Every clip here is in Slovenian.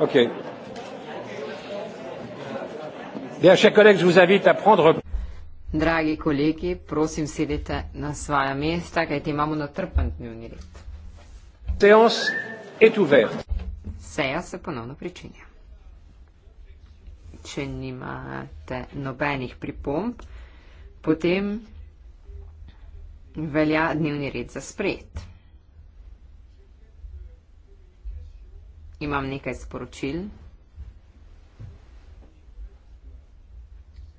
Ok. Bien, chers collègues, je vous invite à prendre. Dragi kolegi, prosim, sedite na svoja mesta, kajte imamo natrpan dnevni red. Seja se ponovno pričenja. Če nimate nobenih pripomb, potem velja dnevni red za sprejet. Imam nekaj sporočil.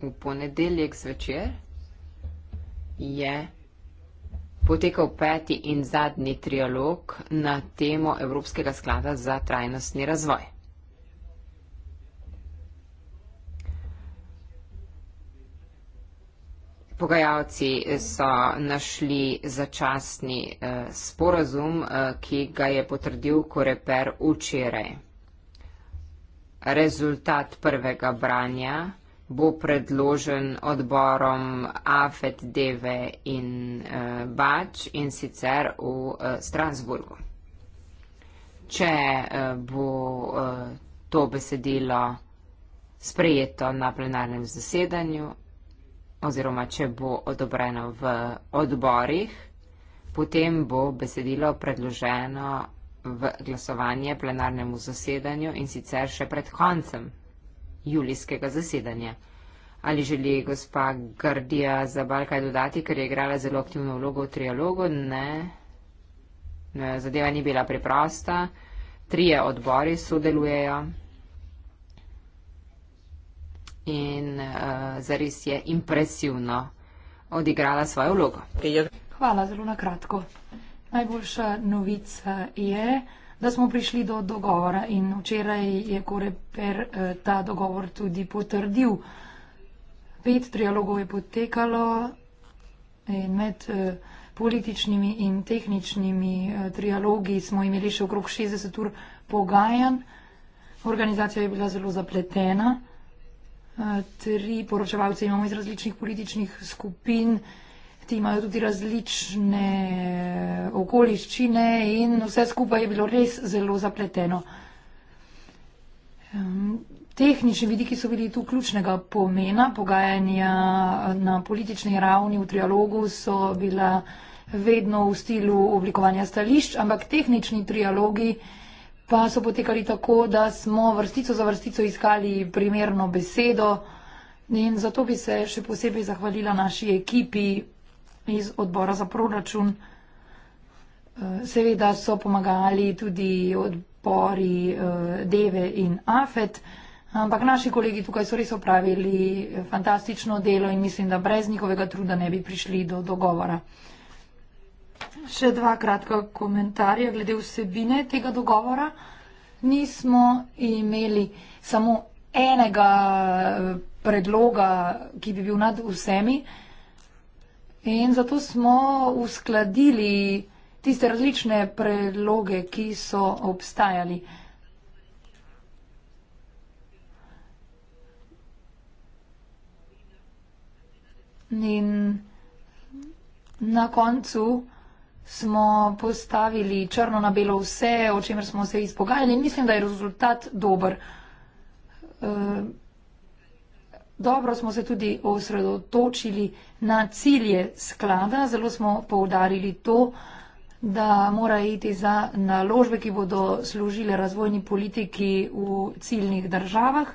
V ponedeljek zvečer je potekal peti in zadnji trialog na temo Evropskega sklada za trajnostni razvoj. Pogajalci so našli začasni eh, sporazum, eh, ki ga je potrdil Koreper včeraj. Rezultat prvega branja bo predložen odborom AFED, DEVE in eh, BAČ in sicer v eh, Strasburgu. Če eh, bo eh, to besedilo sprejeto na plenarnem zasedanju, oziroma če bo odobreno v odborih, potem bo besedilo predloženo v glasovanje plenarnemu zasedanju in sicer še pred koncem julijskega zasedanja. Ali želi gospa Gardija za Balkaj dodati, ker je igrala zelo aktivno vlogo v trialogu? Ne. ne. Zadeva ni bila preprosta. Trije odbori sodelujejo in uh, zares je impresivno odigrala svojo vlogo. Hvala, zelo na kratko. Najboljša novica je, da smo prišli do dogovora in včeraj je Koreper eh, ta dogovor tudi potrdil. Pet trialogov je potekalo in med eh, političnimi in tehničnimi trialogi smo imeli še okrog 60 ur pogajanj. Organizacija je bila zelo zapletena. Eh, tri poročevalce imamo iz različnih političnih skupin, ti imajo tudi različne eh, okoliščine in vse skupaj je bilo res zelo zapleteno. Tehnični vidiki so bili tu ključnega pomena, pogajanja eh, na politični ravni v trialogu so bila vedno v stilu oblikovanja stališč, ampak tehnični trialogi pa so potekali tako, da smo vrstico za vrstico iskali primerno besedo in zato bi se še posebej zahvalila naši ekipi iz odbora za proračun. Eh, seveda so pomagali tudi odpori eh, Deve in Afet, ampak naši kolegi tukaj so res opravili eh, fantastično delo in mislim, da brez njihovega truda ne bi prišli do dogovora. Še dva kratka komentarja glede vsebine tega dogovora. Nismo imeli samo enega eh, predloga, ki bi bil nad vsemi. In zato smo uskladili tiste različne predloge, ki so obstajali. In na koncu smo postavili črno na belo vse, o čemer smo se izpogajali in mislim, da je rezultat dober. Eh, dobro smo se tudi osredotočili na cilje sklada, zelo smo poudarili to, da mora iti za naložbe, ki bodo služile razvojni politiki v ciljnih državah.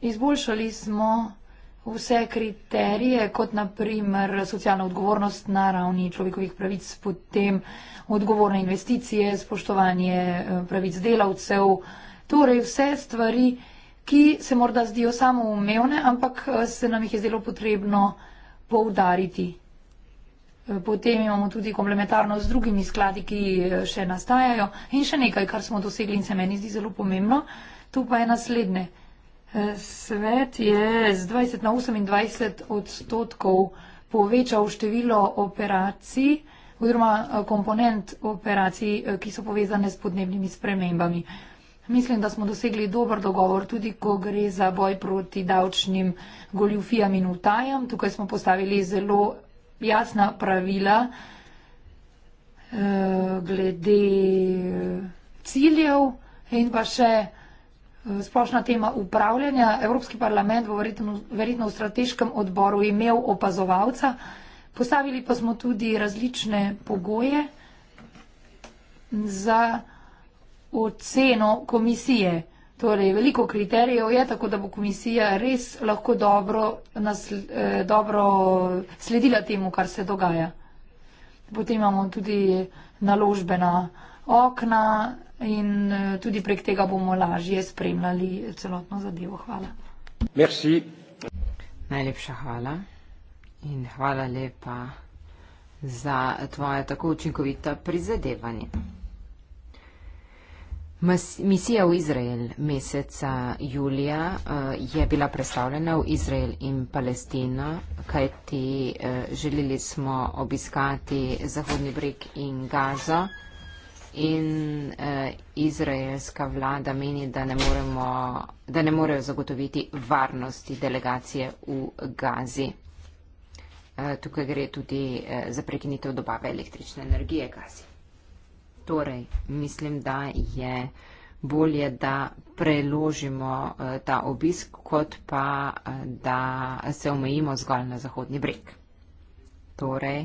Izboljšali smo vse kriterije, kot naprimer socialna odgovornost na ravni človekovih pravic, potem odgovorne investicije, spoštovanje eh, pravic delavcev, torej vse stvari, ki se morda zdijo samoumevne, ampak eh, se nam jih je zelo potrebno poudariti. Eh, potem imamo tudi komplementarno z drugimi skladi, ki še nastajajo in še nekaj, kar smo dosegli in se meni zdi zelo pomembno. Tu pa je naslednje. Svet je z 20 na 28 odstotkov povečal število operacij oziroma eh, komponent operacij, eh, ki so povezane s podnebnimi spremembami. Mislim, da smo dosegli dober dogovor tudi, ko gre za boj proti davčnim goljufijam in utajam. Tukaj smo postavili zelo jasna pravila eh, glede ciljev in pa še Eh, splošna tema upravljanja. Evropski parlament bo verjetno, verjetno v strateškem odboru imel opazovalca. Postavili pa smo tudi različne pogoje za oceno komisije. Torej, veliko kriterijev je, tako da bo komisija res lahko dobro, nasl, eh, dobro sledila temu, kar se dogaja. Potem imamo tudi naložbena okna, in eh, tudi prek tega bomo lažje spremljali celotno zadevo. Hvala. Merci. Najlepša hvala in hvala lepa za tvoje tako učinkovito prizadevanje. Misija v Izrael meseca julija eh, je bila predstavljena v Izrael in Palestino, kajti eh, želeli smo obiskati Zahodni breg in Gaza in eh, izraelska vlada meni, da ne, moremo, da ne morejo zagotoviti varnosti delegacije v Gazi. Eh, tukaj gre tudi eh, za prekinitev dobave električne energije Gazi. Torej, mislim, da je bolje, da preložimo eh, ta obisk, kot pa, eh, da se omejimo zgolj na Zahodni breg. Torej,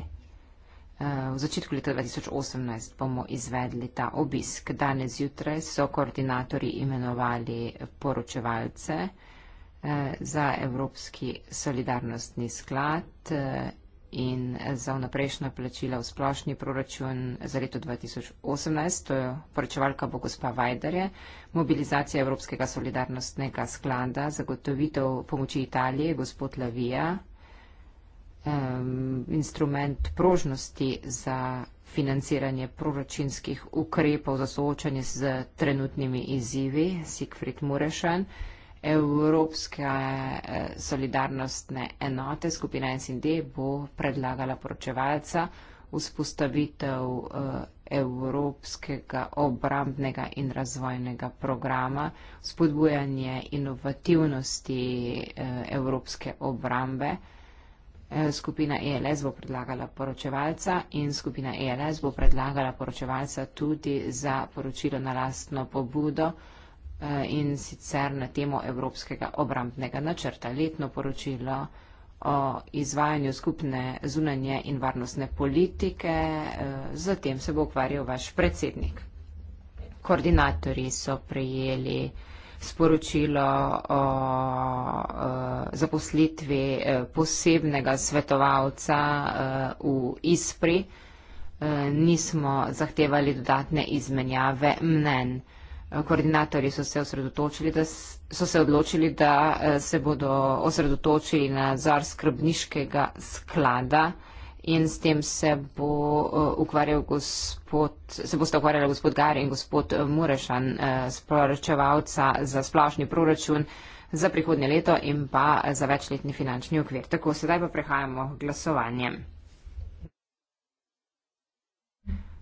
V začetku leta 2018 bomo izvedli ta obisk. Danes jutraj so koordinatori imenovali poročevalce eh, za Evropski solidarnostni sklad eh, in za vnaprejšnja plačila v splošni proračun za leto 2018. To je poročevalka bo gospa Vajderje, mobilizacija Evropskega solidarnostnega sklada, zagotovitev pomoči Italije, gospod Lavija, um, instrument prožnosti za financiranje proračunskih ukrepov za soočanje z trenutnimi izzivi, Sigfrid Murešan, Evropske eh, solidarnostne enote skupina SND bo predlagala poročevalca vzpostavitev eh, Evropskega obrambnega in razvojnega programa, spodbujanje inovativnosti eh, Evropske obrambe. Eh, skupina ELS bo predlagala poročevalca in skupina ELS bo predlagala poročevalca tudi za poročilo na lastno pobudo eh, in sicer na temo Evropskega obrambnega načrta. Letno poročilo o izvajanju skupne zunanje in varnostne politike, zatem eh, se bo ukvarjal vaš predsednik. Koordinatorji so prijeli sporočilo o, o e, zaposlitvi e, posebnega svetovalca e, v ISPRI, nismo zahtevali dodatne izmenjave mnen. Koordinatorji so se, da, so se odločili, da se bodo osredotočili na zar skrbniškega sklada in s tem se bo uh, ukvarjal gospod, se boste ukvarjali gospod Gari in gospod eh, Murešan, uh, eh, sproračevalca za splošni proračun za prihodnje leto in pa za večletni finančni okvir. Tako, sedaj pa prehajamo k glasovanjem.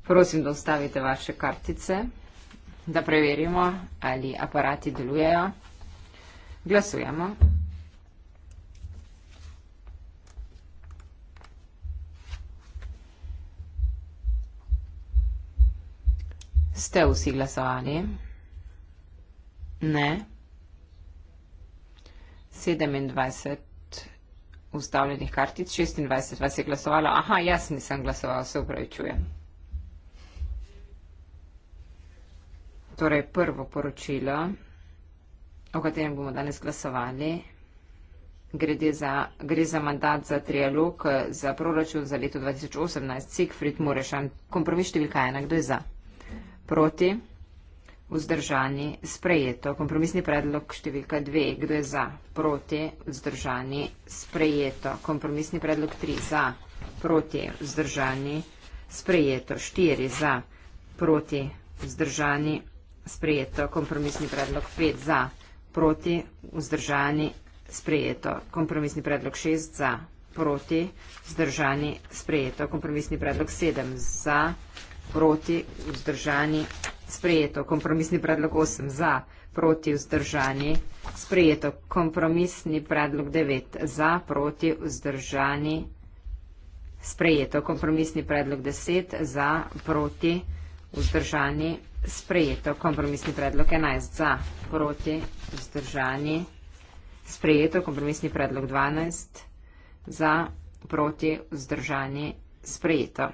Prosim, da ustavite vaše kartice, da preverimo, ali aparati delujejo. Glasujemo. ste vsi glasovali? Ne. 27 ustavljenih kartic, 26 vas je glasovalo. Aha, jaz nisem glasoval, se upravičujem. Torej, prvo poročilo, o katerem bomo danes glasovali, gre za, gre za mandat za trialog eh, za proračun za leto 2018, Sigfrid Murešan, kompromis številka ena, kdo je za? Proti? Vzdržani? Sprejeto. Kompromisni predlog številka 2. Kdo je za? Proti? Vzdržani? Sprejeto. Kompromisni predlog 3. Za? Proti? Vzdržani? Sprejeto. 4. Za? Proti? Vzdržani? Sprejeto. Kompromisni predlog 5. Za? Proti? Vzdržani? Sprejeto. Kompromisni predlog 6. Za? Proti? Vzdržani? Sprejeto. Kompromisni predlog 7. Za? Proti? proti, vzdržani, sprejeto. Kompromisni predlog 8 za, proti, vzdržani, sprejeto. Kompromisni predlog 9 za, proti, vzdržani, sprejeto. Kompromisni predlog 10 za, proti, vzdržani, sprejeto. Kompromisni predlog 11 za, proti, vzdržani, sprejeto. Kompromisni predlog 12 za, proti, vzdržani, sprejeto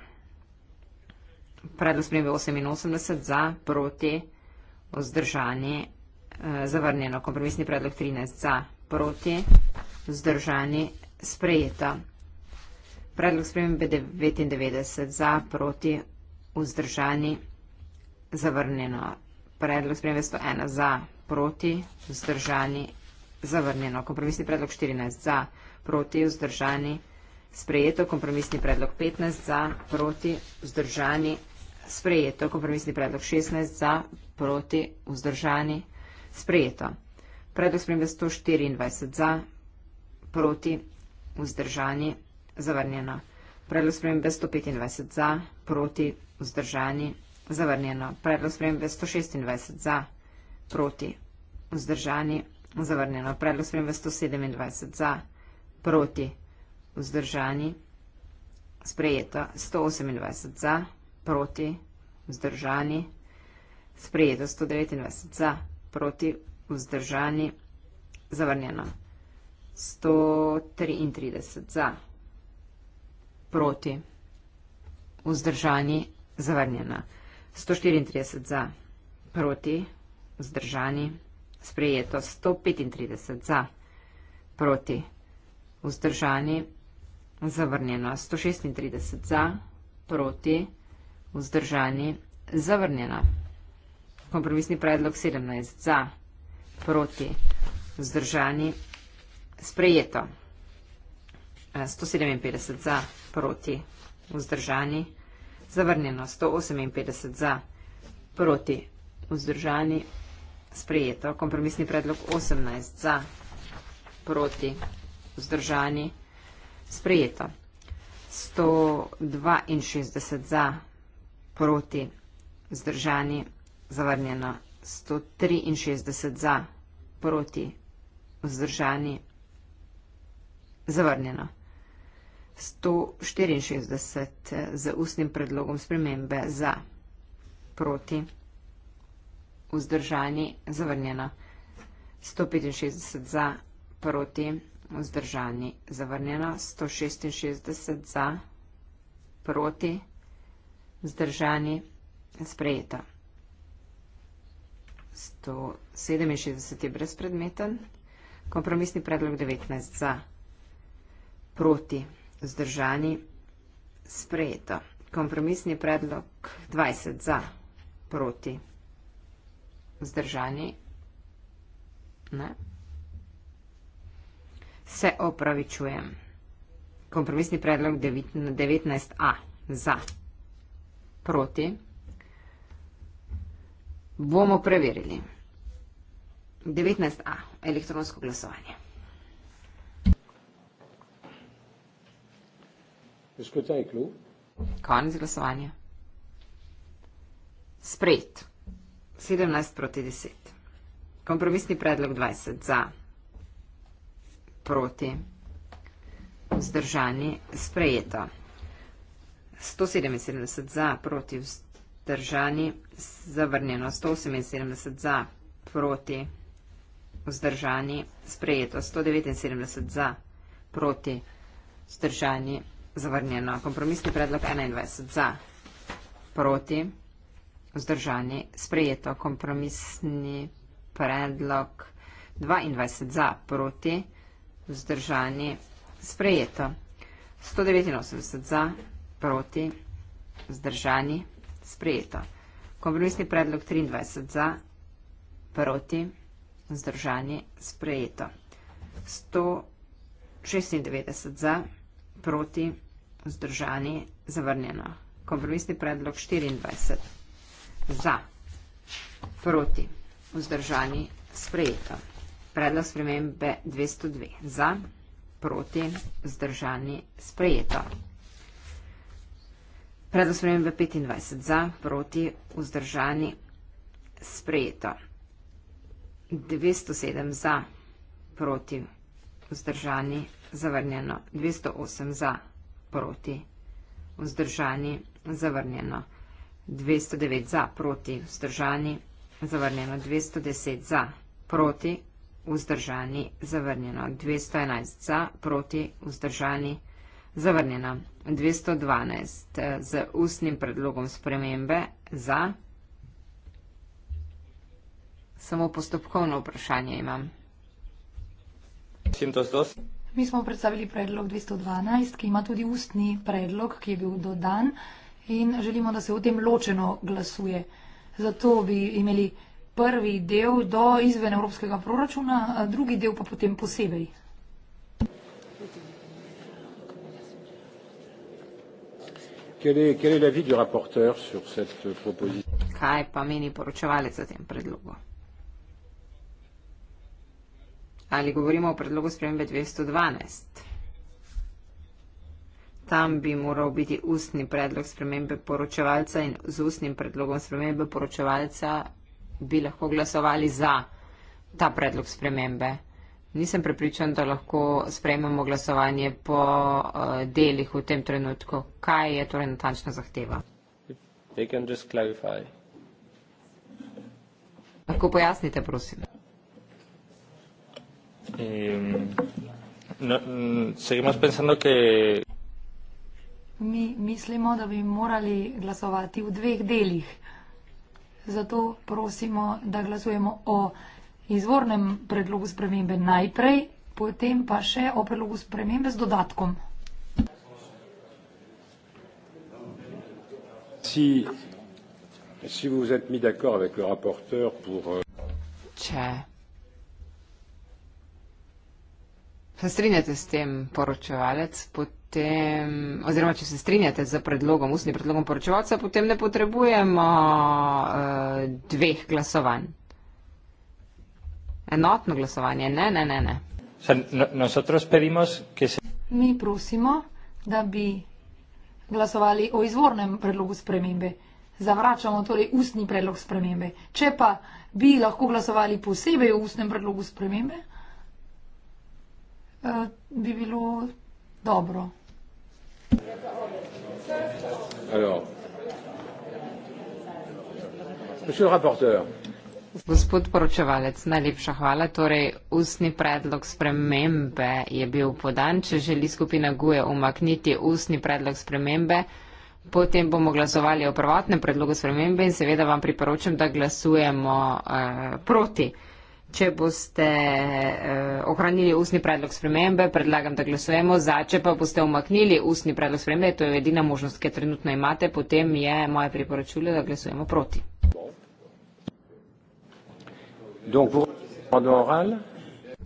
predlog spremembe 88 za, proti, vzdržanje, eh, zavrnjeno, kompromisni predlog 13 za, proti, vzdržanje, sprejeta. Predlog spremembe 99 za, proti, vzdržanje, zavrnjeno. Predlog spremembe 101 za, proti, vzdržanje, zavrnjeno. Kompromisni predlog 14 za, proti, vzdržanje, sprejeto. Kompromisni predlog 15 za, proti, vzdržanje, sprejeto sprejeto, kompromisni predlog 16 za, proti, vzdržani, sprejeto. Predlog spremembe 124 za, proti, vzdržani, zavrnjeno. Predlog spremembe 125 za, proti, vzdržani, zavrnjeno. Predlog spremembe 126 za, proti, vzdržani, zavrnjeno. Predlog spremembe 127 za, proti, vzdržani, sprejeto. 128 za, proti, vzdržani proti, vzdržani, sprejeto 129 za, proti, vzdržani, zavrnjeno 133 za, proti, vzdržani, zavrnjeno 134 za, proti, vzdržani, sprejeto 135 za, proti, vzdržani, zavrnjeno 136 za, proti, vzdržani, vzdržani, zavrnjena. Kompromisni predlog 17 za, proti, vzdržani, sprejeto. 157 e, za, proti, vzdržani, zavrnjeno. 158 za, proti, vzdržani, sprejeto. Kompromisni predlog 18 za, proti, vzdržani, sprejeto. 162 za, proti, vzdržani, zavrnjeno 163 za, proti, vzdržani, zavrnjeno 164 eh, z ustnim predlogom spremembe za, proti, vzdržani, zavrnjeno 165 za, proti, vzdržani, zavrnjeno 166 za, proti, vzdržani, zavrnjeno zdržani, sprejeta. 167 je brezpredmeten, kompromisni predlog 19 za, proti, zdržani, sprejeta. Kompromisni predlog 20 za, proti, zdržani, ne. Se opravičujem. Kompromisni predlog 19a za, proti proti? Bomo preverili. 19a. Elektronsko glasovanje. E Konec glasovanja. Sprejet. 17 proti 10. Kompromisni predlog 20 za. Proti. Vzdržani. Sprejeto. 177 za, proti vzdržani, zavrnjeno 178 za, proti vzdržani, sprejeto 179 za, proti vzdržani, zavrnjeno. Kompromisni predlog 21 za, proti vzdržani, sprejeto. Kompromisni predlog 22 za, proti vzdržani, sprejeto. 189 za, proti vzdržani proti, vzdržani, sprejeto. Kompromisni predlog 23 za, proti, vzdržani, sprejeto. 196 za, proti, vzdržani, zavrnjeno. Kompromisni predlog 24 za, proti, vzdržani, sprejeto. Predlog spremembe 202 za, proti, vzdržani, sprejeto. Predlog spremembe 25 za, proti, vzdržani, sprejeto. 207 za, proti, vzdržani, zavrnjeno. 208 za, proti, vzdržani, zavrnjeno. 209 za, proti, vzdržani, zavrnjeno. 210 za, proti, vzdržani, zavrnjeno. 211 za, proti, vzdržani, zavrnjeno. 212 eh, z ustnim predlogom spremembe za. Samo postopkovno vprašanje imam. Mi smo predstavili predlog 212, ki ima tudi ustni predlog, ki je bil dodan in želimo, da se o tem ločeno glasuje. Zato bi imeli prvi del do izven evropskega proračuna, drugi del pa potem posebej. Quel est, quel est l'avis du rapporteur sur cette proposition Kaj pa meni poročevalec za tem predlogu? Ali govorimo o predlogu spremembe 212? Tam bi moral biti ustni predlog spremembe poročevalca in z ustnim predlogom spremembe poročevalca bi lahko glasovali za ta predlog spremembe. Nisem prepričan, da lahko sprejmemo glasovanje po eh, delih v tem trenutku. Kaj je torej natančna zahteva? Lahko pojasnite, prosim. Um, no, um, que... Mi mislimo, da bi morali glasovati v dveh delih. Zato prosimo, da glasujemo o izvornem predlogu spremembe najprej, potem pa še o predlogu spremembe z dodatkom. Si, si vous êtes mis d'accord avec le rapporteur pour. Euh, če. Se strinjate s tem poročevalec, potem, oziroma če se strinjate z predlogom, ustnim predlogom poročevalca, potem ne potrebujemo uh, dveh glasovanj. Enotno glasovanje, ne, ne, ne. ne. No, Mi prosimo, da bi glasovali o izvornem predlogu spremembe. Zavračamo torej ustni predlog spremembe. Če pa bi lahko glasovali posebej o ustnem predlogu spremembe, eh, bi bilo dobro. Alors, monsieur le rapporteur, Gospod poročevalec, najlepša hvala. Torej, ustni predlog spremembe je bil podan. Če želi skupina GUE umakniti ustni predlog spremembe, potem bomo glasovali o prvotnem predlogu spremembe in seveda vam priporočam, da glasujemo uh, proti. Če boste uh, ohranili ustni predlog spremembe, predlagam, da glasujemo za. Če pa boste umaknili ustni predlog spremembe, to je edina možnost, ki jo trenutno imate, potem je moje priporočilo, da glasujemo proti.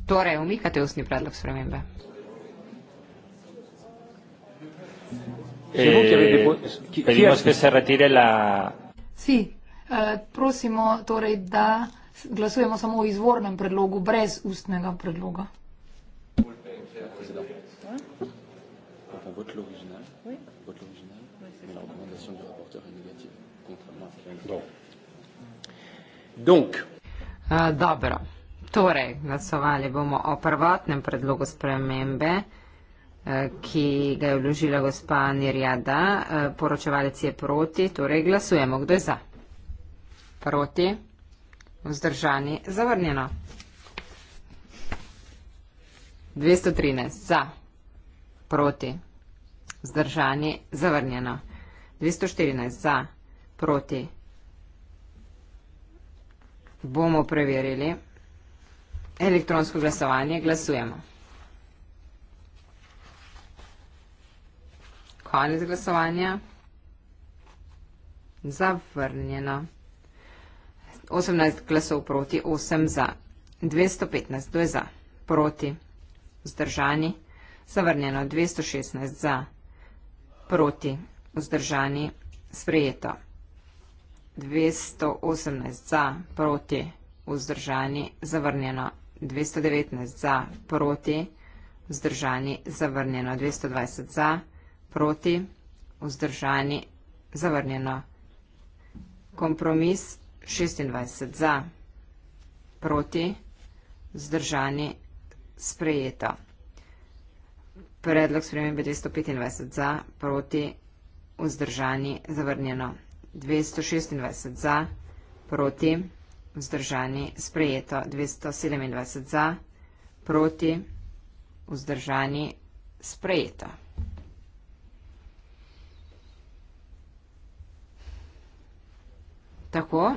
Torej, umikate ustni predlog spremembe. Vsi, eh, prosimo torej, da glasujemo samo o izvornem predlogu, brez ustnega predloga. Donc dobro, torej, glasovali bomo o prvotnem predlogu spremembe e, ki ga je vložila gospa Nirjada, e, poročevalec je proti, torej glasujemo, kdo je za? Proti, vzdržani, zavrnjeno. 213, za, proti, vzdržani, zavrnjeno. 214, za, proti, Bomo preverili. Elektronsko glasovanje. Glasujemo. Konec glasovanja. Zavrnjeno. 18 glasov proti, 8 za. 215, 2 za. Proti. Vzdržani. Zavrnjeno. 216 za. Proti. Vzdržani. Sprejeto. 218 za, proti, vzdržani, zavrnjeno, 219 za, proti, vzdržani, zavrnjeno, 220 za, proti, vzdržani, zavrnjeno. Kompromis 26 za, proti, vzdržani, sprejeto. Predlog spremembe 225 za, proti, vzdržani, zavrnjeno. 226 za, proti, vzdržani, sprejeto, 227 za, proti, vzdržani, sprejeto. Tako.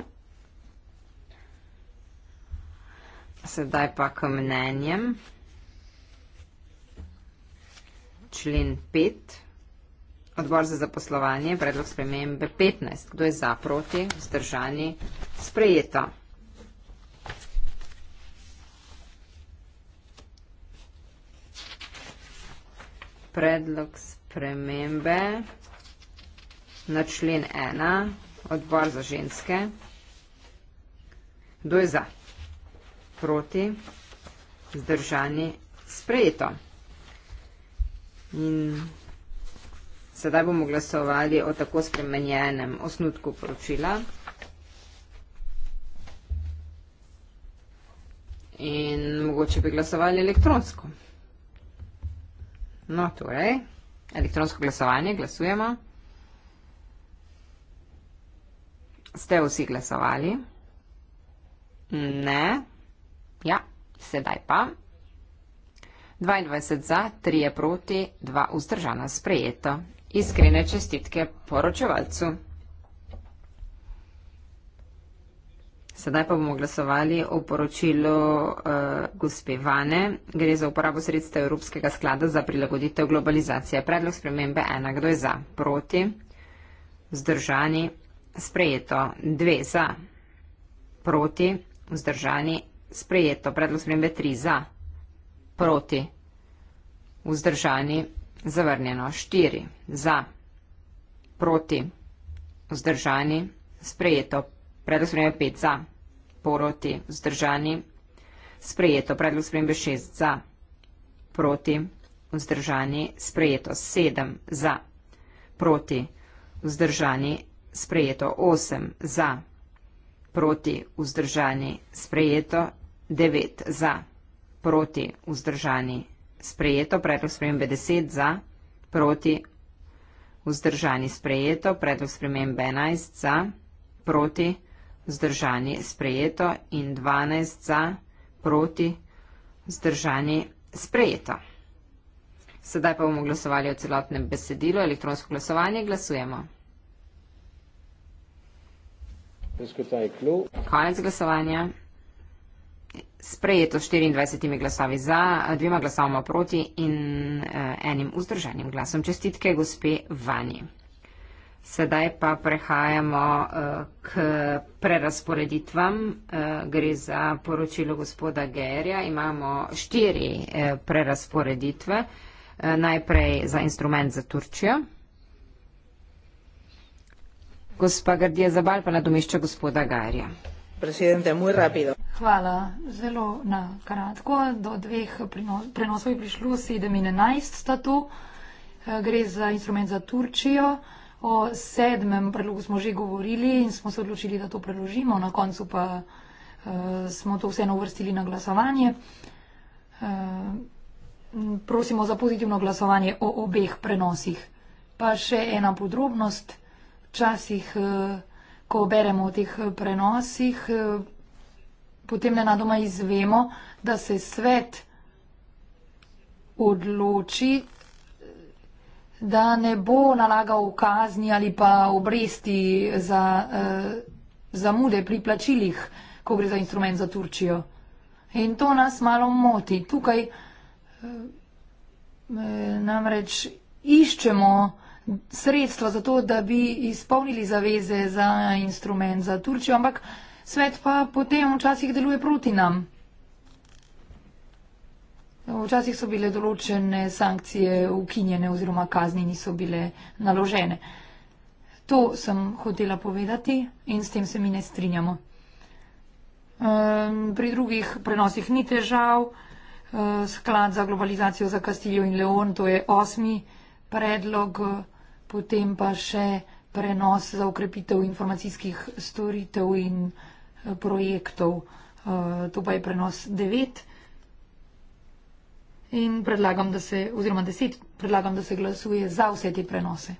Sedaj pa k mnenjem. Člen 5. Odbor za zaposlovanje, predlog spremembe 15. Kdo je za, proti, vzdržani, sprejeta. Predlog spremembe na člen 1. Odbor za ženske. Kdo je za, proti, vzdržani, sprejeta. In Sedaj bomo glasovali o tako spremenjenem osnutku poročila. In mogoče bi glasovali elektronsko. No, torej, elektronsko glasovanje, glasujemo. Ste vsi glasovali? Ne. Ja, sedaj pa. 22 za, 3 proti, 2 vzdržana sprejeto iskrene čestitke poročevalcu. Sedaj pa bomo glasovali o poročilu uh, gospe Vane. Gre za uporabo sredstev Evropskega sklada za prilagoditev globalizacije. Predlog spremembe ena. Kdo je za? Proti? Zdržani? Sprejeto. Dve za? Proti? Vzdržani? Sprejeto. Predlog spremembe tri za? Proti? Vzdržani? zavrnjeno 4, za, proti, vzdržani, sprejeto, predlog spremembe 5, za, proti, vzdržani, sprejeto, predlog spremembe 6, za, proti, vzdržani, sprejeto 7, za, proti, vzdržani, sprejeto 8, za, proti, vzdržani, sprejeto 9, za, proti, vzdržani, sprejeto, predlog spremembe 10 za, proti, vzdržani sprejeto, predlog spremembe 11 za, proti, vzdržani sprejeto in 12 za, proti, vzdržani sprejeto. Sedaj pa bomo glasovali o celotnem besedilu, elektronsko glasovanje, glasujemo. Konec glasovanja sprejeto s 24 glasovi za, dvema glasovoma proti in eh, enim vzdržanim glasom. Čestitke gospe Vani. Sedaj pa prehajamo eh, k prerasporeditvam. Eh, gre za poročilo gospoda Gerja. Imamo štiri prerasporeditve. Najprej za instrument za Turčijo. Gospa Gardija Zabal pa nadomešča gospoda Garja. Presidente, muy rápido. Hvala. Zelo na kratko. Do dveh prenosov je prišlo 17 statu. Eh, gre za instrument za Turčijo. O sedmem predlogu smo že govorili in smo se odločili, da to preložimo. Na koncu pa uh, smo to vseeno uvrstili na glasovanje. Uh, prosimo za pozitivno glasovanje o obeh prenosih. Pa še ena podrobnost. Včasih uh, ko beremo o teh eh, prenosih, eh, potem nenadoma izvemo, da se svet odloči, da ne bo nalagal kazni ali pa obresti za eh, zamude pri plačilih, ko gre za instrument za Turčijo. In to nas malo moti. Tukaj namreč iščemo, sredstva za to, da bi izpolnili zaveze za instrument za Turčijo, ampak svet pa potem včasih deluje proti nam. Včasih so bile določene sankcije ukinjene oziroma kazni niso bile naložene. To sem hotela povedati in s tem se mi ne strinjamo. Um, pri drugih prenosih ni težav. Uh, sklad za globalizacijo za Kastiljo in Leon, to je osmi predlog. Uh, potem pa še prenos za ukrepitev informacijskih storitev in eh, projektov. Eh, to pa je prenos 9 in predlagam, da se, oziroma 10, predlagam, da se glasuje za vse te prenose.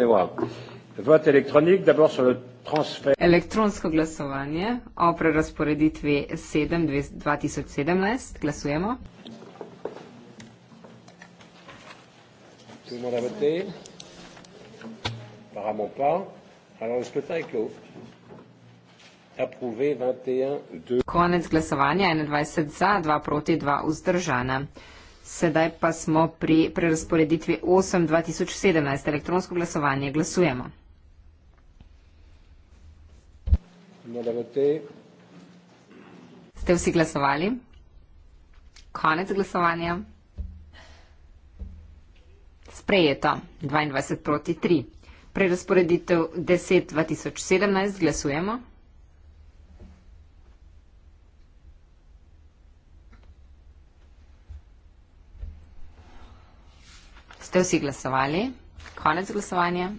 Hvala vote électronique, d'abord sur le transfert. Elektronsko glasovanje o prerasporeditvi 7 2017. Glasujemo. Tout le monde a voté Apparemment pas. Alors le scrutin est clos. Approuvé 21-2. Konec glasovanja 21 za, 2 proti, 2 vzdržana. Sedaj pa smo pri prerasporeditvi 8-2017. Elektronsko glasovanje glasujemo. Madavatej. Ste vsi glasovali? Konec glasovanja. Sprejeto. 22 proti 3. Prerasporeditev 10.2017. Glasujemo. Ste vsi glasovali? Konec glasovanja.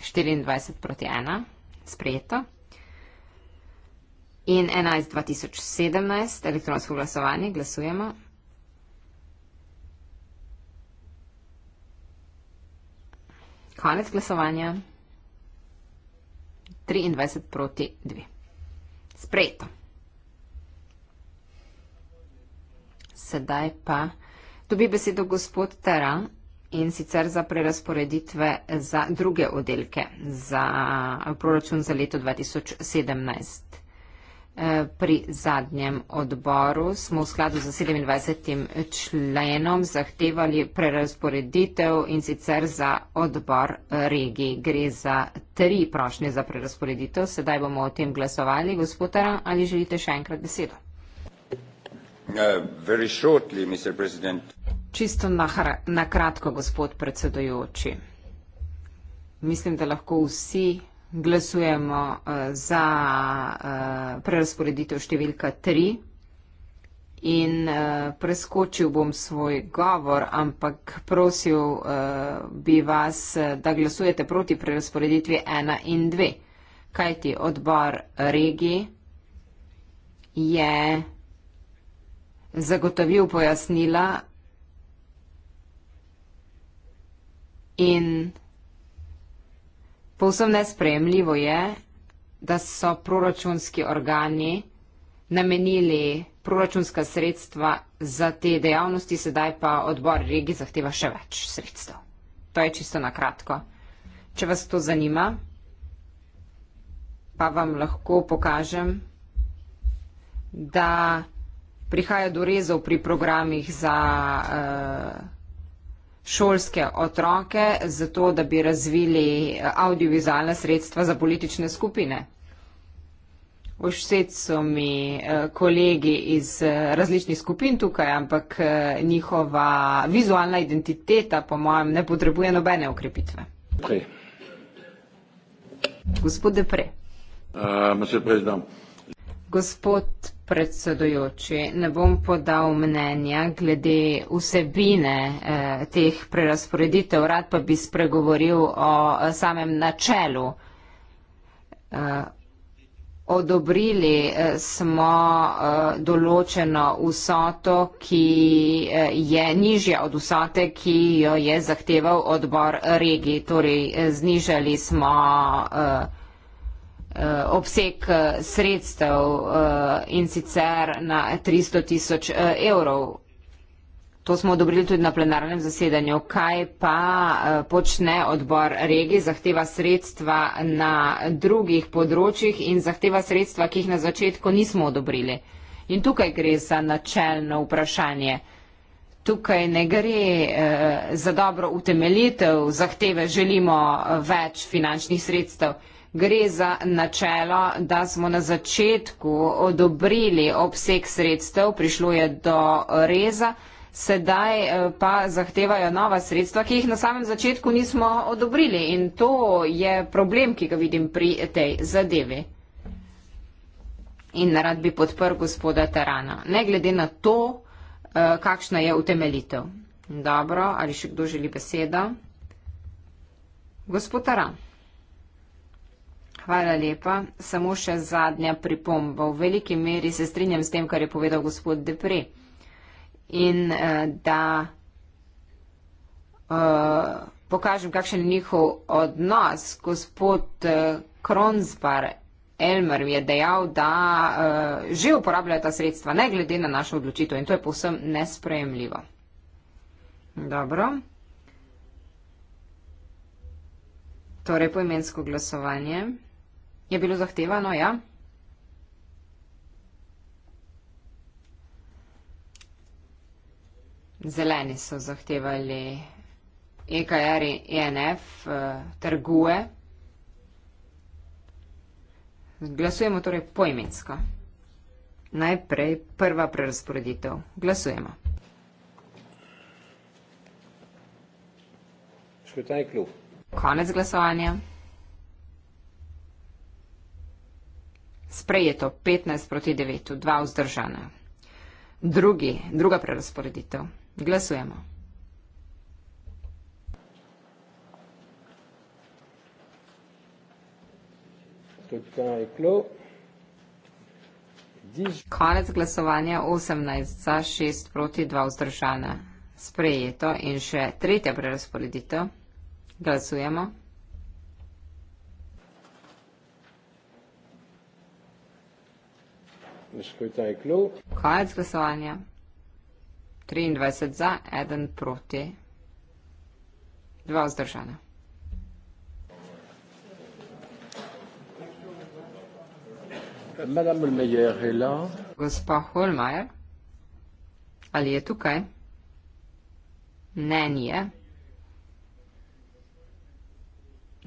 24 proti 1 sprejeto. In 11.2017, elektronsko glasovanje, glasujemo. Konec glasovanja. 23 proti 2. Sprejeto. Sedaj pa dobi besedo gospod Taran in sicer za prerasporeditve za druge oddelke za proračun za leto 2017. Eh, pri zadnjem odboru smo v skladu z 27. členom zahtevali prerasporeditev in sicer za odbor regij. Gre za tri prošnje za prerasporeditev. Sedaj bomo o tem glasovali. Gospod Aram, ali želite še enkrat besedo? Uh, very shortly, Mr. President. Čisto na kratko, gospod predsedojoči. Mislim, da lahko vsi glasujemo eh, za eh, prerasporeditev številka 3 in eh, preskočil bom svoj govor, ampak prosil bi vas, da glasujete proti prerasporeditvi 1 in 2. Kajti odbor regiji je zagotovil pojasnila, In povsem nespremljivo je, da so proračunski organi namenili proračunska sredstva za te dejavnosti, sedaj pa odbor regi zahteva še več sredstev. To je čisto na kratko. Če vas to zanima, pa vam lahko pokažem, da prihaja do rezov pri programih za. Uh, šolske otroke, zato da bi razvili eh, audiovizualne sredstva za politične skupine. Všeč so mi eh, kolegi iz eh, različnih skupin tukaj, ampak njihova vizualna identiteta, po mojem, ne potrebuje nobene ukrepitve. Gospod Depre. Uh, Gospod predsedujoči, ne bom podal mnenja glede vsebine eh, teh prerasporeditev, rad pa bi spregovoril o eh, samem načelu. Eh, odobrili eh, smo eh, določeno vsoto, ki eh, je nižja od vsote, ki jo je zahteval odbor regij, torej eh, znižali smo. Eh, Eh, obseg eh, sredstev eh, in sicer na 300 tisoč evrov. To smo odobrili tudi na plenarnem zasedanju. Kaj pa počne odbor regi, zahteva sredstva na drugih področjih in zahteva sredstva, ki jih na začetku nismo odobrili. In tukaj gre za načelno vprašanje. Tukaj ne gre za dobro utemeljitev, zahteve želimo več finančnih sredstev gre za načelo, da smo na začetku odobrili obseg sredstev, prišlo je do reza, sedaj eh, pa zahtevajo nova sredstva, ki jih na samem začetku nismo odobrili in to je problem, ki ga vidim pri tej zadevi. In rad bi podprl gospoda Tarana, ne glede na to, eh, kakšna je utemelitev. Dobro, ali še kdo želi besedo? Gospod Taran. Hvala lepa. Samo še zadnja pripomba. V veliki meri se strinjam s tem, kar je povedal gospod Depre. In eh, da uh, pokažem, kakšen je njihov odnos. Gospod eh, Kronzbar Elmer je dejal, da uh, že uporabljajo ta sredstva, ne glede na našo odločitev. In to je povsem nesprejemljivo. Dobro. Torej, poimensko glasovanje. Je bilo zahtevano, ja? Zeleni so zahtevali EKR in ENF, eh, trguje. Glasujemo torej pojmensko. Najprej prva prerasporeditev. Glasujemo. Škotaj klub. Konec glasovanja. sprejeto 15 proti 9, 2 vzdržana. Drugi, druga prerasporeditev. Glasujemo. Konec glasovanja 18 za 6 proti 2 vzdržana. Sprejeto in še tretja prerasporeditev. Glasujemo. Skrutaj klub. Konec glasovanja. 23 za, 1 proti, 2 vzdržana. Gospa Holmajer, ali je tukaj? Ne, ni je.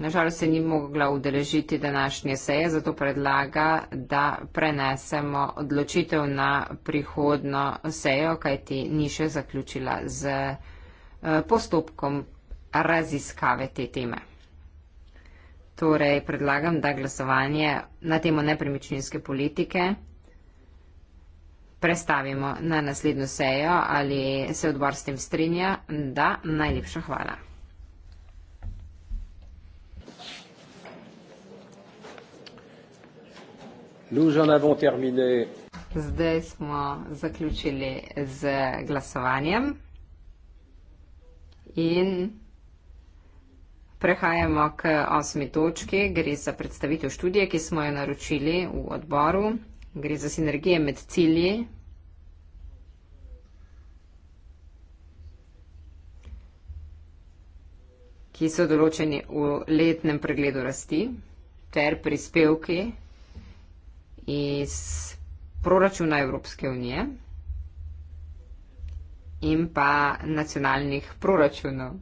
Nažalost se ni mogla udeležiti današnje seje, zato predlaga, da prenesemo odločitev na prihodno sejo, kajti ni še zaključila z eh, postopkom raziskave te teme. Torej predlagam, da glasovanje na temo nepremičninske politike prestavimo na naslednjo sejo ali se odbor s tem strinja, da najlepša hvala. Zdaj smo zaključili z glasovanjem in prehajamo k osmi točki. Gre za predstavitev študije, ki smo jo naročili v odboru. Gre za sinergije med cilji. ki so določeni v letnem pregledu rasti, ter prispevki, iz proračuna Evropske unije in pa nacionalnih proračunov.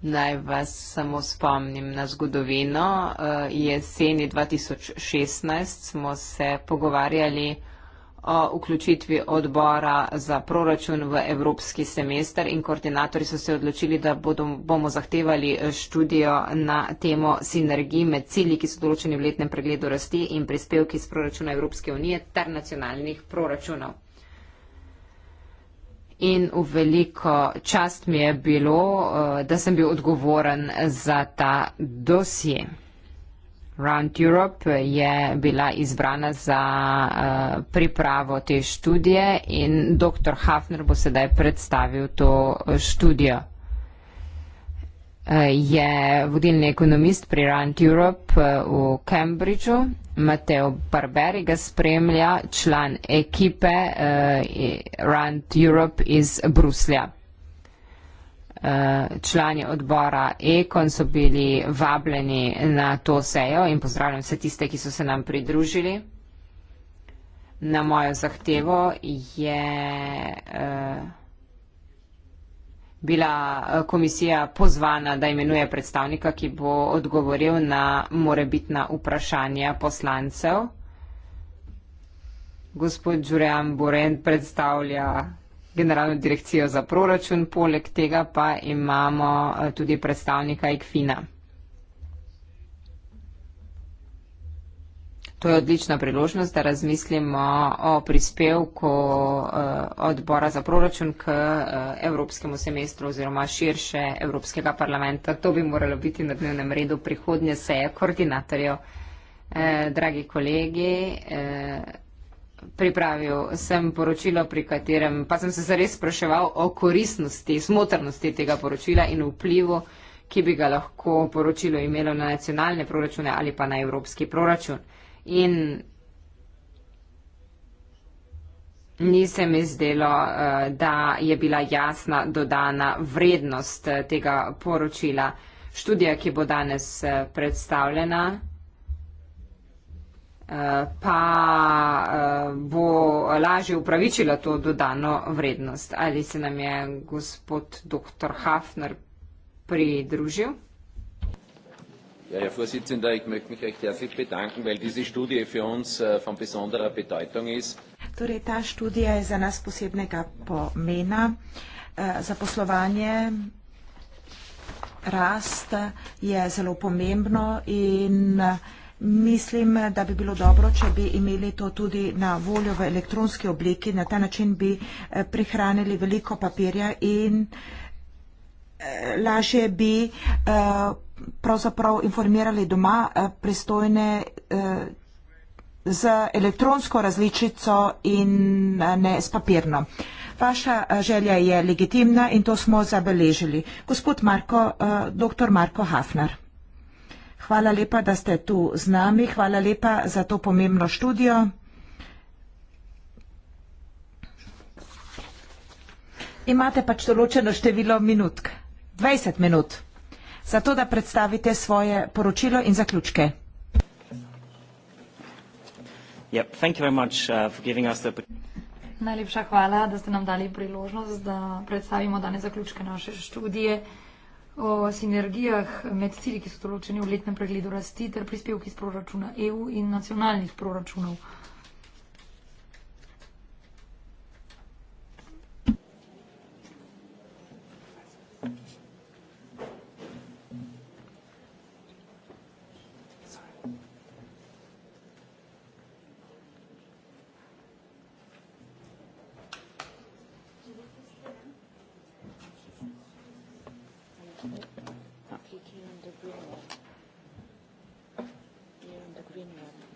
Naj vas samo spomnim na zgodovino. Eh, jeseni 2016 smo se pogovarjali o o vključitvi odbora za proračun v evropski semester in koordinatori so se odločili, da bodo, bomo zahtevali eh, študijo na temo sinergij med cilji, ki so določeni v letnem pregledu rasti in prispevki iz proračuna Evropske unije ter nacionalnih proračunov. In v veliko čast mi je bilo, eh, da sem bil odgovoren za ta dosje. Round Europe je bila izbrana za eh, pripravo te študije in dr. Hafner bo sedaj predstavil to eh, študijo. Eh, je vodilni ekonomist pri Round Europe v Cambridgeu. Mateo Barberi ga spremlja, član ekipe Round Europe iz Bruslja člani odbora Ekon so bili vabljeni na to sejo in pozdravljam vse tiste, ki so se nam pridružili. Na mojo zahtevo je eh, bila komisija pozvana, da imenuje predstavnika, ki bo odgovoril na morebitna vprašanja poslancev. Gospod Đurjan Buren predstavlja generalno direkcijo za proračun, poleg tega pa imamo eh, tudi predstavnika IKFINA. To je odlična priložnost, da razmislimo o prispevku eh, odbora za proračun k eh, Evropskemu semestru oziroma širše Evropskega parlamenta. To bi moralo biti na dnevnem redu prihodnje seje koordinatorjev. Dragi kolegi, pripravil sem poročilo, pri katerem pa sem se zares spraševal o korisnosti, smotrnosti tega poročila in vplivu, ki bi ga lahko poročilo imelo na nacionalne proračune ali pa na evropski proračun. In ni se mi zdelo, eh, da je bila jasna dodana vrednost eh, tega poročila. Študija, ki bo danes eh, predstavljena, pa eh, bo lažje upravičila to dodano vrednost. Ali se nam je gospod dr. Hafner pridružil? Ja, Herr ja, Vorsitzender, ich möchte mich recht herzlich bedanken, weil diese Studie für uns äh, von besonderer Bedeutung ist. Torej, ta študija je za nas posebnega pomena. Eh, äh, zaposlovanje, rast je zelo pomembno in eh, Mislim, da bi bilo dobro, če bi imeli to tudi na voljo v elektronski obliki. Na ta način bi eh, prihranili veliko papirja in eh, lažje bi eh, pravzaprav informirali doma pristojne z elektronsko različico in ne s papirno. Vaša želja je legitimna in to smo zabeležili. Gospod Marko, doktor Marko Hafner. Hvala lepa, da ste tu z nami. Hvala lepa za to pomembno študijo. Imate pač določeno število minutk, 20 minut, zato da predstavite svoje poročilo in zaključke. Yep, uh, Najlepša hvala, da ste nam dali priložnost, da predstavimo danes zaključke naše študije. Uh, o sinergijah med cilji, ki so določeni v letnem pregledu rasti, ter prispevki iz proračuna EU in nacionalnih proračunov.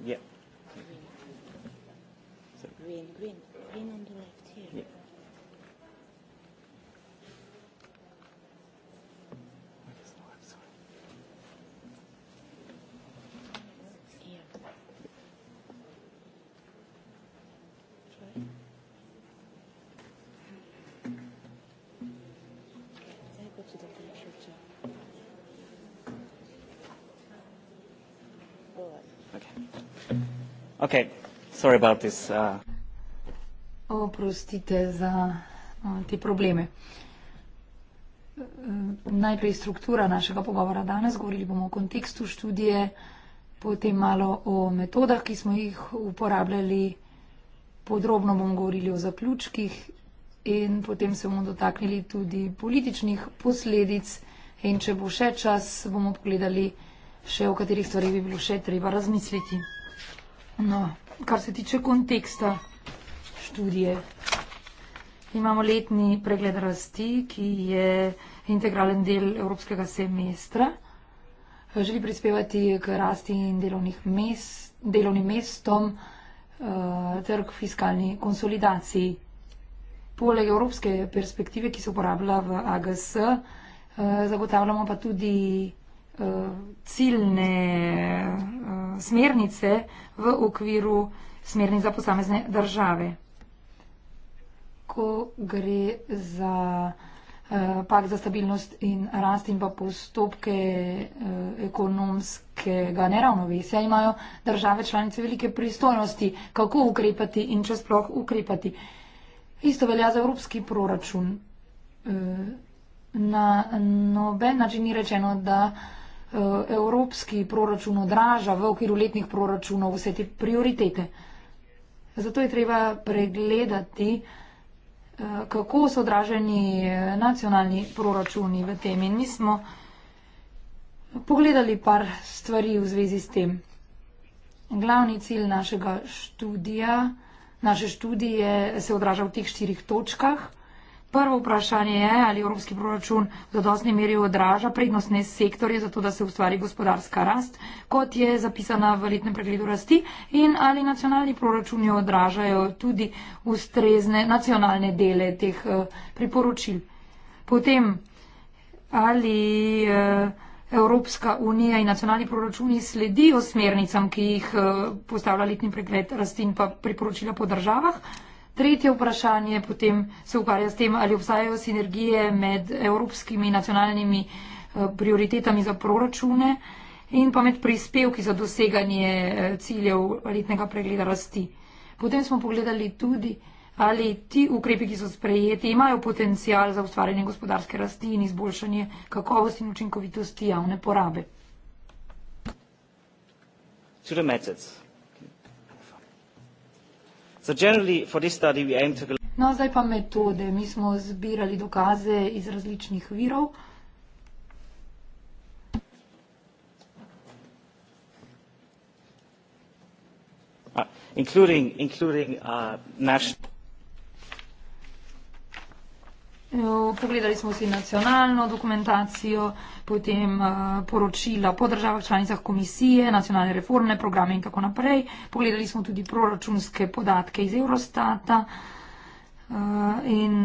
Yeah. Green. So. green, green, green on the left here. Yeah. Go ahead. Okay. Sorry about this. Uh... Oprostite za uh, te probleme. Uh, najprej struktura našega pogovora danes, govorili bomo o kontekstu študije, potem malo o metodah, ki smo jih uporabljali, podrobno bomo govorili o zaključkih in potem se bomo dotaknili tudi političnih posledic in če bo še čas, bomo pogledali še o katerih stvarih bi bilo še treba razmisliti. No, kar se tiče konteksta študije, imamo letni pregled rasti, ki je integralen del evropskega semestra. Želi prispevati k rasti in delovnim mestom eh, ter k fiskalni konsolidaciji. Poleg evropske perspektive, ki se uporablja v AGS, eh, zagotavljamo pa tudi ciljne eh, smernice v okviru smernic za posamezne države. Ko gre za eh, pak za stabilnost in rast in pa postopke eh, ekonomskega neravnovesja imajo države članice velike pristojnosti, kako ukrepati in če sploh ukrepati. Isto velja za evropski proračun. Na noben način ni rečeno, da Eh, evropski proračun odraža v okviru letnih proračunov vse te prioritete. Zato je treba pregledati, eh, kako so odraženi eh, nacionalni proračuni v tem. In mi smo pogledali par stvari v zvezi s tem. Glavni cilj našega študija, naše študije se odraža v teh štirih točkah. Prvo vprašanje je, ali evropski proračun v zadostni meri odraža prednostne sektorje za to, da se ustvari gospodarska rast, kot je zapisana v letnem pregledu rasti, in ali nacionalni proračuni odražajo tudi ustrezne nacionalne dele teh eh, priporočil. Potem, ali eh, Evropska unija in nacionalni proračuni sledijo smernicam, ki jih eh, postavlja letni pregled rasti in pa priporočila po državah. Tretje vprašanje potem se ukvarja s tem, ali obstajajo sinergije med evropskimi nacionalnimi eh, prioritetami za proračune in pa med prispevki za doseganje eh, ciljev letnega pregleda rasti. Potem smo pogledali tudi, ali ti ukrepi, ki so sprejeti, imajo potencial za ustvarjanje gospodarske rasti in izboljšanje kakovosti in učinkovitosti javne porabe. No, zdaj pa metode. Mi smo zbirali dokaze iz različnih virov. Uh, including, including, uh, national... Eh, pogledali smo si nacionalno dokumentacijo, potem eh, poročila po državah članicah komisije, nacionalne reformne programe in tako naprej. Pogledali smo tudi proračunske podatke iz Eurostata eh, in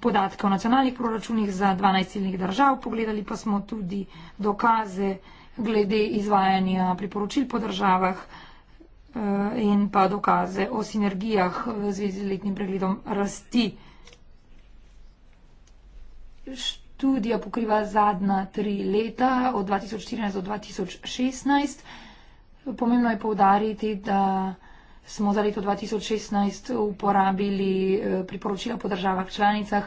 podatke o nacionalnih proračunih za 12 ciljnih držav. Pogledali pa smo tudi dokaze glede izvajanja priporočil po državah in pa dokaze o sinergijah v zvezi z letnim pregledom rasti študija pokriva zadnja tri leta, od 2014 do 2016. Pomembno je povdariti, da smo za leto 2016 uporabili eh, priporočila po državah članicah,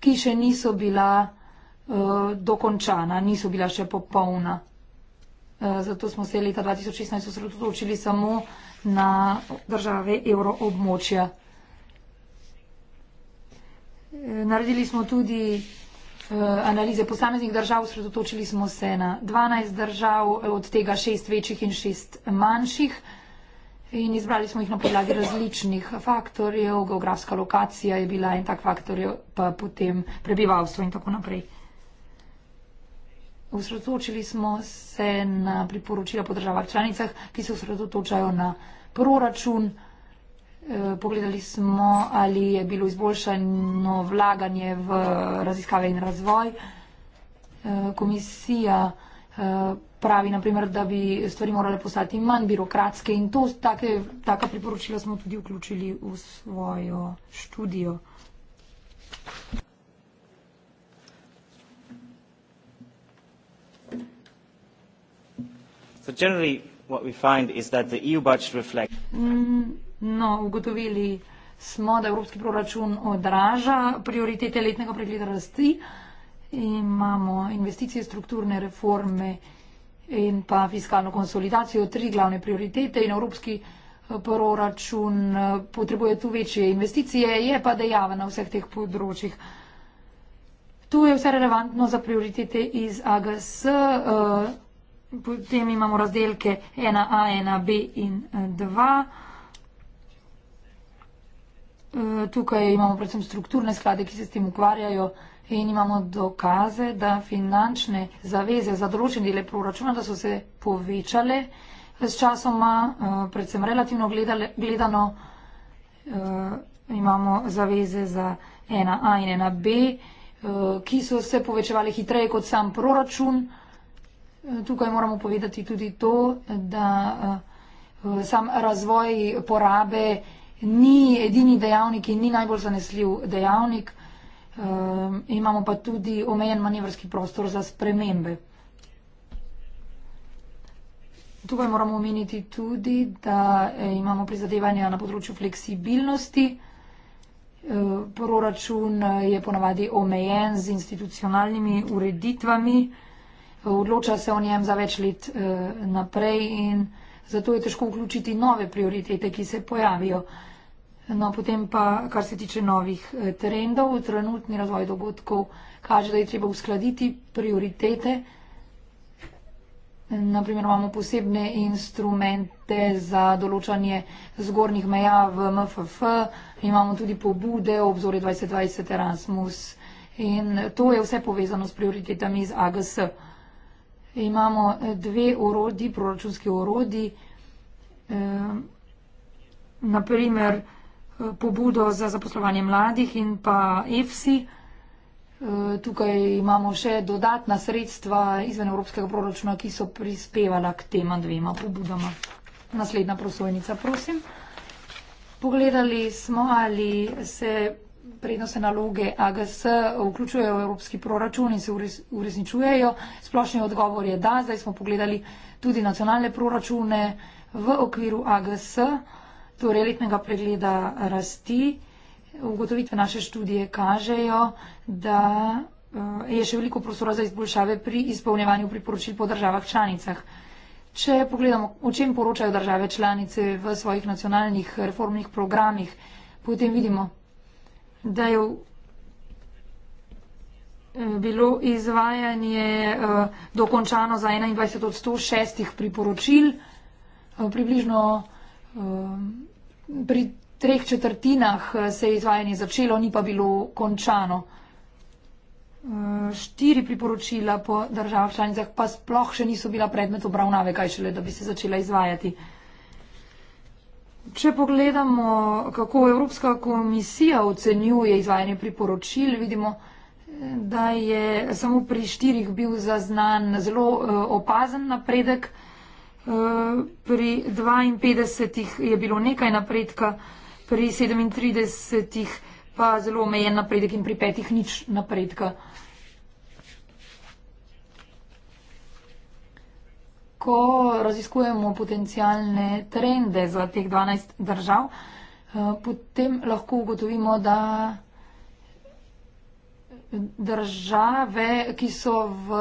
ki še niso bila eh, dokončana, niso bila še popolna. Eh, zato smo se leta 2016 osredotočili samo na države evroobmočja. Naredili smo tudi Eh, analize posameznih držav, sredotočili smo se na 12 držav, od tega 6 večjih in 6 manjših. In izbrali smo jih na podlagi različnih faktorjev, geografska lokacija je bila en tak faktor, pa potem prebivalstvo in tako naprej. Usredotočili smo se na priporočila po državah članicah, ki se usredotočajo na proračun. Eh, pogledali smo, ali je bilo izboljšano vlaganje v raziskave in razvoj. Eh, komisija eh, pravi, naprimer, da bi stvari morale postati manj birokratske in to take, taka priporočila smo tudi vključili v svojo študijo. So generally what we find is that the EU budget reflects. Mm. No, ugotovili smo, da evropski proračun odraža prioritete letnega pregleda rasti. Imamo investicije, strukturne reforme in pa fiskalno konsolidacijo, tri glavne prioritete in evropski eh, proračun eh, potrebuje tu večje investicije, je pa dejava na vseh teh področjih. Tu je vse relevantno za prioritete iz AGS, eh, potem imamo razdelke 1A, 1B in 2. Eh, tukaj imamo predvsem strukturne sklade, ki se s tem ukvarjajo in imamo dokaze, da finančne zaveze za določene dele proračuna, da so se povečale eh, s časoma, eh, predvsem relativno gledale, gledano, imamo zaveze za 1A in 1B, ki so se povečevali hitreje kot sam proračun. Tukaj moramo povedati tudi to, da sam razvoj porabe ni edini dejavnik in ni najbolj zanesljiv dejavnik. Uh, imamo pa tudi omejen manevrski prostor za spremembe. Tukaj moramo omeniti tudi, da eh, imamo prizadevanja na področju fleksibilnosti. Eh, proračun eh, je ponavadi omejen z institucionalnimi ureditvami, odloča se o njem za več let naprej in zato je težko vključiti nove prioritete, ki se pojavijo. No, potem pa, kar se tiče novih eh, trendov, trenutni razvoj dogodkov kaže, da je treba uskladiti prioritete. Naprimer, imamo posebne instrumente za določanje zgornjih meja v MFF, imamo tudi pobude, obzore 2020 Erasmus in to je vse povezano s prioritetami iz AGS. Imamo eh, dve orodi, proračunski orodi, e, eh, naprimer, pobudo za zaposlovanje mladih in pa EFSI. E, tukaj imamo še dodatna sredstva izven evropskega proračuna, ki so prispevala k tema dvema pobudama. Naslednja prosojnica, prosim. Pogledali smo, ali se prednostne naloge AGS vključujejo v evropski proračun in se uresničujejo. Splošni odgovor je da. Zdaj smo pogledali tudi nacionalne proračune v okviru AGS torej letnega pregleda rasti. Ugotovitve naše študije kažejo, da eh, je še veliko prostora za izboljšave pri izpolnjevanju priporočil po državah članicah. Če pogledamo, o čem poročajo države članice v svojih nacionalnih reformnih programih, potem vidimo, da je eh, bilo izvajanje eh, dokončano za 21 od 106 priporočil, približno pri treh četrtinah eh, se je izvajanje začelo, ni pa bilo končano. Eh, štiri priporočila po državah članicah pa sploh še niso bila predmet obravnave, kaj šele, da bi se začela izvajati. Če pogledamo, kako Evropska komisija ocenjuje izvajanje priporočil, vidimo, eh, da je samo pri štirih bil zaznan zelo opazen napredek. Eh, pri 52 je bilo nekaj napredka, pri 37 pa zelo omejen napredek in pri petih nič napredka. Ko raziskujemo potencijalne trende za teh 12 držav, eh, potem lahko ugotovimo, da države, ki so v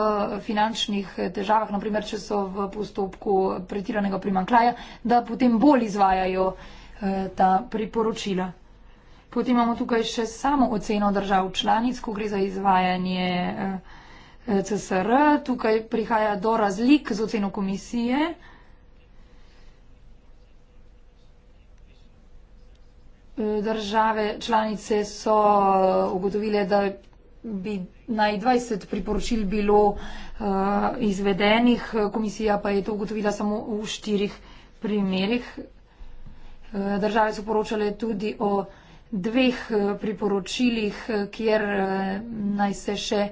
finančnih težavah, naprimer, če so v postopku pretiranega primanklaja, da potem bolj izvajajo eh, ta priporočila. Potem imamo tukaj še samo oceno držav članic, ko gre za izvajanje eh, CSR. Tukaj prihaja do razlik z oceno komisije. Eh, države članice so ugotovile, da bi naj 20 priporočil bilo uh, izvedenih, komisija pa je to ugotovila samo v štirih primerih. Eh, države so poročale tudi o dveh eh, priporočilih, kjer naj se še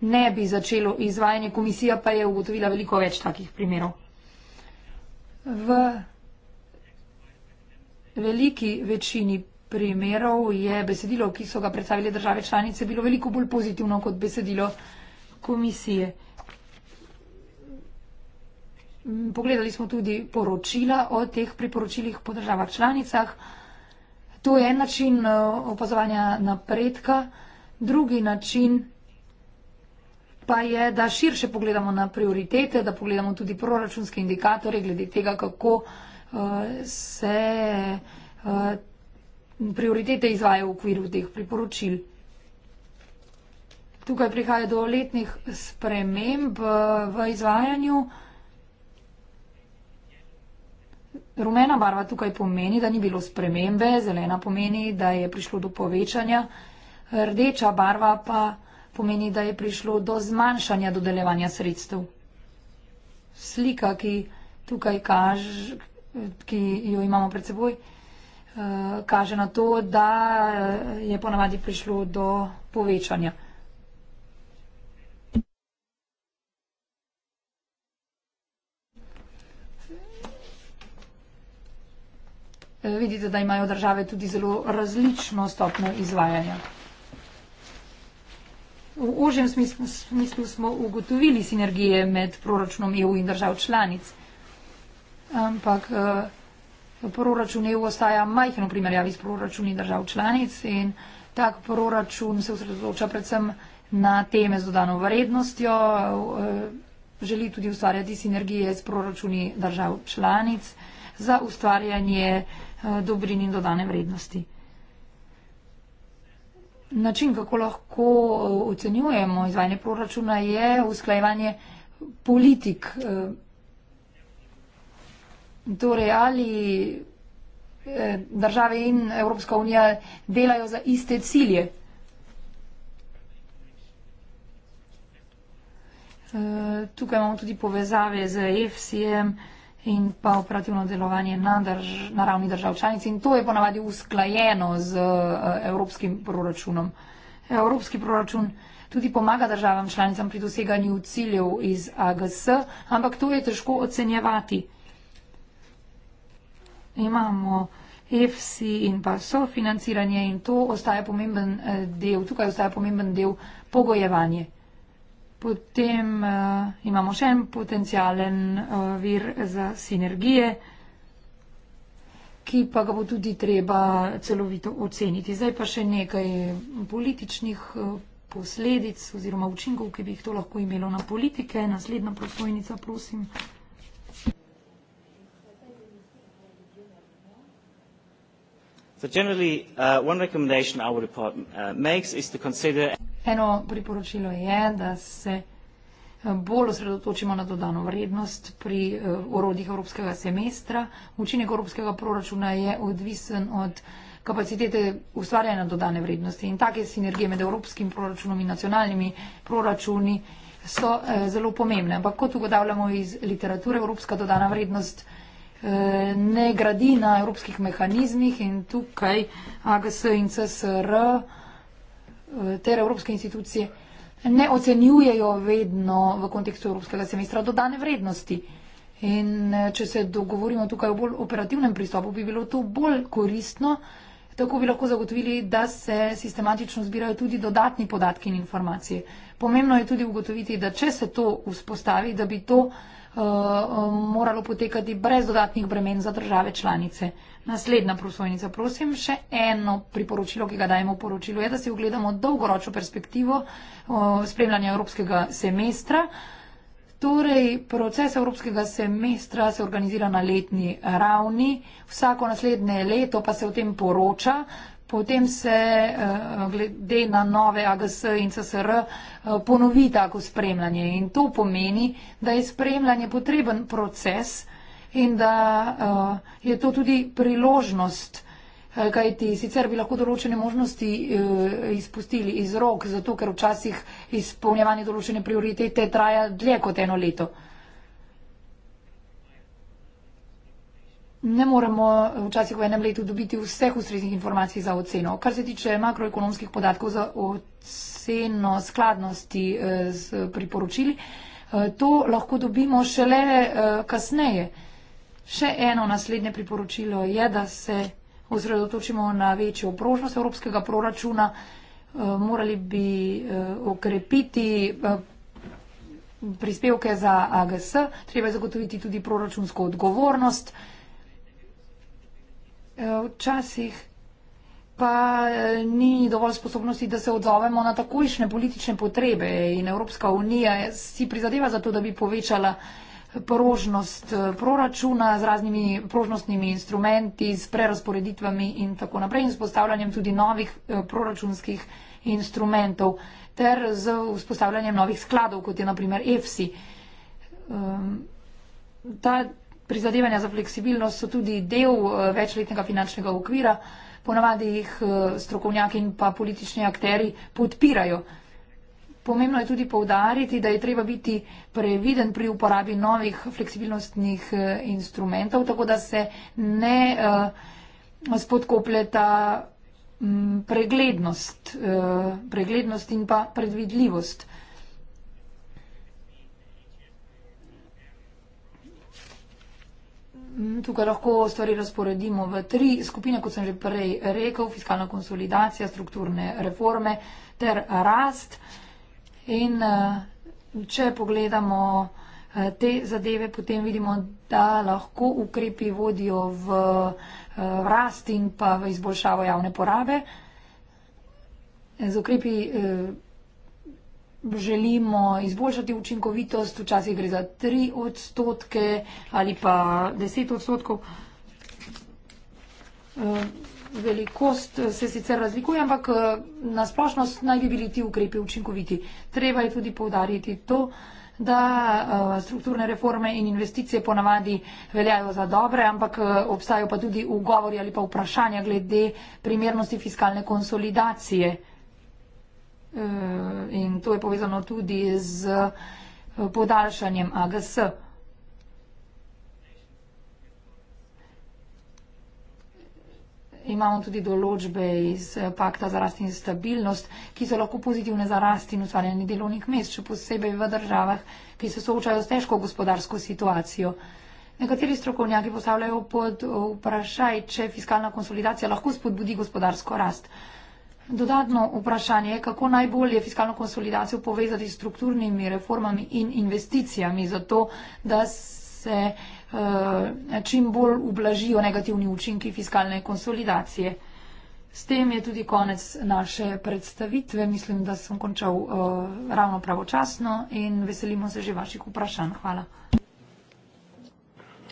ne bi začelo izvajanje. Komisija pa je ugotovila veliko več takih primerov. V veliki večini primerov je besedilo, ki so ga predstavili države članice, bilo veliko bolj pozitivno kot besedilo komisije. Mm, pogledali smo tudi poročila o teh priporočilih po državah članicah. To je en način eh, opazovanja napredka. Drugi način pa je, da širše pogledamo na prioritete, da pogledamo tudi proračunske indikatorje glede tega, kako eh, se eh, prioritete izvaja v okviru teh priporočil. Tukaj prihaja do letnih sprememb eh, v izvajanju. Rumena barva tukaj pomeni, da ni bilo spremembe, zelena pomeni, da je prišlo do povečanja, rdeča barva pa pomeni, da je prišlo do zmanjšanja dodelevanja sredstev. Slika, ki tukaj kaže, ki jo imamo pred seboj, Eh, kaže na to, da eh, je ponavadi prišlo do povečanja. Eh, vidite, da imajo države tudi zelo različno stopno izvajanja. V ožjem smislu, smislu smo ugotovili sinergije med proračunom EU in držav članic, ampak uh, Proračun EU ostaja majhen v primerjavi s proračuni držav članic in tak proračun se osredotoča predvsem na teme z dodano vrednostjo, eh, želi tudi ustvarjati sinergije s proračuni držav članic za ustvarjanje eh, dobrin in dodane vrednosti. Način, kako lahko eh, ocenjujemo izvajanje proračuna, je usklajevanje politik Torej, ali eh, države in Evropska unija delajo za iste cilje? Eh, tukaj imamo tudi povezave z FCM in pa operativno delovanje na, drž na ravni držav članic in to je ponavadi usklajeno z eh, evropskim proračunom. Evropski proračun tudi pomaga državam članicam pri doseganju ciljev iz AGS, ampak to je težko ocenjevati imamo EFSI in pa sofinanciranje in to ostaje pomemben eh, del, tukaj ostaje pomemben del pogojevanje. Potem uh, imamo še en potencijalen uh, eh, vir za sinergije, ki pa ga bo tudi treba celovito oceniti. Zdaj pa še nekaj političnih posledic oziroma učinkov, ki bi jih to lahko imelo na politike. Naslednja prosojnica, prosim. So generally, uh, one recommendation our report uh, makes is to consider Eno priporočilo je, da se uh, bolj osredotočimo na dodano vrednost pri uh, orodjih evropskega semestra. Učinek evropskega proračuna je odvisen od kapacitete ustvarjanja dodane vrednosti in take sinergije med evropskim proračunom in nacionalnimi proračuni so uh, zelo pomembne. Ampak kot ugotavljamo iz literature, evropska dodana vrednost ne gradi na evropskih mehanizmih in tukaj AGS in CSR eh, ter evropske institucije ne ocenjujejo vedno v kontekstu evropskega semestra dodane vrednosti. In eh, če se dogovorimo tukaj o bolj operativnem pristopu, bi bilo to bolj koristno, tako bi lahko zagotovili, da se sistematično zbirajo tudi dodatni podatki in informacije. Pomembno je tudi ugotoviti, da če se to vzpostavi, da bi to Eh, moralo potekati brez dodatnih bremen za države članice. Naslednja prosojnica, prosim, še eno priporočilo, ki ga dajemo v poročilu, je, da si ogledamo dolgoročno perspektivo eh, spremljanja evropskega semestra. Torej, proces evropskega semestra se organizira na letni ravni, vsako naslednje leto pa se o tem poroča, potem se eh, glede na nove AGS in CSR eh, ponovi tako spremljanje. In to pomeni, da je spremljanje potreben proces in da eh, je to tudi priložnost, kajti sicer bi lahko določene možnosti izpustili iz rok, zato ker včasih izpolnjevanje določene prioritete traja dlje kot eno leto. ne moremo včasih eh, v enem letu dobiti vseh ustreznih informacij za oceno. Kar se tiče makroekonomskih podatkov za oceno skladnosti z eh, priporočili, eh, to lahko dobimo šele kasneje. Še eno naslednje priporočilo je, da se osredotočimo na večjo prožnost evropskega proračuna. Morali bi okrepiti prispevke za AGS, treba je zagotoviti tudi proračunsko odgovornost. Eh, včasih pa eh, ni dovolj sposobnosti, da se odzovemo na takojšnje politične potrebe in Evropska unija si prizadeva za to, da bi povečala prožnost eh, proračuna z raznimi prožnostnimi instrumenti, s prerasporeditvami in tako naprej in s postavljanjem tudi novih proračunskih instrumentov ter z vzpostavljanjem novih skladov, kot je naprimer EFSI. Ehm, ta Prizadevanja za fleksibilnost so tudi del eh, večletnega finančnega okvira, ponavadi jih eh, strokovnjaki in pa politični akteri podpirajo. Pomembno je tudi povdariti, da je treba biti previden pri uporabi novih fleksibilnostnih eh, instrumentov, tako da se ne spodkopleta mm, preglednost, preglednost in pa predvidljivost. tukaj lahko stvari razporedimo v tri skupine, kot sem že prej rekel, fiskalna konsolidacija, strukturne reforme ter rast. In eh, če pogledamo eh, te zadeve, potem vidimo, da lahko ukrepi vodijo v eh, rast in pa v izboljšavo javne porabe. Z ukrepi želimo izboljšati učinkovitost, včasih gre za 3 odstotke ali pa 10 odstotkov. Eh, velikost se sicer razlikuje, ampak eh, na splošnost naj bi bili ti ukrepi učinkoviti. Treba je tudi povdariti to, da eh, strukturne reforme in investicije ponavadi veljajo za dobre, ampak obstajajo pa tudi ugovori ali pa vprašanja glede primernosti fiskalne konsolidacije. Eh, in to je povezano tudi z eh, podaljšanjem AGS. Imamo tudi določbe iz eh, pakta za rast in stabilnost, ki so lahko pozitivne za rast in ustvarjanje delovnih mest, še posebej v državah, ki se soočajo s težko gospodarsko situacijo. Nekateri strokovnjaki postavljajo pod vprašaj, če fiskalna konsolidacija lahko spodbudi gospodarsko rast. Dodatno vprašanje je, kako najbolje fiskalno konsolidacijo povezati s strukturnimi reformami in investicijami, zato da se uh, čim bolj ublažijo negativni učinki fiskalne konsolidacije. S tem je tudi konec naše predstavitve. Mislim, da sem končal uh, ravno pravočasno in veselimo se že vaših vprašanj. Hvala.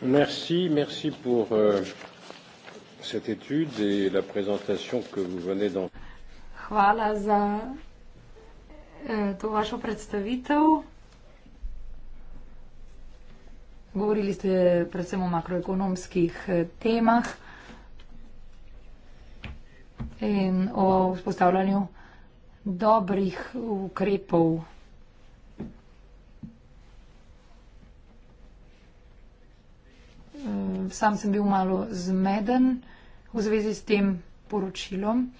Merci, merci pour, uh, cette étude et la hvala za eh, to vašo predstavitev. Govorili ste predvsem o makroekonomskih eh, temah in o vzpostavljanju dobrih ukrepov. Eh, sam sem bil malo zmeden v zvezi s tem poročilom,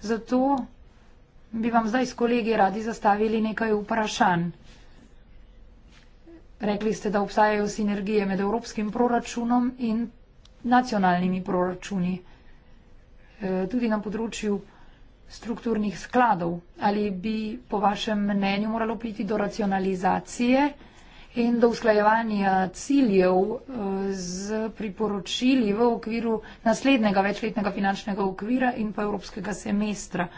zato bi vam zdaj s kolegi radi zastavili nekaj vprašanj. Rekli ste, da obstajajo sinergije med evropskim proračunom in nacionalnimi proračuni, e, tudi na področju strukturnih skladov. Ali bi po vašem mnenju moralo priti do racionalizacije in do usklajevanja ciljev e, z priporočili v okviru naslednjega večletnega finančnega okvira in pa evropskega semestra?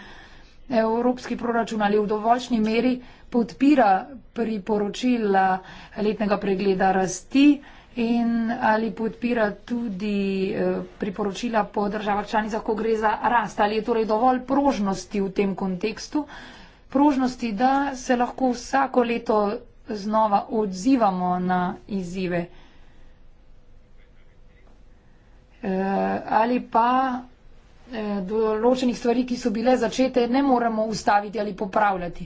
evropski proračun ali v dovoljšni meri podpira priporočila letnega pregleda rasti in ali podpira tudi eh, priporočila po državah članicah, ko gre za rast. Ali je torej dovolj prožnosti v tem kontekstu, prožnosti, da se lahko vsako leto znova odzivamo na izzive. Eh, ali pa Eh, določenih stvari, ki so bile začete, ne moremo ustaviti ali popravljati.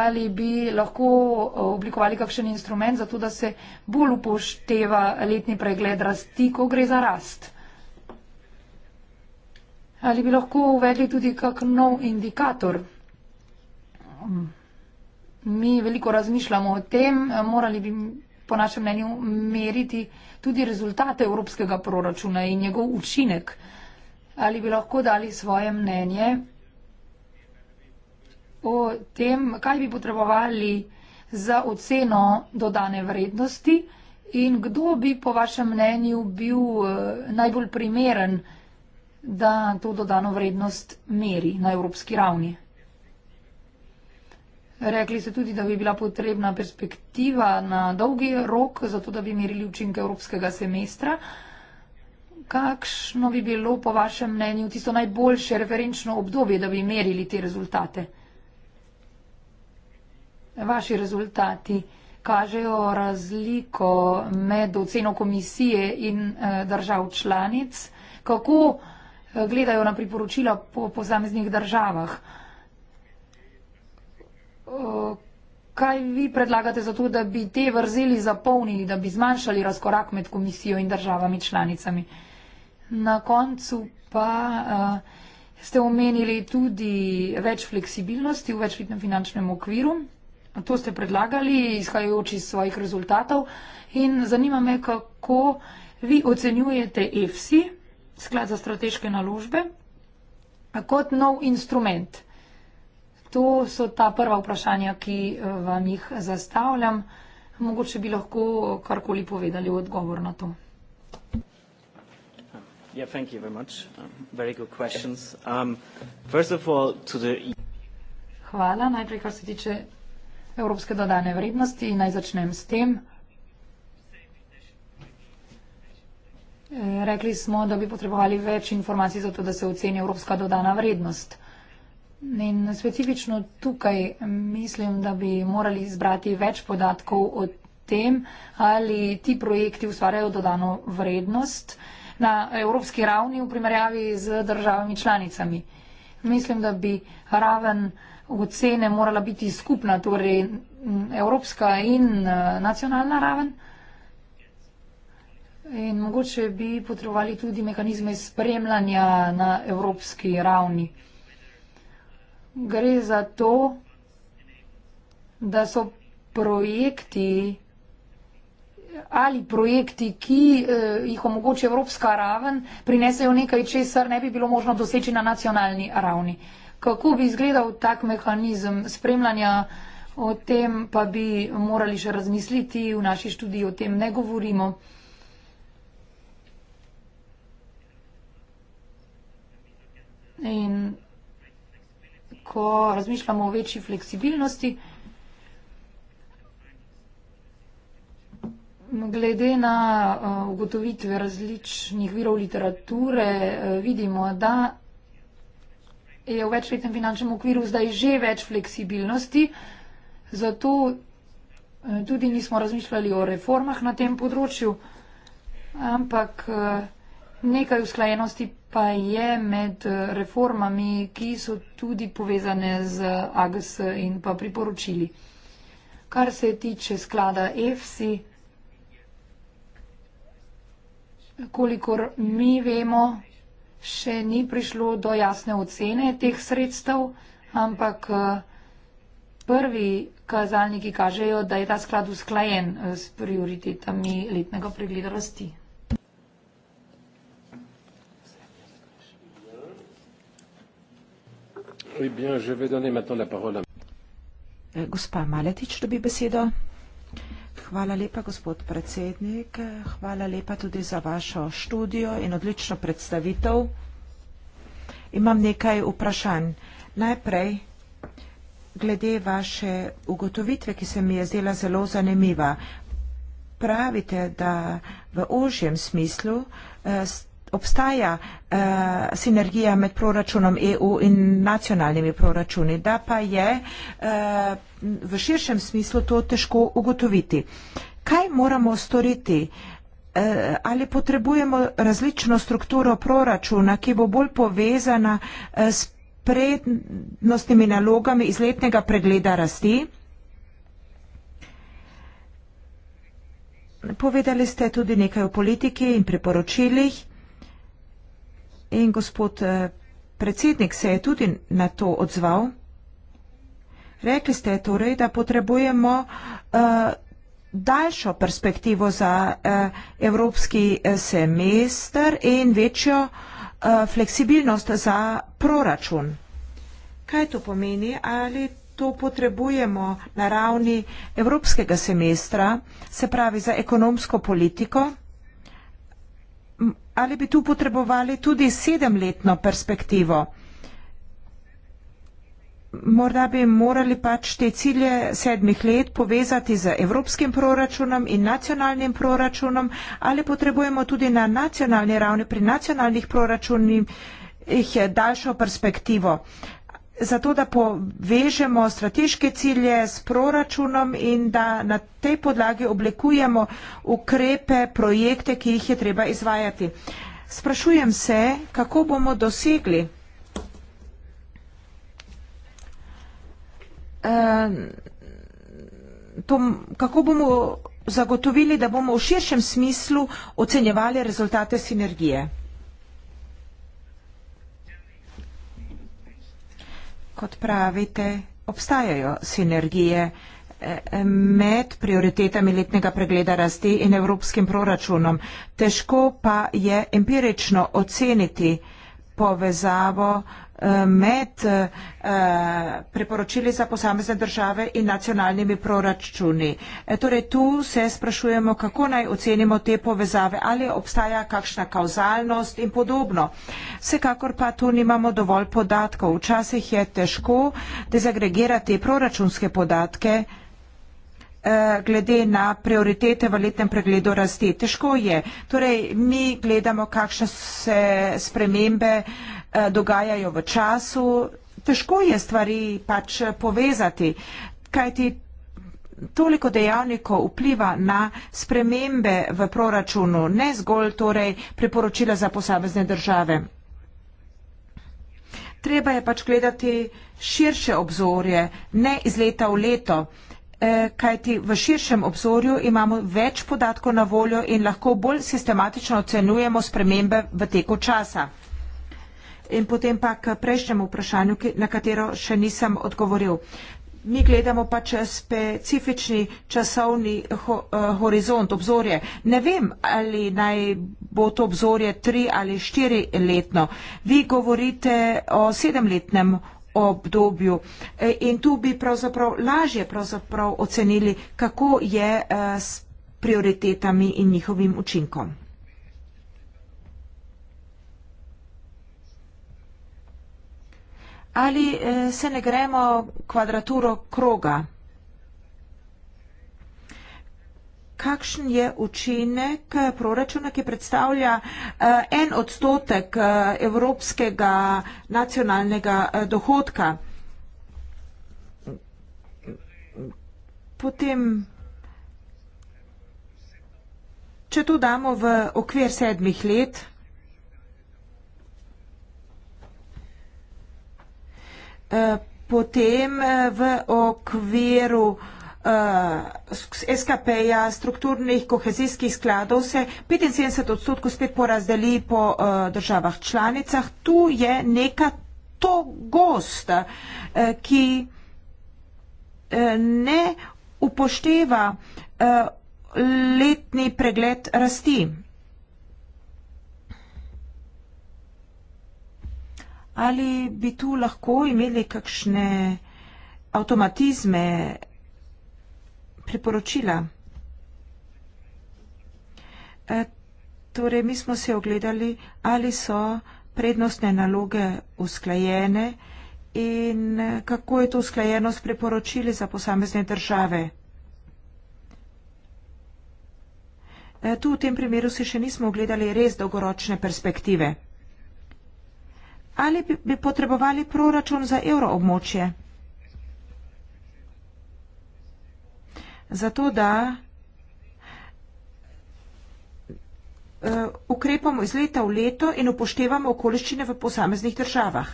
Ali bi lahko eh, oblikovali kakšen instrument za to, da se bolj upošteva letni pregled rasti, ko gre za rast? Ali bi lahko uvedli tudi kak nov indikator? Mi veliko razmišljamo o tem, morali bi po našem mnenju meriti tudi rezultate evropskega proračuna in njegov učinek ali bi lahko dali svoje mnenje o tem, kaj bi potrebovali za oceno dodane vrednosti in kdo bi po vašem mnenju bil eh, najbolj primeren, da to dodano vrednost meri na evropski ravni. Rekli ste tudi, da bi bila potrebna perspektiva na dolgi rok, zato da bi merili učinke evropskega semestra. Uh, kakšno bi bilo po vašem mnenju tisto najboljše referenčno obdobje, da bi merili te rezultate? Vaši rezultati kažejo razliko med oceno komisije in eh, držav članic, kako eh, gledajo na priporočila po posameznih državah. Eh, kaj vi predlagate za to, da bi te vrzeli zapolnili, da bi zmanjšali razkorak med komisijo in državami članicami? Uh, Na koncu pa uh, ste omenili tudi več fleksibilnosti v večletnem finančnem okviru. To ste predlagali izhajajoč iz svojih rezultatov in zanima me, kako vi ocenjujete EFSI, sklad za strateške naložbe, kot nov instrument. To so ta prva vprašanja, ki eh, vam jih zastavljam. Mogoče bi lahko karkoli povedali v odgovor na to. Yeah, thank you very much. Um, very good questions. Um, first of all, to the. E- Hvala. Najprej, kar se tiče evropske dodane vrednosti, naj začnem s tem. E, rekli smo, da bi potrebovali več informacij za to, da se oceni evropska dodana vrednost. In specifično tukaj mislim, da bi morali zbrati več podatkov o tem, ali ti projekti ustvarjajo dodano vrednost na evropski ravni v primerjavi z državami članicami. Mislim, da bi raven ocene morala biti skupna, torej evropska in e, nacionalna raven. In mogoče bi potrebovali tudi mehanizme spremljanja na evropski ravni. Gre za to, da so projekti ali projekti, ki eh, jih omogoča evropska raven, prinesejo nekaj, česar ne bi bilo možno doseči na nacionalni ravni. Kako bi izgledal tak mehanizem spremljanja, o tem pa bi morali še razmisliti, v naši študiji o tem ne govorimo. In ko razmišljamo o večji fleksibilnosti, Glede na eh, ugotovitve različnih virov literature eh, vidimo, da je v večletnem finančnem okviru zdaj že več fleksibilnosti, zato eh, tudi nismo razmišljali o reformah na tem področju, ampak nekaj usklajenosti pa je med reformami, ki so tudi povezane z AGS in pa priporočili. Kar se tiče sklada EFSI, kolikor mi vemo, še ni prišlo do jasne ocene teh sredstev, ampak eh, prvi kazalniki kažejo, da je ta sklad usklajen eh, s prioritetami letnega pregleda rasti. Eh, gospa Maletič dobi besedo. Hvala lepa, gospod predsednik. Hvala lepa tudi za vašo študijo in odlično predstavitev. Imam nekaj vprašanj. Najprej, glede vaše ugotovitve, ki se mi je zdela zelo zanimiva. Pravite, da v ožjem smislu eh, obstaja uh, sinergija med proračunom EU in nacionalnimi proračuni, da pa je uh, v širšem smislu to težko ugotoviti. Kaj moramo storiti? Eh, ali potrebujemo različno strukturo proračuna, ki bo bolj povezana s prednostnimi nalogami iz letnega pregleda rasti? Povedali ste tudi nekaj o politiki in priporočilih. In gospod eh, predsednik se je tudi na to odzval. Rekli ste torej, da potrebujemo uh, daljšo perspektivo za uh, evropski semester in večjo uh, fleksibilnost za proračun. Kaj to pomeni? Ali to potrebujemo na ravni evropskega semestra, se pravi za ekonomsko politiko? ali bi tu potrebovali tudi sedemletno perspektivo? Morda bi morali pač te cilje sedmih let povezati z evropskim proračunom in nacionalnim proračunom ali potrebujemo tudi na nacionalni ravni pri nacionalnih proračunih eh, daljšo perspektivo zato, da povežemo strateške cilje s proračunom in da na tej podlagi oblikujemo ukrepe, projekte, ki jih je treba izvajati. Sprašujem se, kako bomo dosegli eh, to, kako bomo zagotovili, da bomo v širšem smislu ocenjevali rezultate sinergije. kot pravite, obstajajo sinergije eh, med prioritetami letnega pregleda rasti in evropskim proračunom. Težko pa je empirično oceniti povezavo med eh, eh, preporočili za posamezne države in nacionalnimi proračuni. E, torej, tu se sprašujemo, kako naj ocenimo te povezave, ali obstaja kakšna kauzalnost in podobno. Vsekakor pa tu nimamo dovolj podatkov. Včasih je težko dezagregirati proračunske podatke eh, glede na prioritete v letnem pregledu rasti. Težko je. Torej, mi gledamo, kakšne se spremembe Eh, dogajajo v času, težko je stvari pač povezati, kajti toliko dejavnikov vpliva na spremembe v proračunu, ne zgolj torej priporočila za posamezne države. Treba je pač gledati širše obzorje, ne iz leta v leto, eh, kajti v širšem obzorju imamo več podatkov na voljo in lahko bolj sistematično ocenujemo spremembe v teku časa. In potem pa k prejšnjemu vprašanju, na katero še nisem odgovoril. Mi gledamo pa čez specifični časovni ho, uh, horizont, obzorje. Ne vem, ali naj bo to obzorje tri ali štiri letno. Vi govorite o sedemletnem obdobju e, in tu bi pravzaprav lažje pravzaprav ocenili, kako je uh, s prioritetami in njihovim učinkom. Ali eh, se ne gremo kvadraturo kroga? Kakšen je učinek eh, proračuna, ki predstavlja eh, en odstotek evropskega nacionalnega dohodka? Potem, če to damo v okvir sedmih let, potem eh, v okviru eh, SKP-ja strukturnih kohezijskih skladov se 75 odstotkov spet porazdeli po eh, državah članicah. Tu je neka to gost, ki ne upošteva letni pregled rasti. ali bi tu lahko imeli kakšne avtomatizme, priporočila? E, torej, mi smo se ogledali, ali so prednostne naloge usklajene in kako je to usklajeno s priporočili za posamezne države. E, tu v tem primeru se še nismo ogledali res dolgoročne perspektive ali bi, bi potrebovali proračun za evroobmočje? Zato, da uh, ukrepamo iz leta v leto in upoštevamo okoliščine v posameznih državah.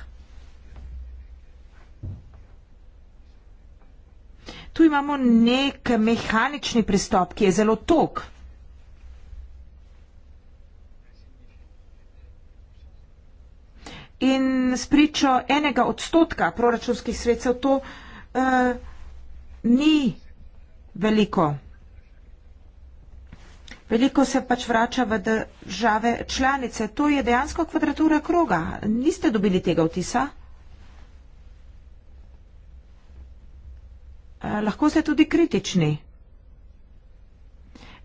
Tu imamo nek mehanični pristop, ki je zelo tok. in spričo enega odstotka proračunskih sredstev to uh, ni veliko. Veliko se pač vrača v države članice. To je dejansko kvadratura kroga. Niste dobili tega vtisa? Eh, lahko ste tudi kritični.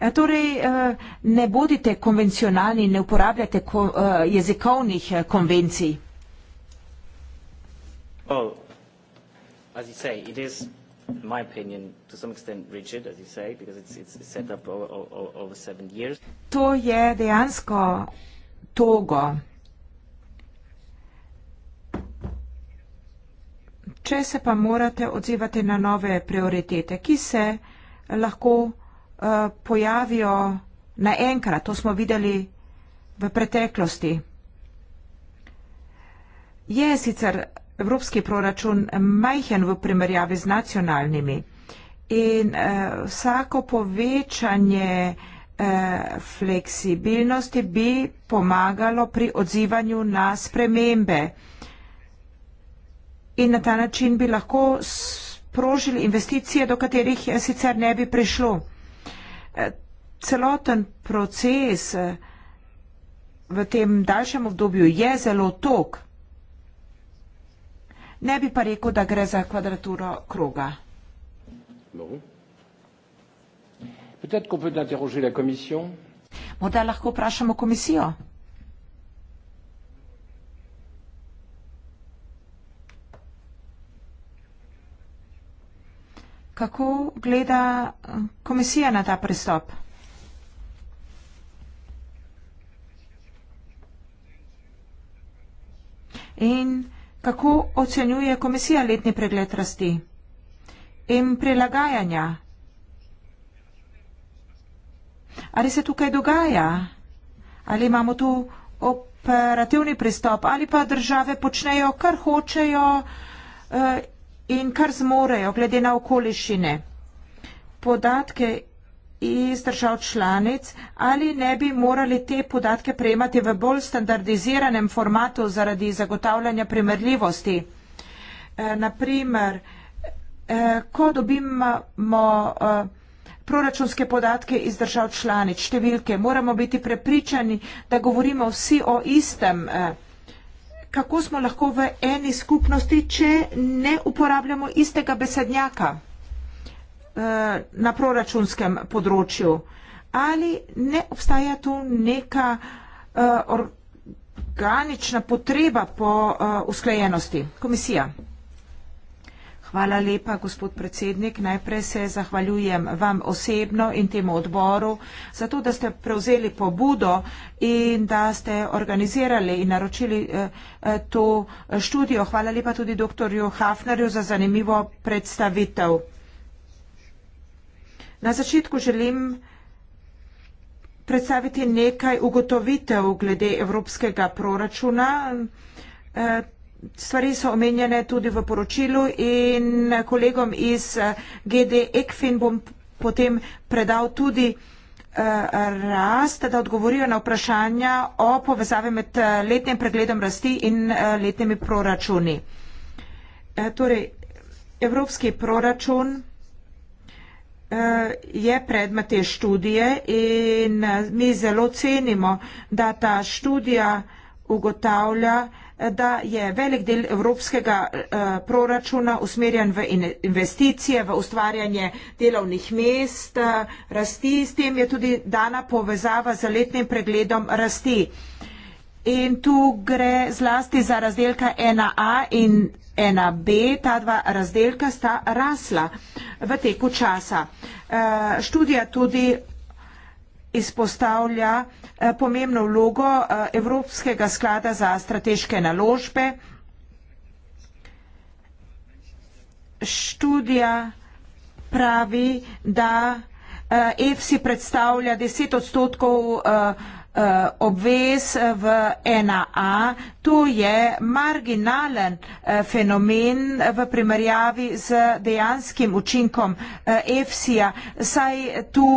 E, torej, e, ne bodite konvencionalni, ne uporabljate e, jezikovnih konvencij. Well, as you say, it is, in my opinion, to some extent rigid, as you say, because it's, it's set up over, over, over seven years. To je dejansko togo. Če se pa morate odzivati na nove prioritete, ki se lahko Eh, pojavijo naenkrat. To smo videli v preteklosti. Je sicer evropski proračun majhen v primerjavi z nacionalnimi in uh, vsako povečanje uh, fleksibilnosti bi pomagalo pri odzivanju na spremembe. In na ta način bi lahko sprožili investicije, do katerih sicer ne bi prišlo. Eh, celoten proces eh, v tem daljšem obdobju je zelo tok. Ne bi pa rekel, da gre za kvadraturo kroga. Morda lahko vprašamo komisijo. Kako gleda eh, komisija na ta pristop? In kako ocenjuje komisija letni pregled rasti in prilagajanja? Ali se tukaj dogaja? Ali imamo tu operativni pristop? Ali pa države počnejo, kar hočejo? Eh, in kar zmorejo, glede na okolišine, podatke iz držav članic, ali ne bi morali te podatke prejemati v bolj standardiziranem formatu zaradi zagotavljanja primerljivosti. Eh, Naprimer, eh, ko dobimo eh, proračunske podatke iz držav članic, številke, moramo biti prepričani, da govorimo vsi o istem kako smo lahko v eni skupnosti, če ne uporabljamo istega besednjaka eh, na proračunskem področju. Ali ne obstaja tu neka eh, organična potreba po eh, usklajenosti? Komisija. Hvala lepa, gospod predsednik. Najprej se zahvaljujem vam osebno in temu odboru za to, da ste prevzeli pobudo in da ste organizirali in naročili eh, eh, to eh, študijo. Hvala lepa tudi dr. Hafnerju za zanimivo predstavitev. Na začetku želim predstaviti nekaj ugotovitev glede evropskega proračuna. Stvari so omenjene tudi v poročilu in kolegom iz eh, GD ECFIN bom potem predal tudi eh, rast, da odgovorijo na vprašanja o povezave med eh, letnim pregledom rasti in letnimi proračuni. Torej, evropski proračun je predmet te študije in mi zelo cenimo, da ta študija ugotavlja, da je da je velik del evropskega eh, proračuna usmerjen v investicije, v ustvarjanje delovnih mest, eh, rasti, s tem je tudi dana povezava z letnim pregledom rasti. In tu gre zlasti za razdelka 1A in 1B, ta dva razdelka sta rasla v teku časa. Eh, študija tudi izpostavlja eh, pomembno vlogo eh, Evropskega sklada za strateške naložbe. Študija pravi, da eh, EFSI predstavlja 10 odstotkov obvez v 1A. To je marginalen fenomen v primerjavi z dejanskim učinkom EFSI-ja, saj tu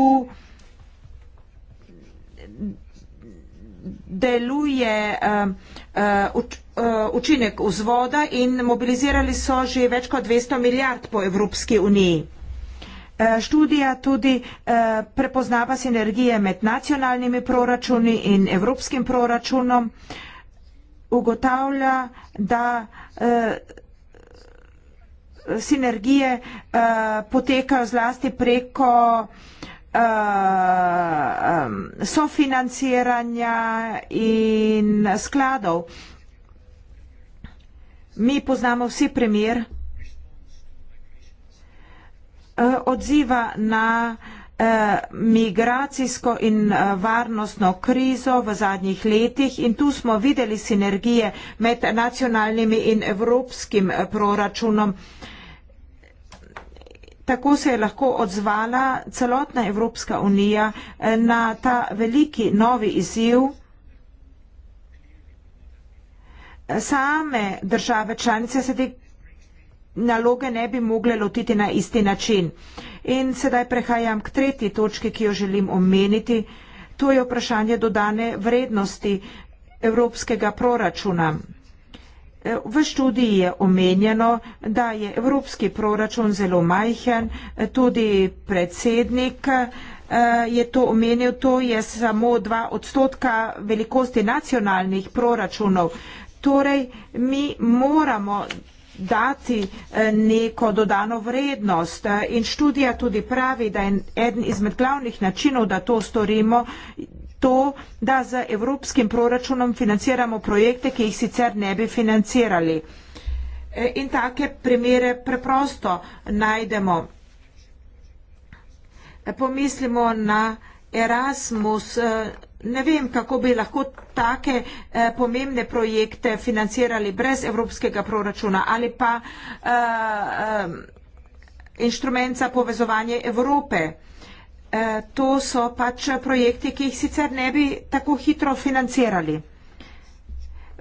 deluje um, uh, uh, učinek vzvoda in mobilizirali so že več kot 200 milijard po Evropski uniji. Uh, študija tudi uh, prepoznava sinergije med nacionalnimi proračuni in evropskim proračunom, ugotavlja, da uh, sinergije potekajo zlasti preko uh, sofinanciranja in skladov. Mi poznamo vsi primer uh, odziva na uh, migracijsko in uh, varnostno krizo v zadnjih letih in tu smo videli sinergije med nacionalnimi in evropskim uh, proračunom. Uh, Tako se je lahko odzvala celotna Evropska unija eh, na ta veliki novi izziv. Same države članice se te naloge ne bi mogle lotiti na isti način. In sedaj prehajam k tretji točki, ki jo želim omeniti. To je vprašanje dodane vrednosti evropskega proračuna. V študiji je omenjeno, da je evropski proračun zelo majhen, tudi predsednik eh, je to omenil, to je samo dva odstotka velikosti nacionalnih proračunov. Torej, mi moramo dati eh, neko dodano vrednost eh, in študija tudi pravi, da je eden izmed glavnih načinov, da to storimo, to, da z evropskim proračunom financiramo projekte, ki jih sicer ne bi financirali. E, in take primere preprosto najdemo. E, pomislimo na Erasmus. E, ne vem, kako bi lahko take eh, pomembne projekte financirali brez evropskega proračuna ali pa eh, eh, inštrument za povezovanje Evrope. Eh, Eh, to so pač projekti, ki jih sicer ne bi tako hitro financirali.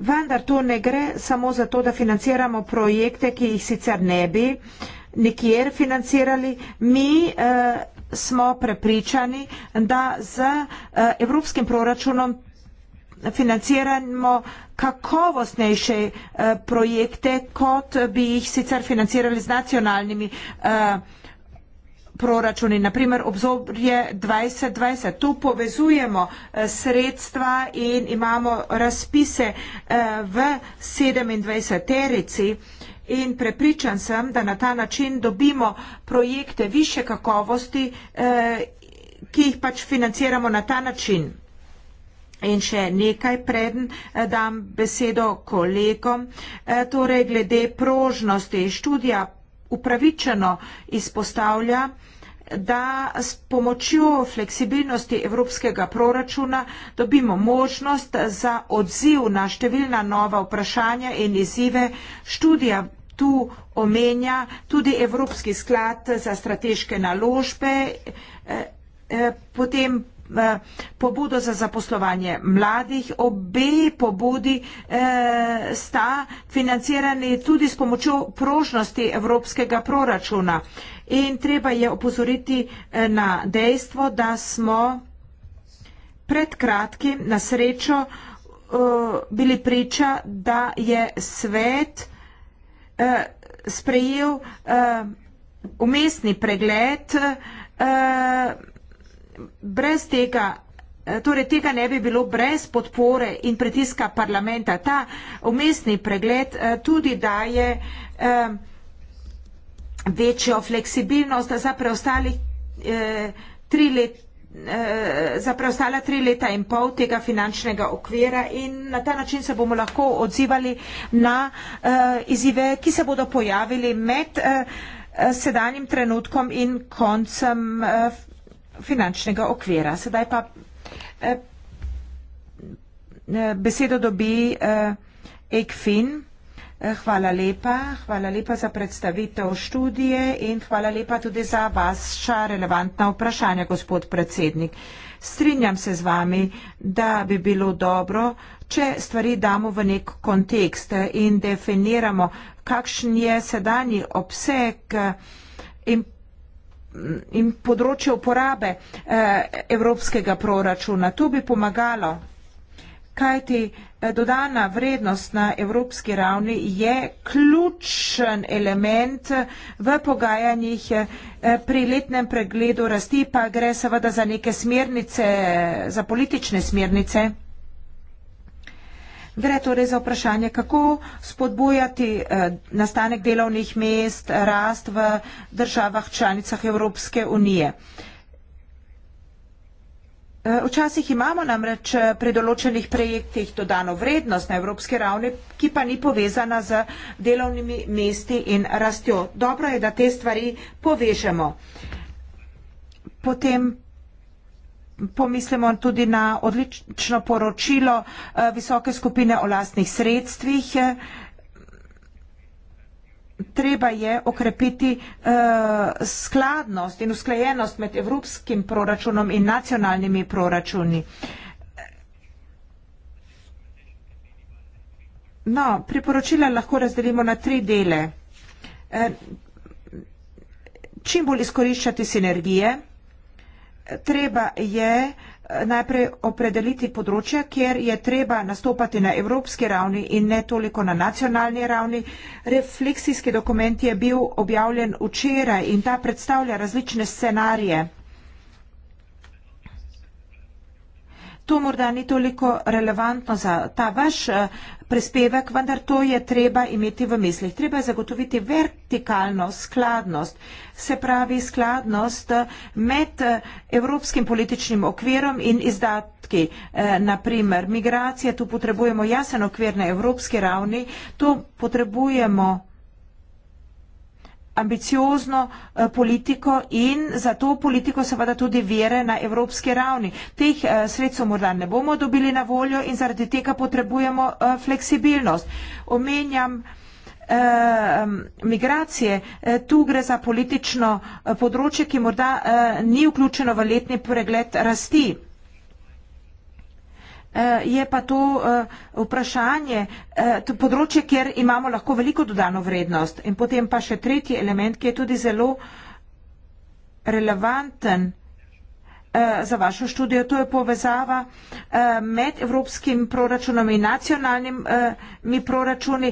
Vendar to ne gre samo za to, da financiramo projekte, ki jih sicer ne bi nikjer financirali. Mi eh, smo prepričani, da z eh, evropskim proračunom financiramo kakovostnejše eh, projekte, kot bi jih sicer financirali z nacionalnimi. Eh, proračuni, naprimer obzorje 2020. Tu povezujemo eh, sredstva in imamo razpise eh, v 27 terici. In prepričan sem, da na ta način dobimo projekte više kakovosti, eh, ki jih pač financiramo na ta način. In še nekaj preden dam besedo kolegom, torej glede prožnosti študija upravičeno izpostavlja, da s pomočjo fleksibilnosti evropskega proračuna dobimo možnost za odziv na številna nova vprašanja in izzive študija. Tu omenja tudi Evropski sklad za strateške naložbe, eh, eh, potem Eh, pobudo za zaposlovanje mladih. Obe pobudi eh, sta financirani tudi s pomočjo prožnosti evropskega proračuna. In treba je opozoriti eh, na dejstvo, da smo pred kratkim na srečo bili priča, da je svet sprejel umestni pregled brez tega, eh, torej tega ne bi bilo brez podpore in pritiska parlamenta. Ta umestni pregled eh, tudi daje eh, večjo fleksibilnost za preostali tri leta za preostala tri leta in pol tega finančnega okvira in na ta način se bomo lahko odzivali na izive, ki se bodo pojavili med sedanjim trenutkom in koncem finančnega okvira. Sedaj pa eh, eh besedo dobi eh, Ekfin. Eh, hvala lepa, hvala lepa za predstavitev študije in hvala lepa tudi za vaša relevantna vprašanja, gospod predsednik. Strinjam se z vami, da bi bilo dobro, če stvari damo v nek kontekst in definiramo, kakšen je sedanji obseg eh, in in področje uporabe eh, evropskega proračuna. To bi pomagalo, kajti eh, dodana vrednost na evropski ravni je ključen element eh, v pogajanjih pri letnem pregledu rasti, pa gre seveda za neke smernice, za politične smernice. Gre torej za vprašanje, kako spodbojati eh, nastanek delovnih mest, rast v državah članicah Evropske unije. Eh, včasih imamo namreč eh, pri določenih projektih dodano vrednost na evropski ravni, ki pa ni povezana z delovnimi mesti in rastjo. Dobro je, da te stvari povežemo. Potem pomislimo tudi na odlično poročilo eh, visoke skupine o lastnih sredstvih. Treba je okrepiti eh, skladnost in usklajenost med evropskim proračunom in nacionalnimi proračuni. No, priporočila lahko razdelimo na tri dele. Eh, čim bolj izkoriščati sinergije, treba je eh, najprej opredeliti področja, kjer je treba nastopati na evropski ravni in ne toliko na nacionalni ravni. Refleksijski dokument je bil objavljen včeraj in ta predstavlja različne scenarije. to morda ni toliko relevantno za ta vaš eh, prispevek, vendar to je treba imeti v mislih. Treba je zagotoviti vertikalno skladnost, se pravi skladnost eh, med eh, evropskim političnim okvirom in izdatki. Naprimer, migracije, tu potrebujemo jasen okvir na evropski ravni, to potrebujemo ambiciozno eh, politiko in za to politiko seveda tudi vire na evropski ravni. Teh eh, sredstev morda ne bomo dobili na voljo in zaradi tega potrebujemo eh, fleksibilnost. Omenjam migracije, tu gre za politično področje, ki morda ni vključeno v letni pregled rasti. Eh, je pa to eh, vprašanje, eh, to področje, kjer imamo lahko veliko dodano vrednost. In potem pa še tretji element, ki je tudi zelo relevanten za vašo študijo, to je povezava med evropskim proračunom in nacionalnimi proračuni,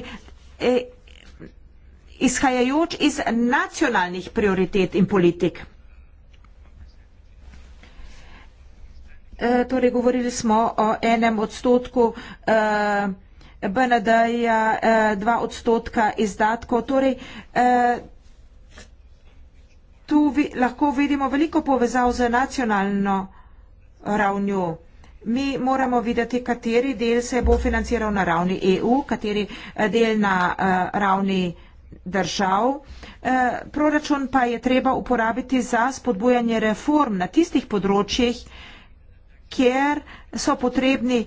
izhajajoč iz nacionalnih prioritet in politik. Eh, torej govorili smo o enem odstotku eh, BND-ja, eh, dva odstotka izdatkov. Torej, tu vi, lahko vidimo veliko povezav za nacionalno ravnjo. Mi moramo videti, kateri del se bo financiral na ravni EU, kateri del na uh, ravni držav. Uh, proračun pa je treba uporabiti za spodbujanje reform na tistih področjih, uh, kjer so potrebni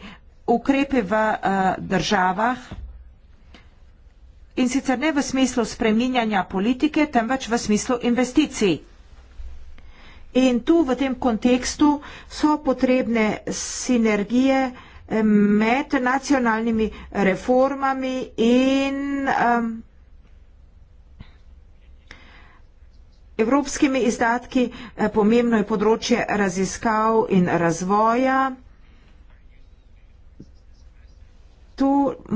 ukrepi v uh, državah in sicer ne v smislu spreminjanja politike, temveč v smislu investicij. In tu v tem kontekstu so potrebne sinergije eh, med nacionalnimi reformami in um, evropskimi izdatki, eh, pomembno je področje raziskav in razvoja. Tu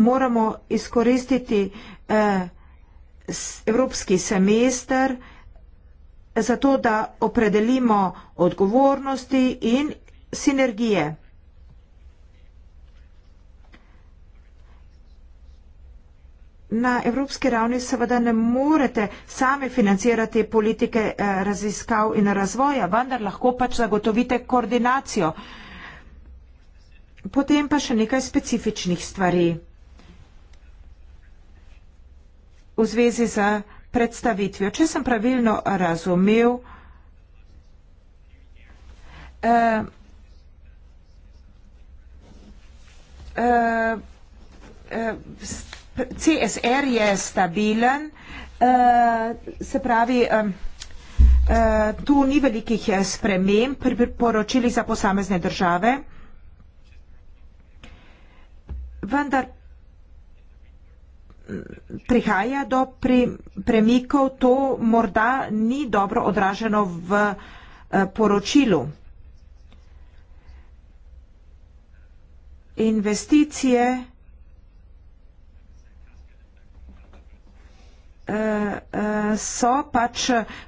moramo izkoristiti eh, evropski semester, zato da opredelimo odgovornosti in sinergije. na evropski ravni seveda ne morete sami financirati politike eh, raziskav in razvoja, vendar lahko pač zagotovite koordinacijo. Potem pa še nekaj specifičnih stvari v zvezi z predstavitvijo. Če sem pravilno razumel, eh, eh, eh CSR je stabilen, uh, se pravi, um, uh, tu ni velikih eh, sprememb pri poročili za posamezne države, vendar prihaja do pri, premikov, to morda ni dobro odraženo v uh, poročilu. Investicije Eh, eh, so pač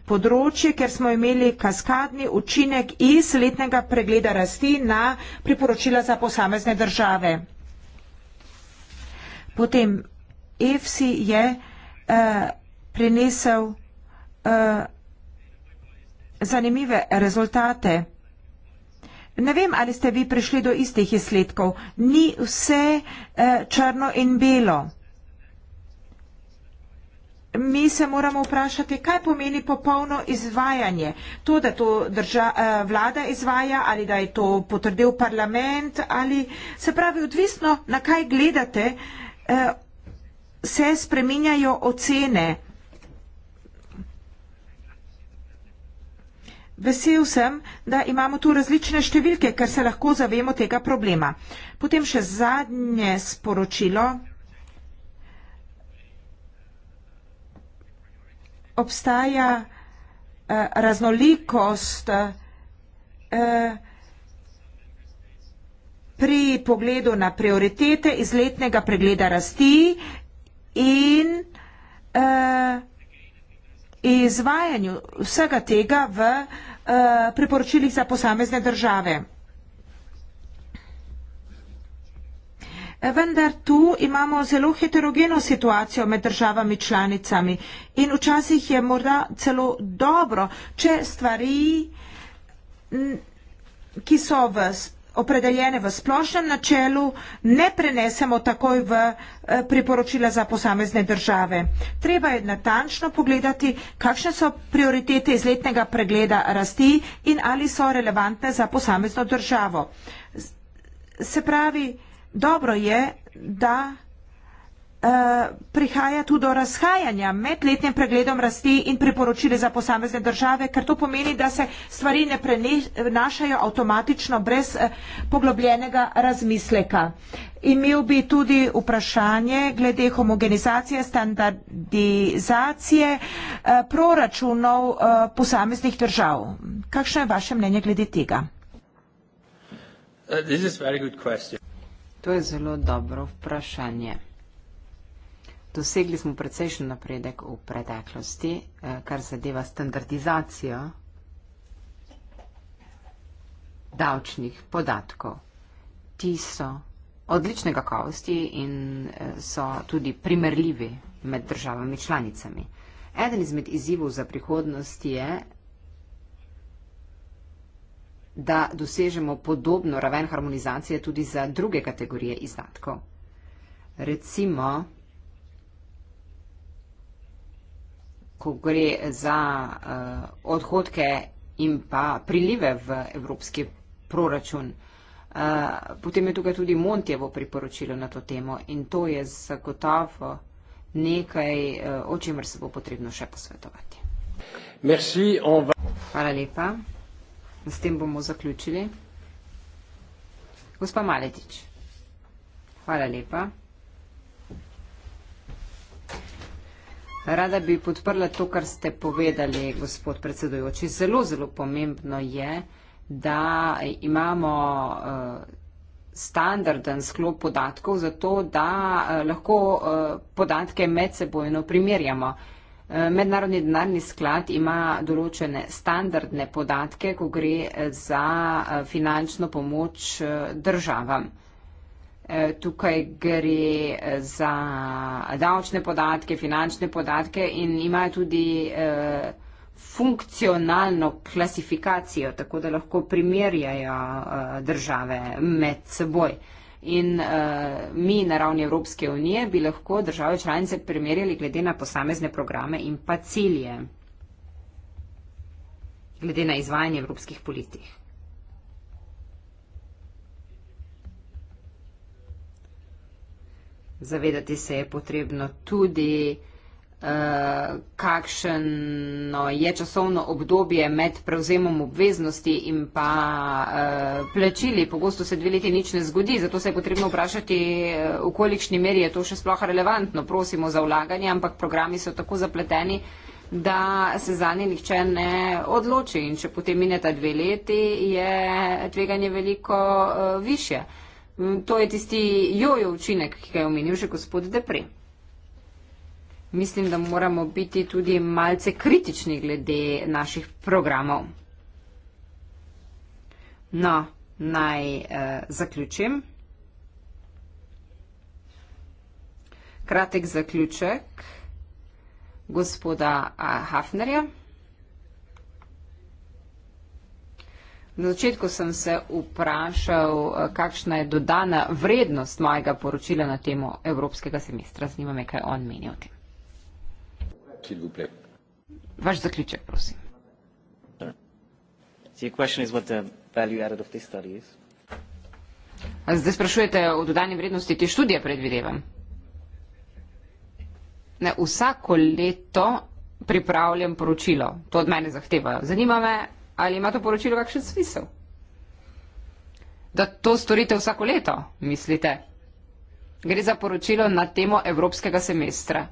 področje, ker smo imeli kaskadni učinek iz letnega pregleda rasti na priporočila za posamezne države. Potem EFSI je uh, prinesel uh, zanimive rezultate. Ne vem, ali ste vi prišli do istih izsledkov. Ni vse uh, črno in belo. Mi se moramo vprašati, kaj pomeni popolno izvajanje. To, da to drža, eh, vlada izvaja ali da je to potrdil parlament ali se pravi, odvisno na kaj gledate, eh, se spreminjajo ocene. Vesel sem, da imamo tu različne številke, ker se lahko zavemo tega problema. Potem še zadnje sporočilo. obstaja eh, raznolikost eh, pri pogledu na prioritete iz letnega pregleda rasti in eh, izvajanju vsega tega v eh, priporočilih za posamezne države. E, vendar tu imamo zelo heterogeno situacijo med državami članicami in včasih je morda celo dobro, če stvari, ki so v opredeljene v splošnem načelu, ne prenesemo takoj v e, priporočila za posamezne države. Treba je natančno pogledati, kakšne so prioritete iz letnega pregleda rasti in ali so relevantne za posamezno državo. Se pravi, dobro je, da Uh, prihaja tudi do razhajanja med letnim pregledom rasti in priporočili za posamezne države, ker to pomeni, da se stvari ne prenašajo avtomatično brez uh, poglobljenega razmisleka. Imel bi tudi vprašanje glede homogenizacije, standardizacije uh, proračunov uh, posameznih držav. Kakšno je vaše mnenje glede tega? Uh, To je zelo dobro vprašanje. Dosegli smo precejšen napredek v preteklosti, eh, kar zadeva standardizacijo davčnih podatkov. Ti so odlične kakovosti in eh, so tudi primerljivi med državami članicami. Eden izmed izzivov za prihodnost je, da dosežemo podobno raven harmonizacije tudi za druge kategorije izdatkov. Recimo, ko gre za uh, odhodke in pa prilive v evropski proračun, uh, potem je tukaj tudi Montjevo priporočilo na to temo in to je zagotovo nekaj, uh, o čemer se bo potrebno še posvetovati. Merci, va... Hvala lepa. S tem bomo zaključili. Gospa Maletič, hvala lepa. Rada bi podprla to, kar ste povedali, gospod predsedujoči. Zelo, zelo pomembno je, da imamo eh, standarden sklop podatkov, zato da eh, lahko eh, podatke med sebojno primerjamo. Mednarodni denarni sklad ima določene standardne podatke, ko gre za eh, finančno pomoč eh, državam. Eh, tukaj gre za davčne podatke, finančne podatke in imajo tudi funkcionalno klasifikacijo, tako da lahko primerjajo države med seboj in uh, mi na ravni Evropske unije bi lahko države članice primerjali glede na posamezne programe in pa cilje, glede na izvajanje evropskih politik. Zavedati se je potrebno tudi, kakšno je časovno obdobje med prevzemom obveznosti in pa eh, plačili. Pogosto se dve leti nič ne zgodi, zato se je potrebno vprašati, eh, v kolikšni meri je to še sploh relevantno. Prosimo za vlaganje, ampak programi so tako zapleteni, da se za njih nihče ne odloči in če potem mineta dve leti, je tveganje veliko eh, više. To je tisti jojo učinek, ki ga je omenil že gospod Depre mislim, da moramo biti tudi malce kritični glede naših programov. No, naj eh, zaključim. Kratek zaključek gospoda eh, Hafnerja. Na začetku sem se vprašal, eh, kakšna je dodana vrednost mojega poročila na temo evropskega semestra. Zanima me, kaj on meni o tem s'il vous plaît. Vaš zaključek, prosim. Zdaj sprašujete o dodanji vrednosti te študije, predvidevam. Ne, vsako leto pripravljam poročilo. To od mene zahtevajo. Zanima me, ali ima to poročilo kakšen smisel? Da to storite vsako leto, mislite? Gre za poročilo na temo evropskega semestra.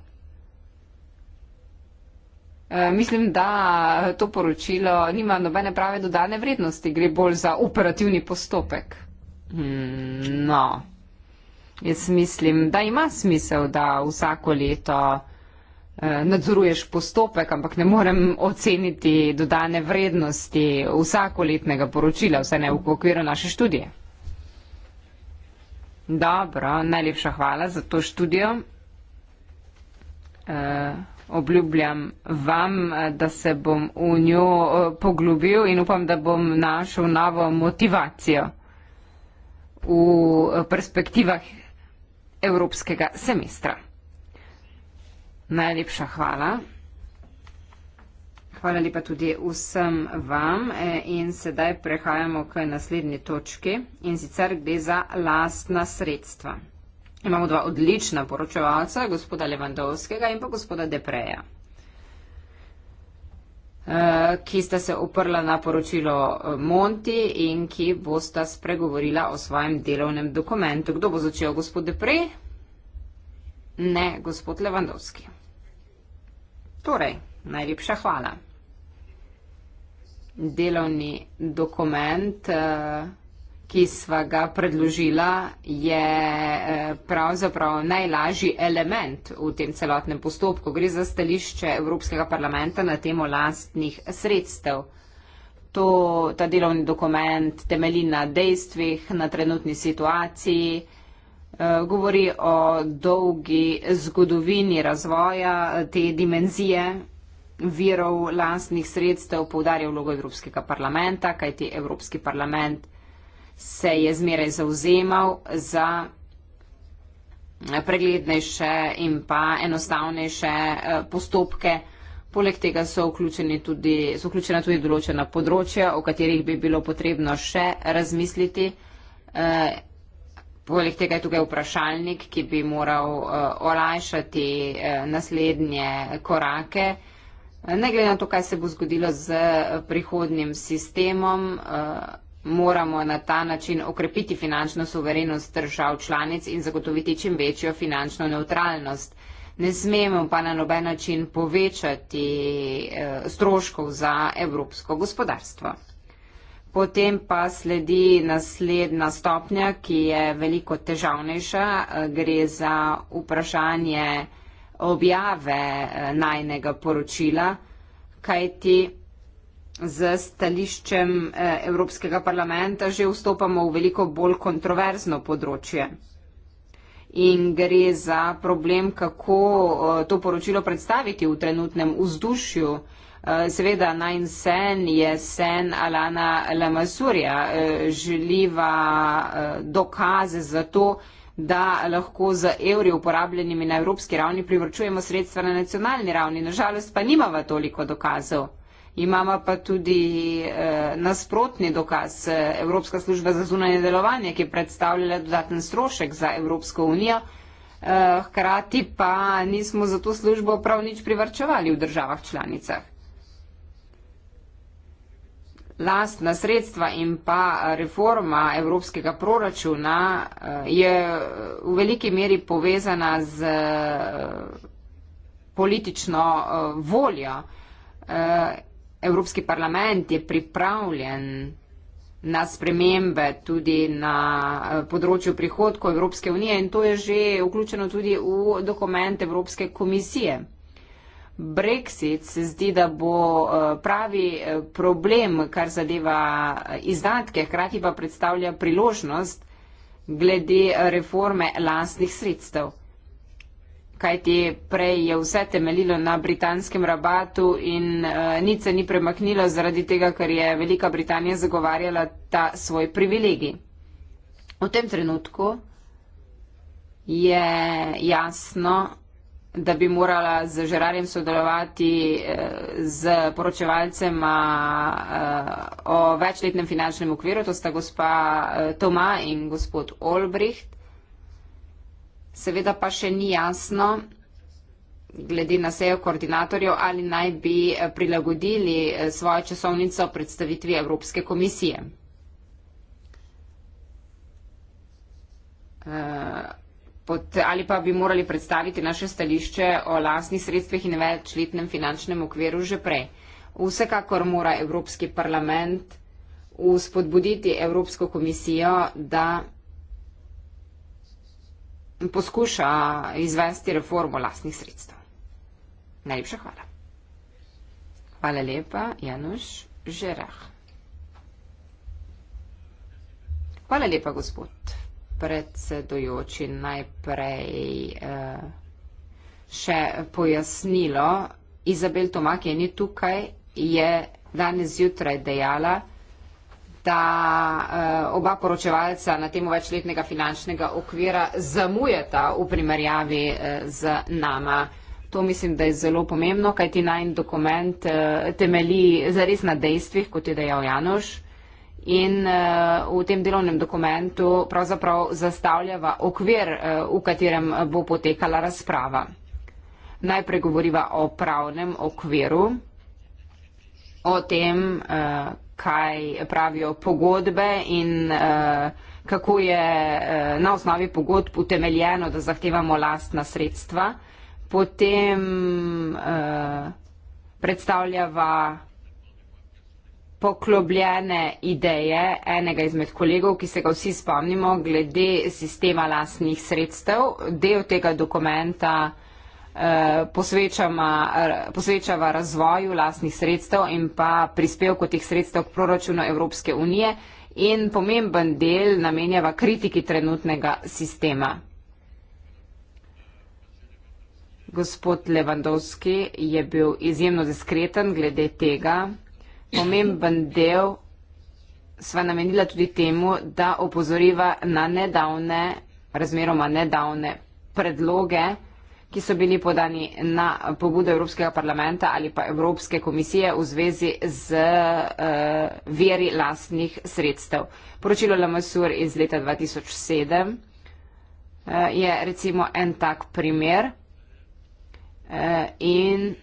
Eh, mislim, da to poročilo nima nobene prave dodane vrednosti, gre bolj za operativni postopek. Hmm, no, jaz mislim, da ima smisel, da vsako leto eh, nadzoruješ postopek, ampak ne morem oceniti dodane vrednosti vsakoletnega poročila, vse ne v okviru naše študije. Dobro, najlepša hvala za to študijo. Eh, obljubljam vam, da se bom v njo eh, poglobil in upam, da bom našel novo motivacijo v perspektivah evropskega semestra. Najlepša hvala. Hvala lepa tudi vsem vam eh, in sedaj prehajamo k naslednji točki in sicer gre za lastna sredstva. Imamo dva odlična poročevalca, gospoda Levandovskega in pa gospoda Depreja, eh, ki sta se oprla na poročilo eh, Monti in ki bosta spregovorila o svojem delovnem dokumentu. Kdo bo začel, gospod Deprej? Ne, gospod Levandovski. Torej, najlepša hvala. Delovni dokument. Uh, ki sva ga predložila, je eh, pravzaprav najlažji element v tem celotnem postopku. Gre za stališče Evropskega parlamenta na temo lastnih sredstev. To, ta delovni dokument temeli na dejstvih, na trenutni situaciji, eh, govori o dolgi zgodovini razvoja te dimenzije virov lastnih sredstev, poudarja vlogo Evropskega parlamenta, kajti Evropski parlament se je zmeraj zauzemal za preglednejše in pa enostavnejše eh, postopke. Poleg tega so, tudi, so vključena tudi določena področja, o katerih bi bilo potrebno še razmisliti. Eh, poleg tega je tukaj vprašalnik, ki bi moral eh, olajšati naslednje korake. Ne glede na to, kaj se bo zgodilo z prihodnim sistemom, Moramo na ta način okrepiti finančno suverenost držav članic in zagotoviti čim večjo finančno neutralnost. Ne smemo pa na noben način povečati eh, stroškov za evropsko gospodarstvo. Potem pa sledi naslednja stopnja, ki je veliko težavnejša. Eh, gre za vprašanje objave eh, najnega poročila, kajti z stališčem eh, Evropskega parlamenta že vstopamo v veliko bolj kontroverzno področje. In gre za problem, kako eh, to poročilo predstaviti v trenutnem vzdušju. Eh, seveda, naj sen je sen Alana Lamasurja, želiva dokaze za to, da lahko z evri uporabljenimi na evropski ravni privrčujemo sredstva na nacionalni ravni. Nažalost pa nimava toliko dokazov. Imamo pa tudi eh, nasprotni dokaz Evropska služba za zunanje delovanje, ki je predstavljala dodaten strošek za Evropsko unijo, eh, hkrati pa nismo za to službo prav nič privrčevali v državah članicah. Lastna sredstva in pa reforma evropskega proračuna eh, je v veliki meri povezana z eh, politično eh, voljo Evropski parlament je pripravljen na spremembe tudi na eh, področju prihodkov Evropske unije in to je že vključeno tudi v dokument Evropske komisije. Brexit se zdi, da bo eh, pravi eh, problem, kar zadeva izdatke, hkrati pa predstavlja priložnost glede reforme lastnih sredstev kajti prej je vse temeljilo na britanskem rabatu in uh, nič se ni premaknilo zaradi tega, ker je Velika Britanija zagovarjala ta svoj privilegij. V tem trenutku je jasno, da bi morala z žerarjem sodelovati eh, z poročevalcem eh, o večletnem finančnem okviru, to sta gospa Toma in gospod Olbricht. Seveda pa še ni jasno, glede na sejo koordinatorjev, ali naj bi eh, prilagodili eh, svojo časovnico predstavitvi Evropske komisije. Eh, Pot, ali pa bi morali predstaviti naše stališče o lasnih sredstvih in večletnem finančnem okviru že prej. Vsekakor mora Evropski parlament uspodbuditi Evropsko komisijo, da poskuša izvesti reformo lastnih sredstev. Najlepša hvala. Hvala lepa, Januš Žerah. Hvala lepa, gospod predsedojoči. Najprej eh, še pojasnilo. Izabel Tomak je ni tukaj, je danes zjutraj dejala, da je da uh, oba poročevalca na temo večletnega finančnega okvira zamujata v primerjavi uh, z nama. To mislim, da je zelo pomembno, kaj ti najn dokument uh, eh, temeli zares na dejstvih, kot je dejal Janoš. In uh, v tem delovnem dokumentu pravzaprav zastavljava okvir, uh, v katerem bo potekala razprava. Najprej govoriva o pravnem okviru, o tem, uh, kaj pravijo pogodbe in uh, kako je uh, na osnovi pogodb utemeljeno, da zahtevamo lastna sredstva. Potem uh, predstavljava poklobljene ideje enega izmed kolegov, ki se ga vsi spomnimo, glede sistema lastnih sredstev. Del tega dokumenta uh, Eh, posvečava, posvečava razvoju lastnih sredstev in pa prispevku teh sredstev k proračunu Evropske unije in pomemben del namenjava kritiki trenutnega sistema. Gospod Levandovski je bil izjemno diskreten glede tega. Pomemben del sva namenila tudi temu, da opozoriva na nedavne, razmeroma nedavne predloge, ki so bili podani na pobudo Evropskega parlamenta ali pa Evropske komisije v zvezi z uh, veri lastnih sredstev. Poročilo Lamasur iz leta 2007 uh, eh, je recimo en tak primer uh, in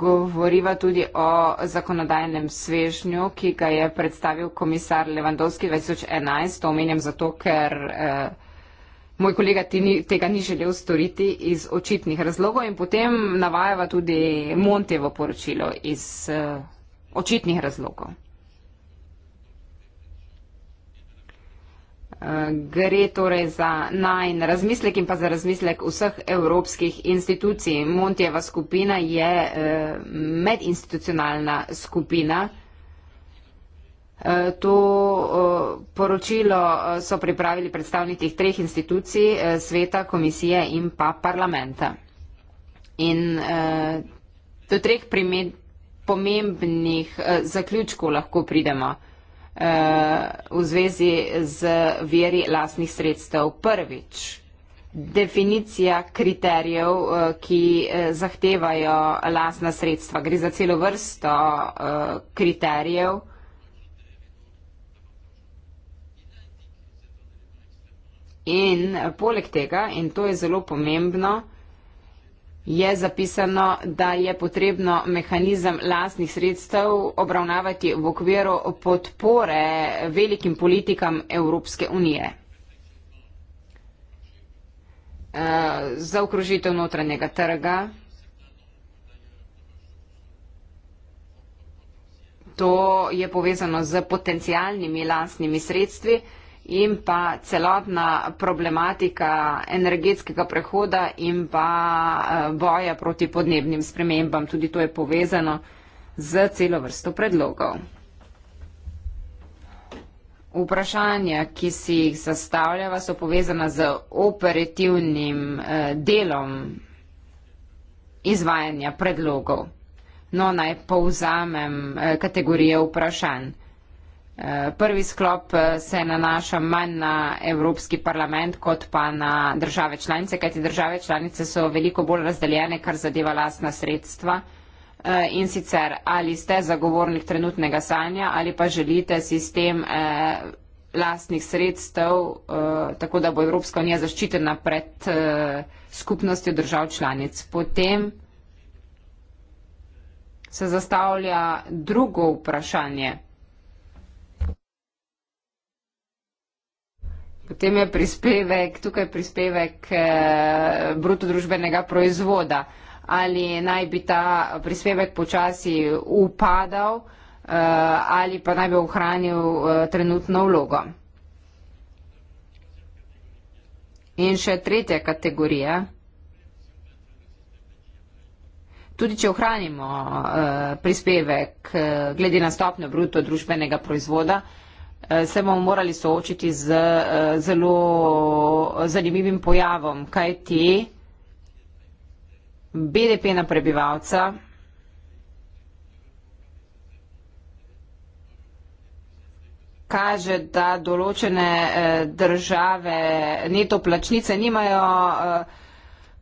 govoriva tudi o zakonodajnem svežnju, ki ga je predstavil komisar Levandovski 2011. To omenjam zato, ker. Uh, Moj kolega ni, tega ni želel storiti iz očitnih razlogov in potem navajava tudi Montevo poročilo iz uh, očitnih razlogov. Eh, gre torej za najn razmislek in pa za razmislek vseh evropskih institucij. Montjeva skupina je eh, medinstitucionalna skupina. Eh, to eh, poročilo eh, so pripravili predstavniki treh institucij, sveta, komisije in pa parlamenta. In do treh pomembnih zaključkov lahko pridemo v zvezi z veri lastnih sredstev. Prvič, definicija kriterijev, ki zahtevajo lastna sredstva. Gre za celo vrsto kriterijev, In eh, poleg tega, in to je zelo pomembno, je zapisano, da je potrebno mehanizem lastnih sredstev obravnavati v okviru podpore velikim politikam Evropske unije. E, eh, za okrožitev notranjega trga. To je povezano z potencijalnimi lastnimi sredstvi in pa celotna problematika energetskega prehoda in pa eh, boja proti podnebnim spremembam. Tudi to je povezano z celo vrsto predlogov. Vprašanja, ki si jih zastavljava, so povezana z operativnim eh, delom izvajanja predlogov. No, naj povzamem eh, kategorije vprašanj. Prvi sklop eh, se nanaša manj na Evropski parlament, kot pa na države članice, kajti države članice so veliko bolj razdeljene, kar zadeva lasna sredstva. Eh, in sicer ali ste zagovornik trenutnega sanja ali pa želite sistem eh, lastnih sredstev, tako da bo Evropska unija zaščitena pred skupnostjo držav članic. Potem se zastavlja drugo vprašanje. Potem je prispevek, tukaj je prispevek eh, bruto družbenega proizvoda. Ali naj bi ta prispevek počasi upadal eh, ali pa naj bi ohranil eh, trenutno vlogo. In še tretja kategorija. Tudi če ohranimo eh, prispevek eh, glede na stopnjo bruto družbenega proizvoda, eh, Eh, se bomo morali soočiti z eh, zelo zanimivim pojavom, kaj ti BDP na prebivalca kaže, da določene eh, države neto plačnice nimajo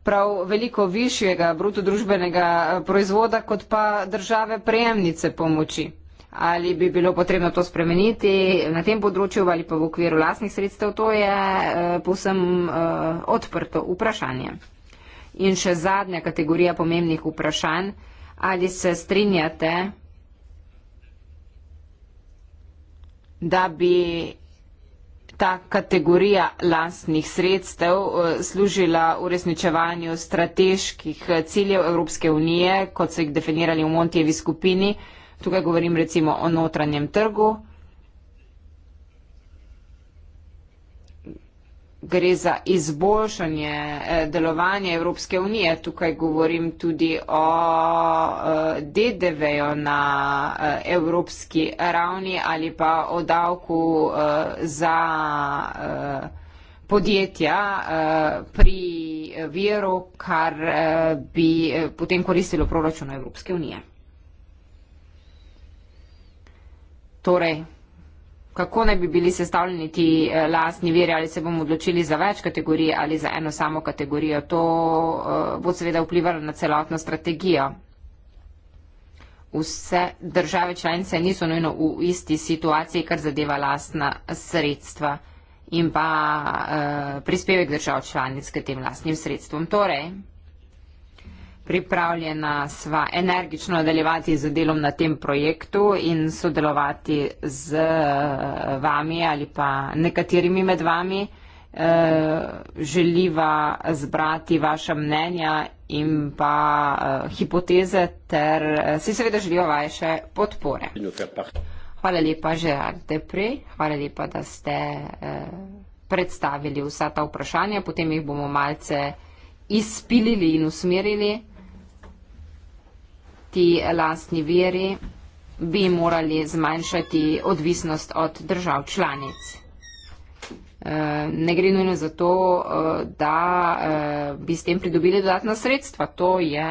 prav veliko višjega brutodružbenega proizvoda kot pa države prejemnice pomoči ali bi bilo potrebno to spremeniti na tem področju ali pa v okviru lasnih sredstev, to je eh, posem eh, odprto vprašanje. In še zadnja kategorija pomembnih vprašanj, ali se strinjate, da bi ta kategorija lastnih sredstev eh, služila uresničevanju strateških eh, ciljev Evropske unije, kot so jih definirali v Montjevi skupini, Tukaj govorim recimo o notranjem trgu. Gre za izboljšanje eh, delovanja Evropske unije. Tukaj govorim tudi o eh, DDV-ju na eh, evropski ravni ali pa o davku za podjetja pri viru, kar bi potem koristilo proračuna Evropske unije. Torej, kako naj bi bili sestavljeni ti eh, lastni veri, ali se bomo odločili za več kategorij ali za eno samo kategorijo, to eh, bo seveda vplivalo na celotno strategijo. Vse države članice niso nujno v isti situaciji, kar zadeva lastna sredstva in pa uh, prispevek držav članic k tem lastnim sredstvom. Torej, pripravljena sva energično nadaljevati z delom na tem projektu in sodelovati z eh, vami ali pa nekaterimi med vami. Eh, želiva zbrati vaša mnenja in pa eh, hipoteze ter si seveda želijo vaše podpore. Hvala lepa, Gerard Depri. Hvala lepa, da ste predstavili vsa ta vprašanja. Potem jih bomo malce izpilili in usmerili ti lastni veri, bi morali zmanjšati odvisnost od držav članic. Eh, ne gre nujno za to, eh, da eh, bi s tem pridobili dodatna sredstva. To je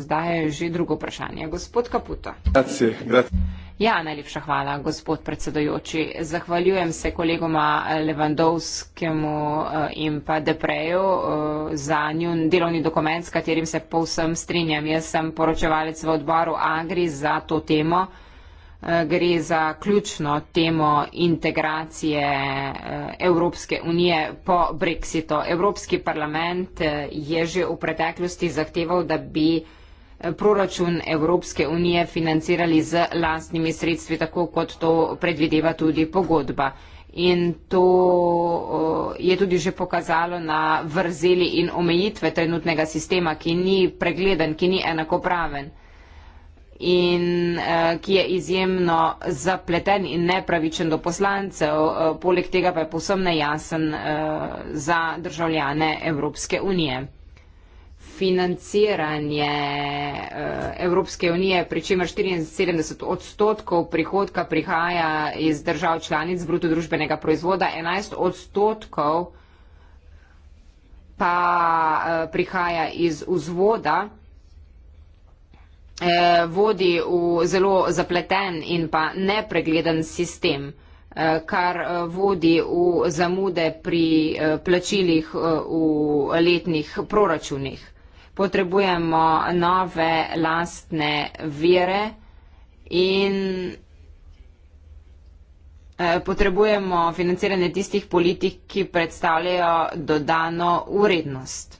zdaj že drugo vprašanje. Gospod Kaputa. Grazie, grazie. Ja, najlepša hvala, gospod predsedojoči. Zahvaljujem se kolegoma Levandovskemu eh, in pa Depreju eh, za njun delovni dokument, s katerim se povsem strinjam. Jaz sem poročevalec v odboru Agri za to temo. Eh, gre za ključno temo integracije Evropske unije po Brexitu. Evropski parlament je že v preteklosti zahteval, da bi proračun Evropske unije financirali z lastnimi sredstvi, tako kot to predvideva tudi pogodba. In to je tudi že pokazalo na vrzeli in omejitve trenutnega sistema, ki ni pregleden, ki ni enakopraven in eh, ki je izjemno zapleten in nepravičen do poslancev, eh, poleg tega pa je posebno jasen eh, za državljane Evropske unije financiranje eh, Evropske unije, pri čemer 74 odstotkov prihodka prihaja iz držav članic brutodružbenega proizvoda, 11 odstotkov pa eh, prihaja iz vzvoda, eh, vodi v zelo zapleten in pa nepregleden sistem kar vodi v zamude pri plačilih v letnih proračunih potrebujemo nove lastne vire in eh, potrebujemo financiranje tistih politik, ki predstavljajo dodano urednost.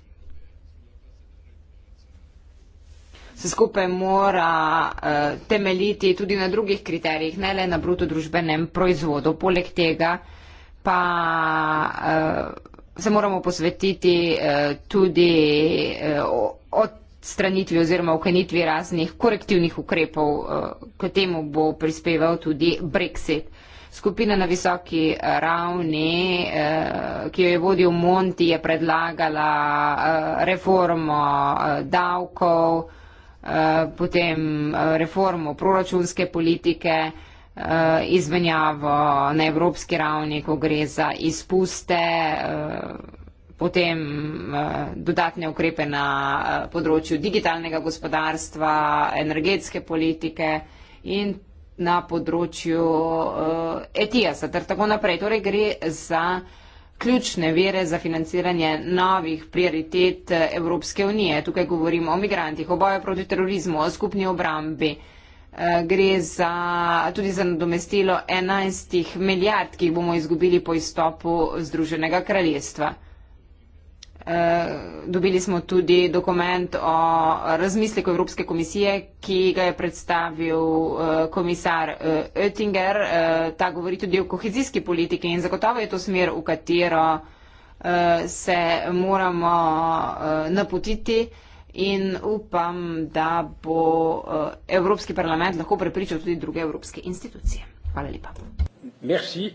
Vse skupaj mora uh, temeljiti tudi na drugih kriterijih, ne le na bruto družbenem proizvodu. Poleg tega pa uh, se moramo posvetiti eh, tudi eh, odstranitvi oziroma ukenitvi raznih korektivnih ukrepov, eh, k temu bo prispeval tudi Brexit. Skupina na visoki eh, ravni, eh, ki jo je vodil Monti, je predlagala eh, reformo eh, davkov, eh, potem eh, reformo proračunske politike, eh, Eh, izmenjavo na evropski ravni, ko gre za izpuste, eh, potem eh, dodatne ukrepe na področju digitalnega gospodarstva, energetske politike in na področju ETIAS-a e ter tako naprej. Torej gre za ključne vere za financiranje novih prioritet Evropske unije. Tukaj govorimo o migrantih, o boju proti terorizmu, o skupni obrambi, Eh, gre za, tudi za nadomestilo 11 milijard, ki jih bomo izgubili po izstopu Združenega kraljestva. Eh, dobili smo tudi dokument o razmisleku Evropske komisije, ki ga je predstavil eh, komisar Oettinger. Ta govori tudi o kohezijski politiki in zagotovo je to smer, v katero se moramo napotiti in upam, da bo eh, Evropski parlament lahko prepričal tudi druge evropske institucije. Hvala lepa. Merci.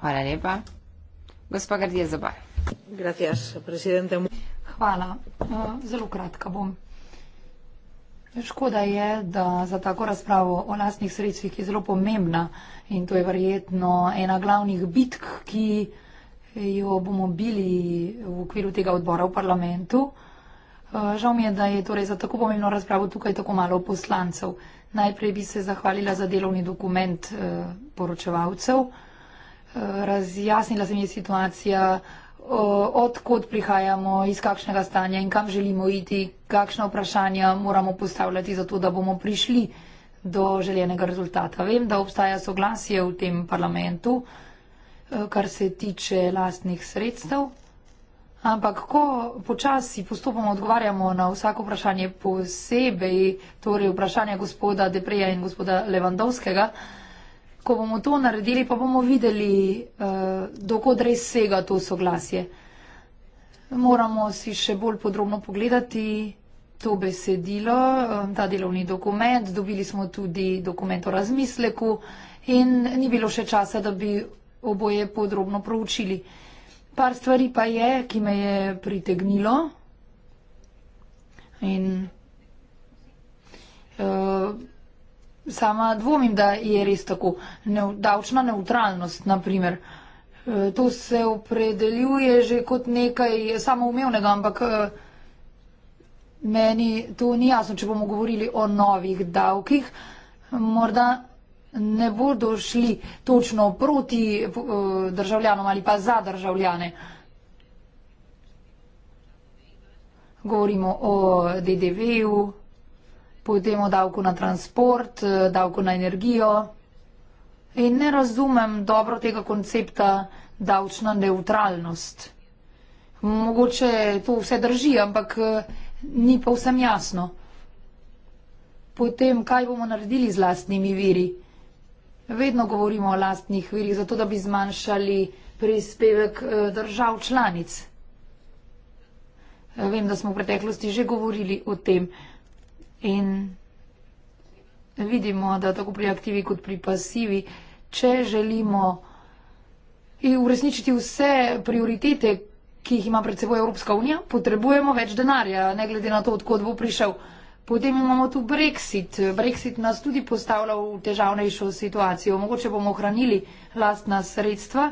Hvala lepa. Gospa Gardija Zabar. Gracias, presidente. Hvala. Eh, zelo kratka bom. Škoda je, da za tako razpravo o lastnih sredstvih, ki je zelo pomembna in to je verjetno ena glavnih bitk, ki jo bomo bili v okviru tega odbora v parlamentu. Eh, žal mi je, da je torej za tako pomembno razpravo tukaj tako malo poslancev. Najprej bi se zahvalila za delovni dokument eh, poročevalcev. Eh, razjasnila se mi je situacija, odkot prihajamo, iz kakšnega stanja in kam želimo iti, kakšna vprašanja moramo postavljati za to, da bomo prišli do željenega rezultata. Vem, da obstaja soglasje v tem parlamentu, kar se tiče lastnih sredstev, Ampak, ko počasi postopoma odgovarjamo na vsako vprašanje posebej, torej vprašanje gospoda Depreja in gospoda Levandovskega, ko bomo to naredili, pa bomo videli, uh, eh, dokod res sega to soglasje. Moramo si še bolj podrobno pogledati to besedilo, um, ta delovni dokument. Dobili smo tudi dokument o razmisleku in ni bilo še časa, da bi oboje podrobno proučili par stvari pa je, ki me je pritegnilo. In uh, sama dvomim, da je res tako. Ne, davčna neutralnost, naprimer. Uh, eh, to se opredeljuje že kot nekaj samoumevnega, ampak uh, meni to ni jasno, če bomo govorili o novih davkih. Morda ne bodo šli točno proti eh, državljanom ali pa za državljane. Govorimo o DDV-ju, potem o davku na transport, eh, davku na energijo in ne razumem dobro tega koncepta davčna neutralnost. Mogoče to vse drži, ampak eh, ni pa vsem jasno. Potem, kaj bomo naredili z lastnimi viri? Vedno govorimo o lastnih virih, zato da bi zmanjšali prispevek eh, držav članic. Eh, vem, da smo v preteklosti že govorili o tem in vidimo, da tako pri aktivi kot pri pasivi, če želimo uresničiti vse prioritete, ki jih ima pred seboj Evropska unija, potrebujemo več denarja, ne glede na to, odkot bo prišel. Potem imamo tu Brexit. Brexit nas tudi postavlja v težavnejšo situacijo. Mogoče bomo ohranili lastna sredstva,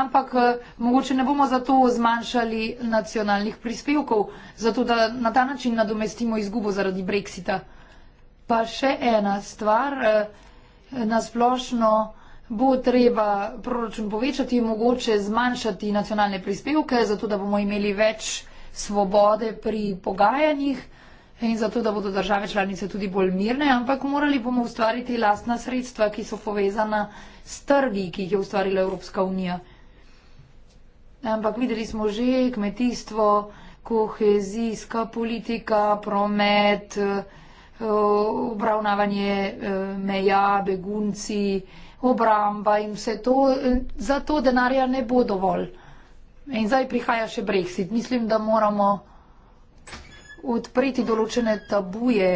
ampak eh, mogoče ne bomo zato zmanjšali nacionalnih prispevkov, zato da na ta način nadomestimo izgubo zaradi Brexita. Pa še ena stvar, eh, nasplošno bo treba proračun povečati in mogoče zmanjšati nacionalne prispevke, zato da bomo imeli več svobode pri pogajanjih in zato, da bodo države članice tudi bolj mirne, ampak morali bomo ustvariti lastna sredstva, ki so povezana s trgi, ki jih je ustvarila Evropska unija. Ampak videli smo že kmetijstvo, kohezijska politika, promet, eh, obravnavanje eh, meja, begunci, obramba in vse to. Eh, za to denarja ne bo dovolj. In zdaj prihaja še brexit. Mislim, da moramo odpreti določene tabuje,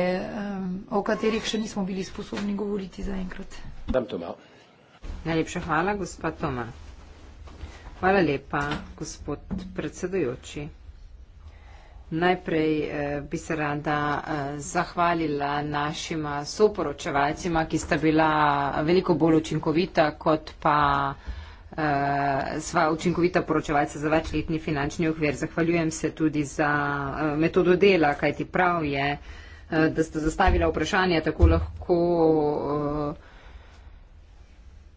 o katerih še nismo bili sposobni govoriti zaenkrat. Najlepša hvala, gospa Toma. Hvala lepa, gospod predsedujoči. Najprej eh, bi se rada eh, zahvalila našima soporočevalcima, ki sta bila veliko bolj učinkovita kot pa sva učinkovita poročevalca za večletni finančni okvir. Zahvaljujem se tudi za eh, metodo dela, kaj ti prav je, eh, da ste zastavila vprašanje, tako lahko eh,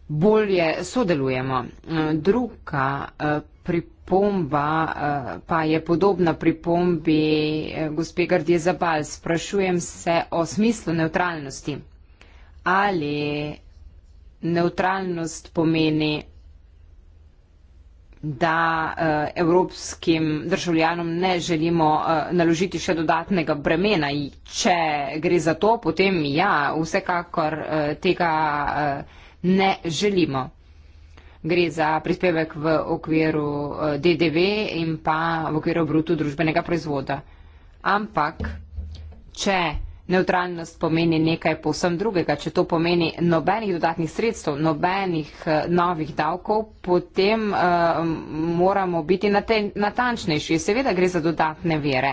bolje sodelujemo. Druga pripomba pa je podobna pripombi gospe Gardje Zabal. Sprašujem se o smislu neutralnosti. Ali neutralnost pomeni da eh, evropskim državljanom ne želimo eh, naložiti še dodatnega bremena. Če gre za to, potem ja, vsekakor eh, tega ne želimo. Gre za prispevek v okviru DDV in pa v okviru bruto družbenega proizvoda. Ampak, če Neutralnost pomeni nekaj povsem drugega. Če to pomeni nobenih dodatnih sredstev, nobenih eh, novih davkov, potem uh, moramo biti natančnejši. Seveda gre za dodatne vere,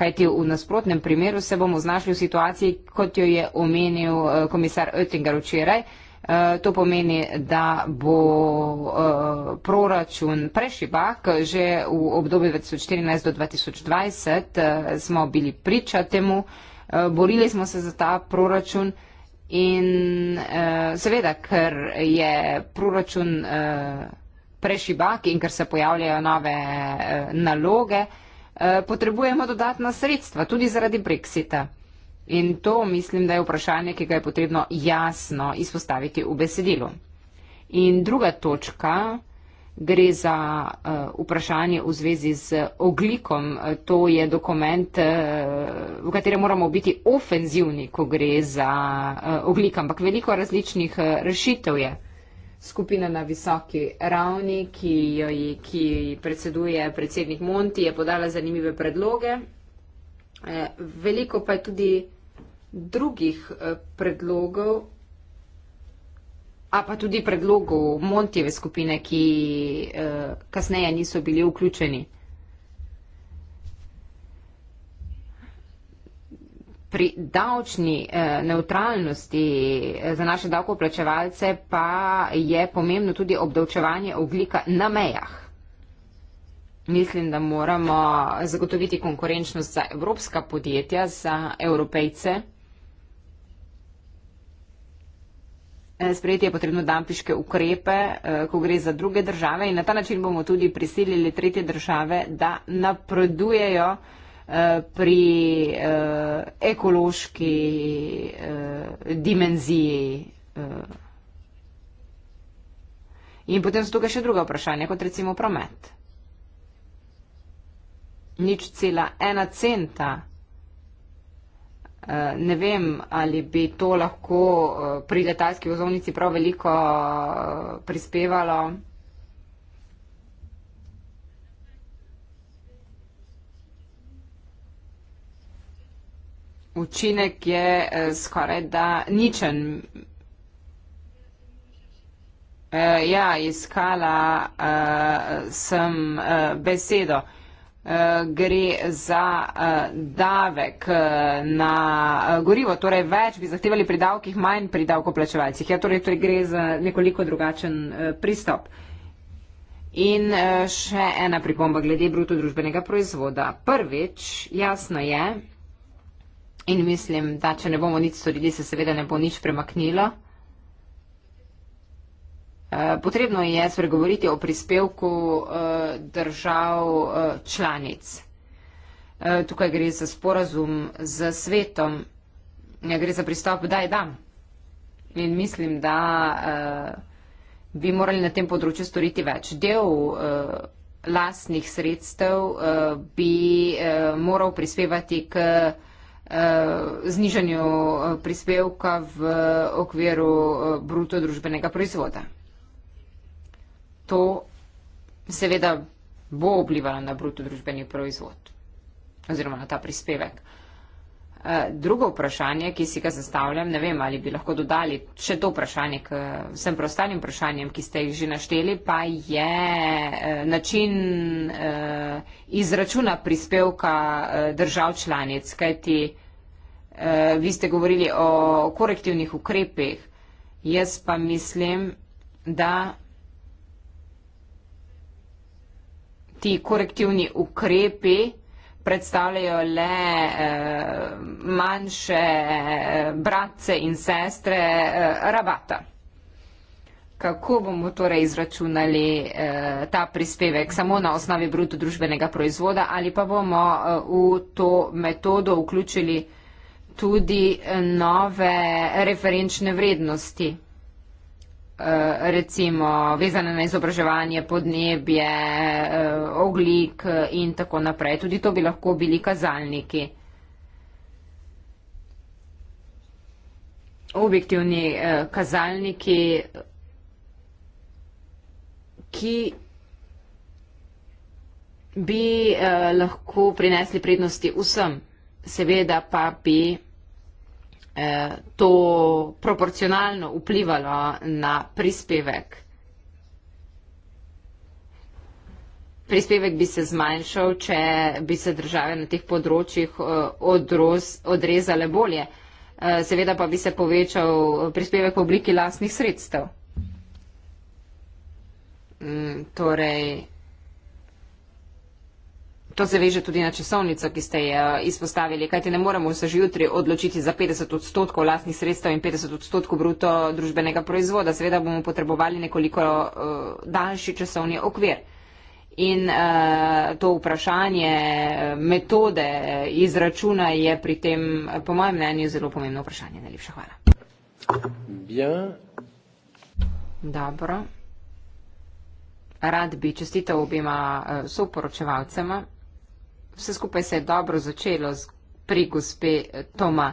kajti v nasprotnem primeru se bomo znašli v situaciji, kot jo je omenil uh, komisar Oettinger včeraj. Uh, to pomeni, da bo uh, proračun prešibak. Že v obdobju 2014 do 2020 uh, smo bili priča temu. Eh, borili smo se za ta proračun in uh, seveda, ker je proračun uh, prešibak in ker se pojavljajo nove uh, naloge, uh, potrebujemo dodatna sredstva tudi zaradi Brexita. In to mislim, da je vprašanje, ki ga je potrebno jasno izpostaviti v besedilu. In druga točka, gre za uh, vprašanje v zvezi z oglikom. Eh, to je dokument, uh, v katerem moramo biti ofenzivni, ko gre za uh, oglik, ampak veliko različnih uh, rešitev je. Skupina na visoki ravni, ki, joj, ki predseduje predsednik Monti, je podala zanimive predloge. Veliko pa je tudi drugih predlogov, a pa tudi predlogov Montjeve skupine, ki eh, kasneje niso bili vključeni. Pri davčni eh, neutralnosti eh, za naše davkoplačevalce pa je pomembno tudi obdavčevanje oglika na mejah. Mislim, da moramo zagotoviti konkurenčnost za evropska podjetja, za evropejce. Eh, sprejeti je potrebno dampiške ukrepe, eh, ko gre za druge države in na ta način bomo tudi prisilili tretje države, da napredujejo eh, pri ekološki dimenziji. In potem so tukaj še druga vprašanja, kot recimo promet. Nič cela ena centa Eh, ne vem, ali bi to lahko eh, pri letalski vozovnici prav veliko eh, prispevalo. Učinek je skoraj da ničen. Ja, iskala sem besedo gre za eh, davek eh, na eh, gorivo, torej več bi zahtevali pri davkih, manj pri davkoplačevalcih. Ja, torej, torej gre za nekoliko drugačen pristop. In še ena pripomba glede bruto družbenega proizvoda. Prvič, jasno je, in mislim, da če ne bomo nič storili, se seveda ne bo nič premaknilo. Eh, potrebno je spregovoriti o prispevku eh, držav eh, članic. Tukaj gre za sporazum z svetom, ja, gre za pristop, da je da. In mislim, da bi morali na tem področju storiti več. Del lastnih sredstev bi moral prispevati k znižanju prispevka v okviru bruto družbenega proizvoda to seveda bo vplivalo na bruto družbeni proizvod oziroma na ta prispevek. Eh, drugo vprašanje, ki si ga zastavljam, ne vem, ali bi lahko dodali še to vprašanje k vsem preostalim vprašanjem, ki ste jih že našteli, pa je eh, način eh, izračuna prispevka držav članic, kajti vi ste govorili o korektivnih ukrepih. Jaz pa mislim, da ti korektivni ukrepi predstavljajo le eh, manjše eh, bratce in sestre eh, rabata. Kako bomo torej izračunali eh, ta prispevek samo na osnovi bruto družbenega proizvoda ali pa bomo eh, v to metodo vključili tudi eh, nove referenčne vrednosti? Eh, recimo vezane na izobraževanje, podnebje, eh, oglik in tako naprej. Tudi to bi lahko bili kazalniki. Objektivni eh, kazalniki, ki bi lahko prinesli prednosti vsem, seveda pa bi to proporcionalno vplivalo na prispevek. Prispevek bi se zmanjšal, če bi se države na teh področjih eh, odroz, odrezale bolje. Eh, seveda pa bi se povečal prispevek v obliki lastnih sredstev. Mm, torej, To se veže tudi na časovnico, ki ste jo izpostavili, kajti ne moremo se že jutri odločiti za 50 odstotkov vlastnih sredstev in 50 odstotkov bruto družbenega proizvoda. Seveda bomo potrebovali nekoliko uh, daljši časovni okvir. In uh, to vprašanje eh, metode izračuna je pri tem, po mojem mnenju, zelo pomembno vprašanje. Najlepša hvala. Bien. Dobro. Rad bi čestitev obima soporočevalcema vse skupaj se je dobro začelo pri gospe Toma.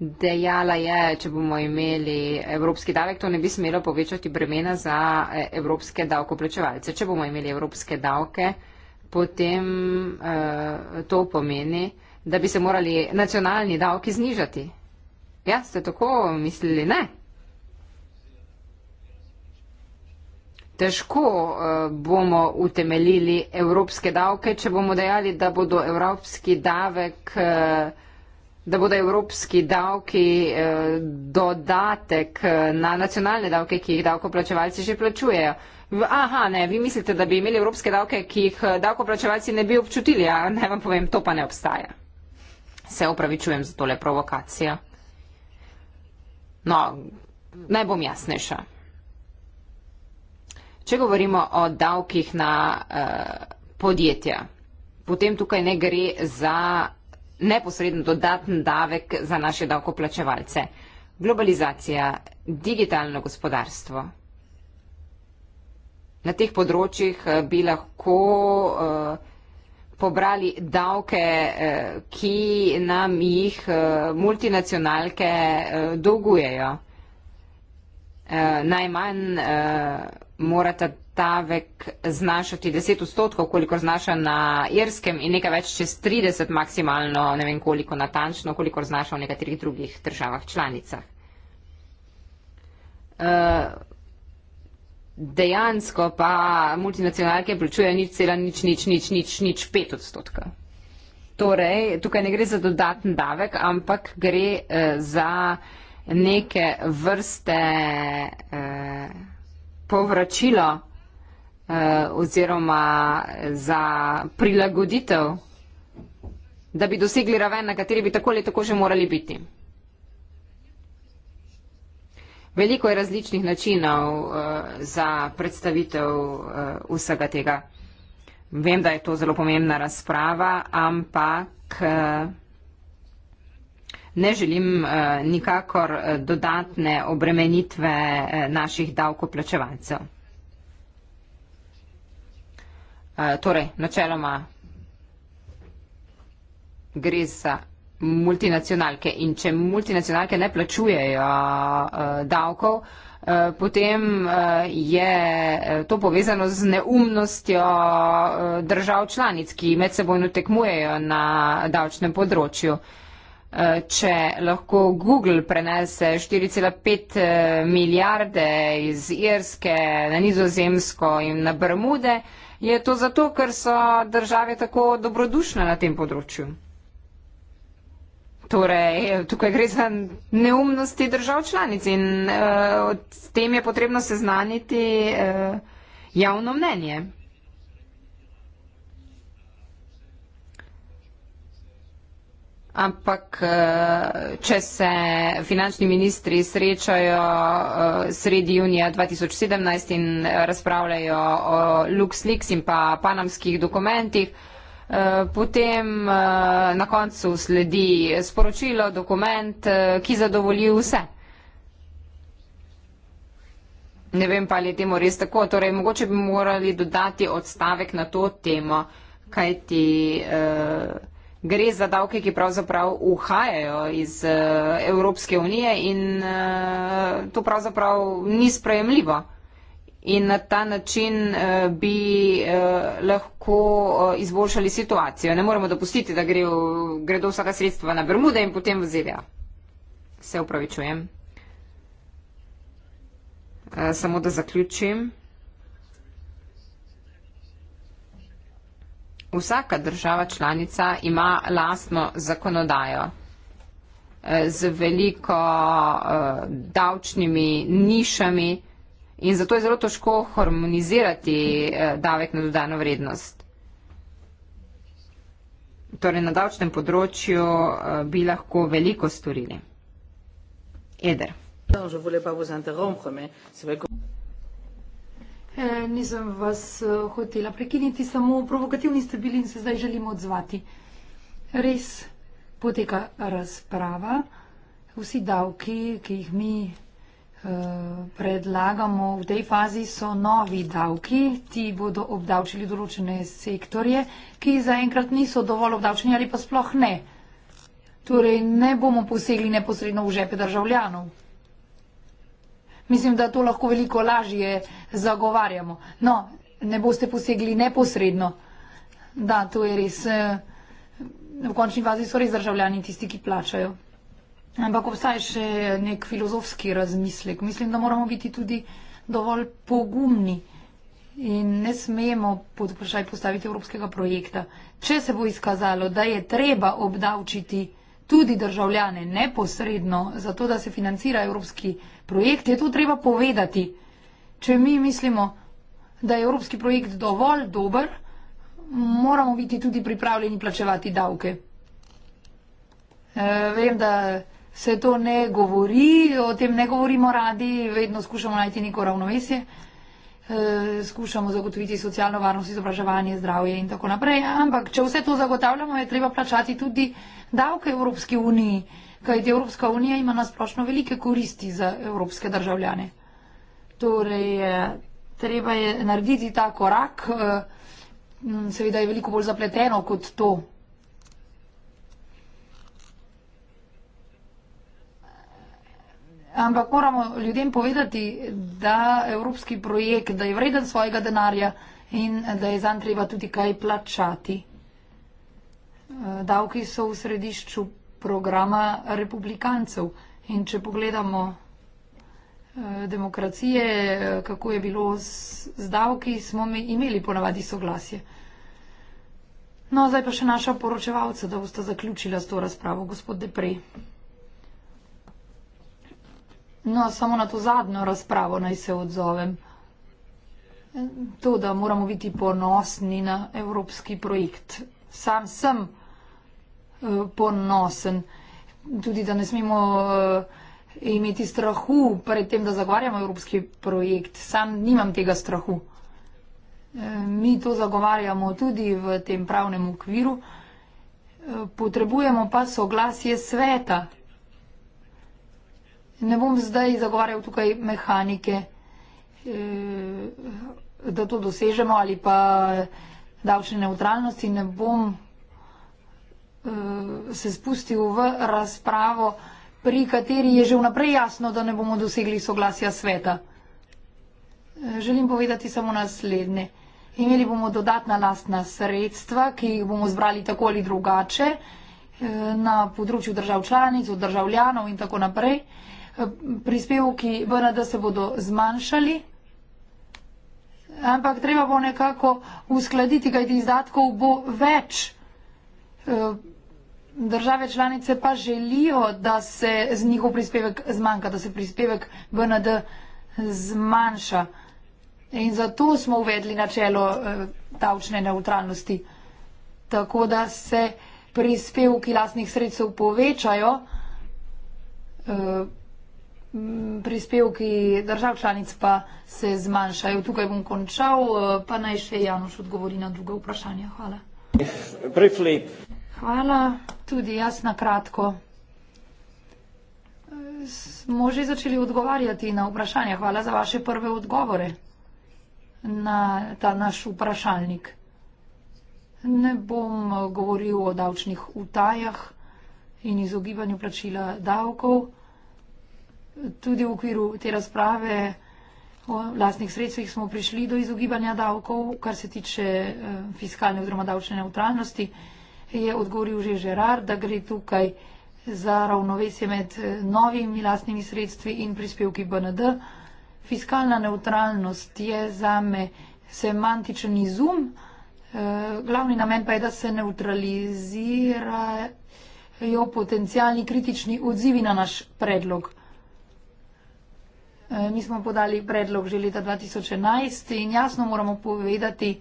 Dejala je, če bomo imeli evropski davek, to ne bi smelo povečati bremena za eh, evropske davkoplačevalce. Če bomo imeli evropske davke, potem uh, to pomeni, da bi se morali nacionalni davki znižati. Ja, ste tako mislili? Ne. težko eh, bomo utemeljili evropske davke, če bomo dejali, da bodo evropski davek eh, da bodo evropski davki eh, dodatek na nacionalne davke, ki jih davkoplačevalci že plačujejo. Aha, ne, vi mislite, da bi imeli evropske davke, ki jih davkoplačevalci ne bi občutili, a ne vam povem, to pa ne obstaja. Se opravičujem za tole provokacijo. No, naj bom jasnejša. Če govorimo o davkih na uh, podjetja, potem tukaj ne gre za neposreden dodaten davek za naše davkoplačevalce. Globalizacija, digitalno gospodarstvo. Na teh področjih eh, bi lahko uh, pobrali davke, uh, ki nam jih uh, multinacionalke uh, dolgujejo. Uh, najmanj uh, mora ta davek znašati 10 odstotkov, koliko znaša na Irskem in nekaj več čez 30 maksimalno, ne vem koliko natančno, koliko znaša v nekaterih drugih državah članicah. Eh, dejansko pa multinacionalke plačujejo nič cela, nič, nič, nič, nič, nič, pet odstotka. Torej, tukaj ne gre za dodaten davek, ampak gre eh, za neke vrste eh, povračilo eh, oziroma za prilagoditev, da bi dosegli raven, na kateri bi tako ali tako že morali biti. Veliko je različnih načinov eh, za predstavitev eh, vsega tega. Vem, da je to zelo pomembna razprava, ampak. Eh, ne želim eh, nikakor eh, dodatne obremenitve eh, naših davkoplačevalcev. Torej, načeloma gre za multinacionalke in če multinacionalke ne plačujejo davkov, potem je to povezano z neumnostjo držav članic, ki med sebojno tekmujejo na davčnem področju če lahko Google prenese 4,5 eh, milijarde iz Irske na nizozemsko in na Bermude, je to zato, ker so države tako dobrodušne na tem področju. Torej, tukaj gre za neumnosti držav članic in uh, eh, s tem je potrebno seznaniti uh, javno mnenje. ampak eh, če se finančni ministri srečajo eh, sredi junija 2017 in razpravljajo o LuxLeaks in pa panamskih dokumentih, eh, potem na koncu sledi sporočilo, dokument, ki zadovolji vse. Ne vem pa, ali je temu res tako, torej mogoče bi morali dodati odstavek na to temo, kaj ti... Uh gre za davke, ki pravzaprav uhajajo iz eh, Evropske unije in eh, to pravzaprav ni sprejemljivo. In na ta način eh, bi lahko izboljšali situacijo. Ne moremo dopustiti, da gre v, gredo vsaka sredstva na Bermude in potem v ZDA. Se upravičujem. Samo da zaključim. Vsaka država članica ima lastno zakonodajo eh, z veliko uh, davčnimi nišami in zato je zelo težko harmonizirati uh, davek na dodano vrednost. Torej, na davčnem področju uh, bi lahko veliko storili. Eder. No, E, nisem vas e, hotela prekiniti, samo provokativni ste bili in se zdaj želim odzvati. Res poteka razprava. Vsi davki, ki jih mi e, predlagamo v tej fazi, so novi davki. Ti bodo obdavčili določene sektorje, ki zaenkrat niso dovolj obdavčeni ali pa sploh ne. Torej ne bomo posegli neposredno v žepe državljanov mislim, da to lahko veliko lažje zagovarjamo. No, ne boste posegli neposredno. Da, to je res. Eh, v končni fazi so res državljani tisti, ki plačajo. Ampak obstaja še nek filozofski razmislek. Mislim, da moramo biti tudi dovolj pogumni in ne smemo pod vprašaj postaviti evropskega projekta. Če se bo izkazalo, da je treba obdavčiti tudi državljane neposredno, zato da se financira evropski projekt, je to treba povedati. Če mi mislimo, da je evropski projekt dovolj dober, moramo biti tudi pripravljeni plačevati davke. E, vem, da se to ne govori, o tem ne govorimo radi, vedno skušamo najti neko ravnovesje. Eh, skušamo zagotoviti socialno varnost, izobraževanje, zdravje in tako naprej. Ampak, če vse to zagotavljamo, je treba plačati tudi davke Evropske unije, kajti Evropska unija ima nasplošno velike koristi za evropske državljane. Torej, eh, treba je narediti ta korak, eh, seveda je veliko bolj zapleteno kot to. Ampak moramo ljudem povedati, da evropski projekt, da je vreden svojega denarja in da je zanj treba tudi kaj plačati. Eh, davki so v središču programa republikancev in če pogledamo eh, demokracije, eh, kako je bilo z davki, smo imeli ponavadi soglasje. No, zdaj pa še naša poročevalca, da boste zaključila s to razpravo, gospod Deprej. No, samo na to zadnjo razpravo naj se odzovem. To, da moramo biti ponosni na evropski projekt. Sam sem eh, ponosen. Tudi, da ne smemo eh, imeti strahu pred tem, da zagovarjamo evropski projekt. Sam nimam tega strahu. Eh, mi to zagovarjamo tudi v tem pravnem okviru. Potrebujemo pa soglasje sveta ne bom zdaj zagovarjal tukaj mehanike, eh, da to dosežemo ali pa davčne neutralnosti, ne bom eh, se spustil v razpravo, pri kateri je že vnaprej jasno, da ne bomo dosegli soglasja sveta. Eh, želim povedati samo naslednje. Imeli bomo dodatna lastna sredstva, ki jih bomo zbrali tako ali drugače na področju držav članic, od državljanov in tako naprej prispevki VND se bodo zmanjšali, ampak treba bo nekako uskladiti, kajti izdatkov bo več. E, države članice pa želijo, da se z njihov prispevek zmanjka, da se prispevek VND zmanjša. In zato smo uvedli načelo e, davčne neutralnosti, tako da se prispevki lasnih sredstev povečajo. Uh, Mm, prispevki držav članic pa se zmanjšajo. Tukaj bom končal, eh, pa naj še Januš odgovori na druga vprašanja. Hvala. Briefly. Hvala, tudi jaz na kratko. Smo že začeli odgovarjati na vprašanja. Hvala za vaše prve odgovore na ta naš vprašalnik. Ne bom eh, govoril o davčnih utajah in izogibanju plačila davkov tudi v okviru te razprave o vlastnih sredstvih smo prišli do izogibanja davkov, kar se tiče eh, fiskalne oziroma davčne neutralnosti, je odgovoril že Žerar, da gre tukaj za ravnovesje med eh, novimi lastnimi sredstvi in prispevki BND. Fiskalna neutralnost je za me semantičen izum, eh, glavni namen pa je, da se neutralizirajo potencijalni kritični odzivi na naš predlog. Eh, mi smo podali predlog že leta 2011 in jasno moramo povedati,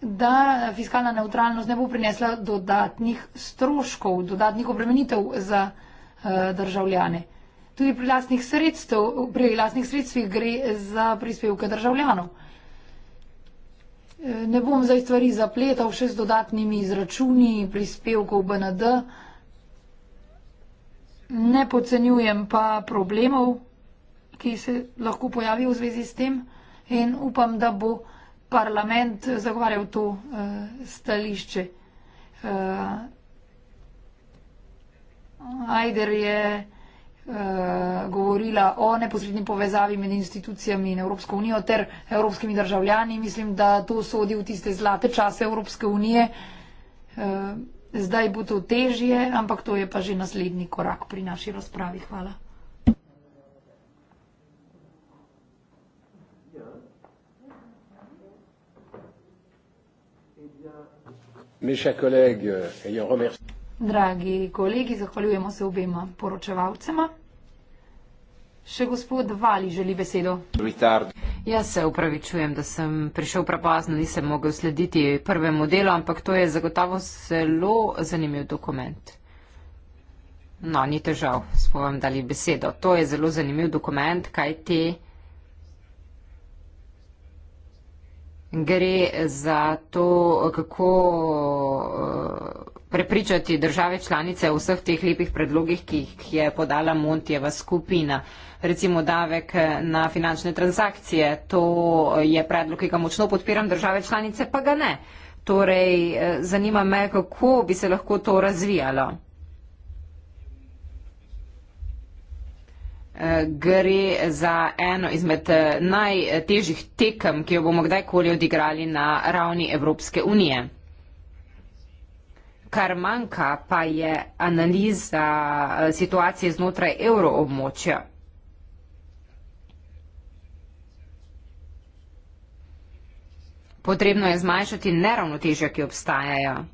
da fiskalna neutralnost ne bo prinesla dodatnih stroškov, dodatnih obremenitev za eh, državljane. Tudi pri lastnih, sredstv, pri lastnih sredstvih gre za prispevke državljanov. Eh, ne bom zdaj stvari zapletal še z dodatnimi izračuni prispevkov BND, Ne podcenjujem pa problemov, ki se lahko pojavijo v zvezi s tem in upam, da bo parlament zagovarjal to uh, stališče. Uh, Ajder je uh, govorila o neposredni povezavi med institucijami in Evropsko unijo ter evropskimi državljani. Mislim, da to sodi v tiste zlate čase Evropske unije. Uh, zdaj bo to težje, ampak to je pa že naslednji korak pri naši razpravi. Hvala. Dragi kolegi, zahvaljujemo se obema poročevalcema. Še gospod Vali želi besedo. Ja, se upravičujem, da sem prišel prepazno, nisem mogel slediti prvemu delu, ampak to je zagotavo zelo zanimiv dokument. No, ni težav, smo vam dali besedo. To je zelo zanimiv dokument, kaj ti gre za to, kako. Uh, prepričati države članice o vseh teh lepih predlogih, ki jih je podala Montjeva skupina. Recimo davek eh, na finančne transakcije, to eh, je predlog, ki ga močno podpiram, države članice pa ga ne. Torej, eh, zanima me, kako bi se lahko to razvijalo. Gre za eno izmed najtežjih tekem, ki jo bomo kdajkoli odigrali na ravni Evropske unije kar manjka, pa je analiza eh, situacije znotraj evroobmočja. Potrebno je zmanjšati neravnotežja, ki obstajajo.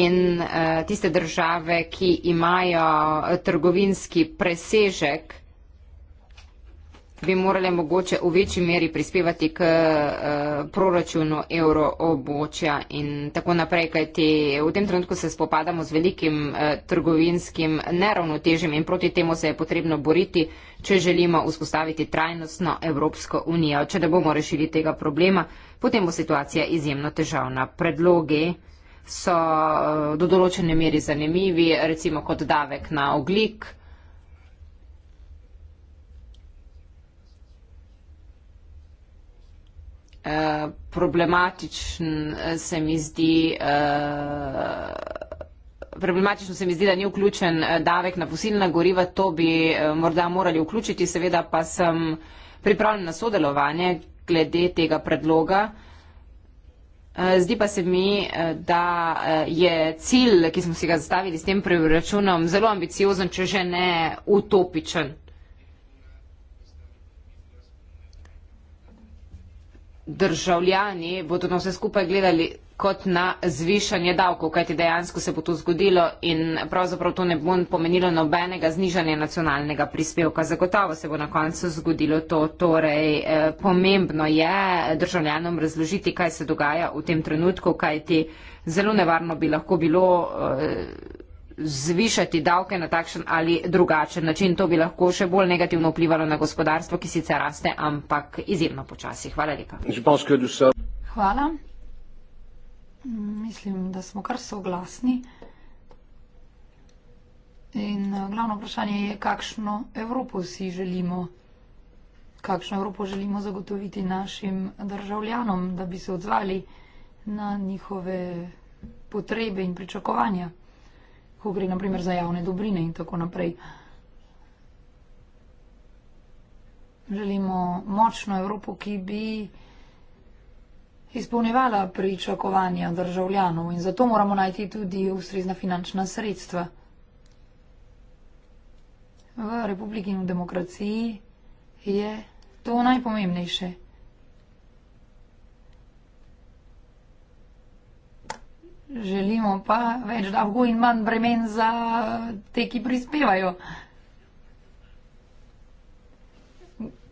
In eh, tiste države, ki imajo eh, trgovinski presežek, bi morale mogoče v večji meri prispevati k uh, proračunu euroobočja in tako naprej, kajti v tem trenutku se spopadamo z velikim uh, trgovinskim neravnotežjem in proti temu se je potrebno boriti, če želimo vzpostaviti trajnostno Evropsko unijo. Če ne bomo rešili tega problema, potem bo situacija izjemno težavna. Predloge so uh, do določene meri zanimivi, recimo kot davek na oglik. problematičen eh, se mi zdi, eh, problematično se mi zdi, da ni vključen eh, davek na fosilna goriva, to bi morda morali vključiti, seveda pa sem pripravljen na sodelovanje glede tega predloga. Zdi pa se mi, da je cilj, ki smo si ga zastavili s tem preračunom, zelo ambiciozen, če že ne utopičen. državljani bodo na vse skupaj gledali kot na zvišanje davkov, kajti dejansko se bo to zgodilo in pravzaprav to ne bo pomenilo nobenega znižanja nacionalnega prispevka. Zagotovo se bo na koncu zgodilo to. Torej, eh, pomembno je državljanom razložiti, kaj se dogaja v tem trenutku, kajti zelo nevarno bi lahko bilo. Eh, zvišati davke na takšen ali drugačen način. To bi lahko še bolj negativno vplivalo na gospodarstvo, ki sicer raste, ampak izjemno počasi. Hvala lepa. Hvala. Mislim, da smo kar soglasni. In eh, glavno vprašanje je, kakšno Evropo si želimo, kakšno Evropo želimo zagotoviti našim državljanom, da bi se odzvali na njihove potrebe in pričakovanja ko gre naprimer za javne dobrine in tako naprej. Želimo močno Evropo, ki bi izpolnevala pričakovanja državljanov in zato moramo najti tudi ustrezna finančna sredstva. V republiki in v demokraciji je to najpomembnejše. Želimo pa več davkov in manj bremen za te, ki prispevajo.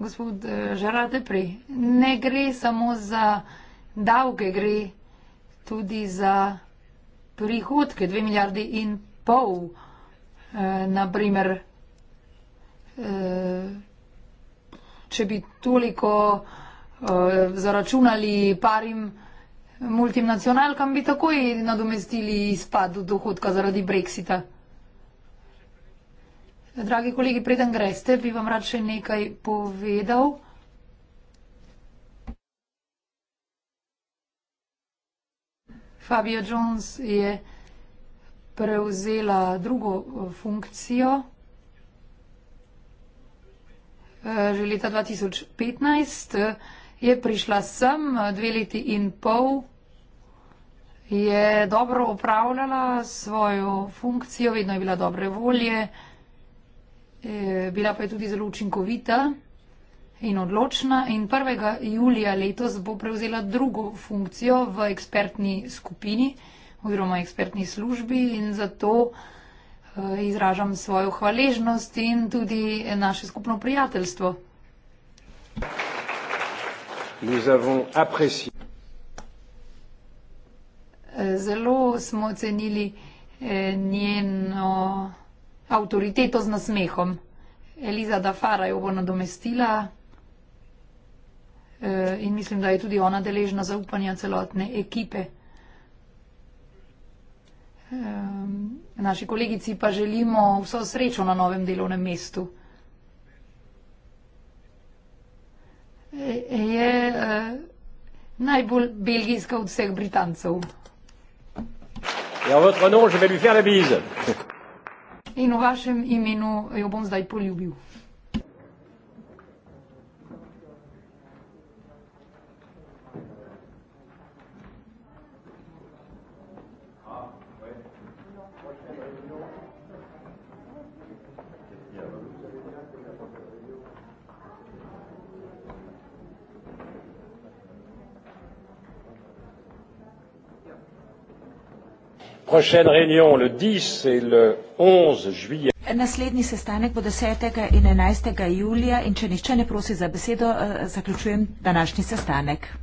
Gospod eh, Žaratepri, ne gre samo za davke, gre tudi za prihodke, dve milijardi in pol, eh, naprimer, eh, če bi toliko zaračunali parim, multinacionalkam bi takoj nadomestili izpad dohodka zaradi brexita. Dragi kolegi, preden greste, bi vam rad še nekaj povedal. Fabio Jones je prevzela drugo funkcijo eh, že leta 2015 je prišla sem dve leti in pol, je dobro upravljala svojo funkcijo, vedno je bila dobre volje, e, bila pa je tudi zelo učinkovita in odločna in 1. julija letos bo prevzela drugo funkcijo v ekspertni skupini oziroma ekspertni službi in zato e, izražam svojo hvaležnost in tudi naše skupno prijateljstvo. Thank you. Zelo smo ocenili eh, njeno avtoriteto z nasmehom. Eliza Dafara jo bo nadomestila eh, in mislim, da je tudi ona deležna zaupanja celotne ekipe. Eh, naši kolegici pa želimo vso srečo na novem delovnem mestu. je euh, najbolj belgijska od vseh Britancev. Ja, nom, in v vašem imenu jo bom zdaj poljubil. prochaine réunion le 10 et le 11 juillet. Naslednji sestanek bo 10. in 11. julija in če nišče ne prosi za besedo, eh, zaključujem današnji sestanek.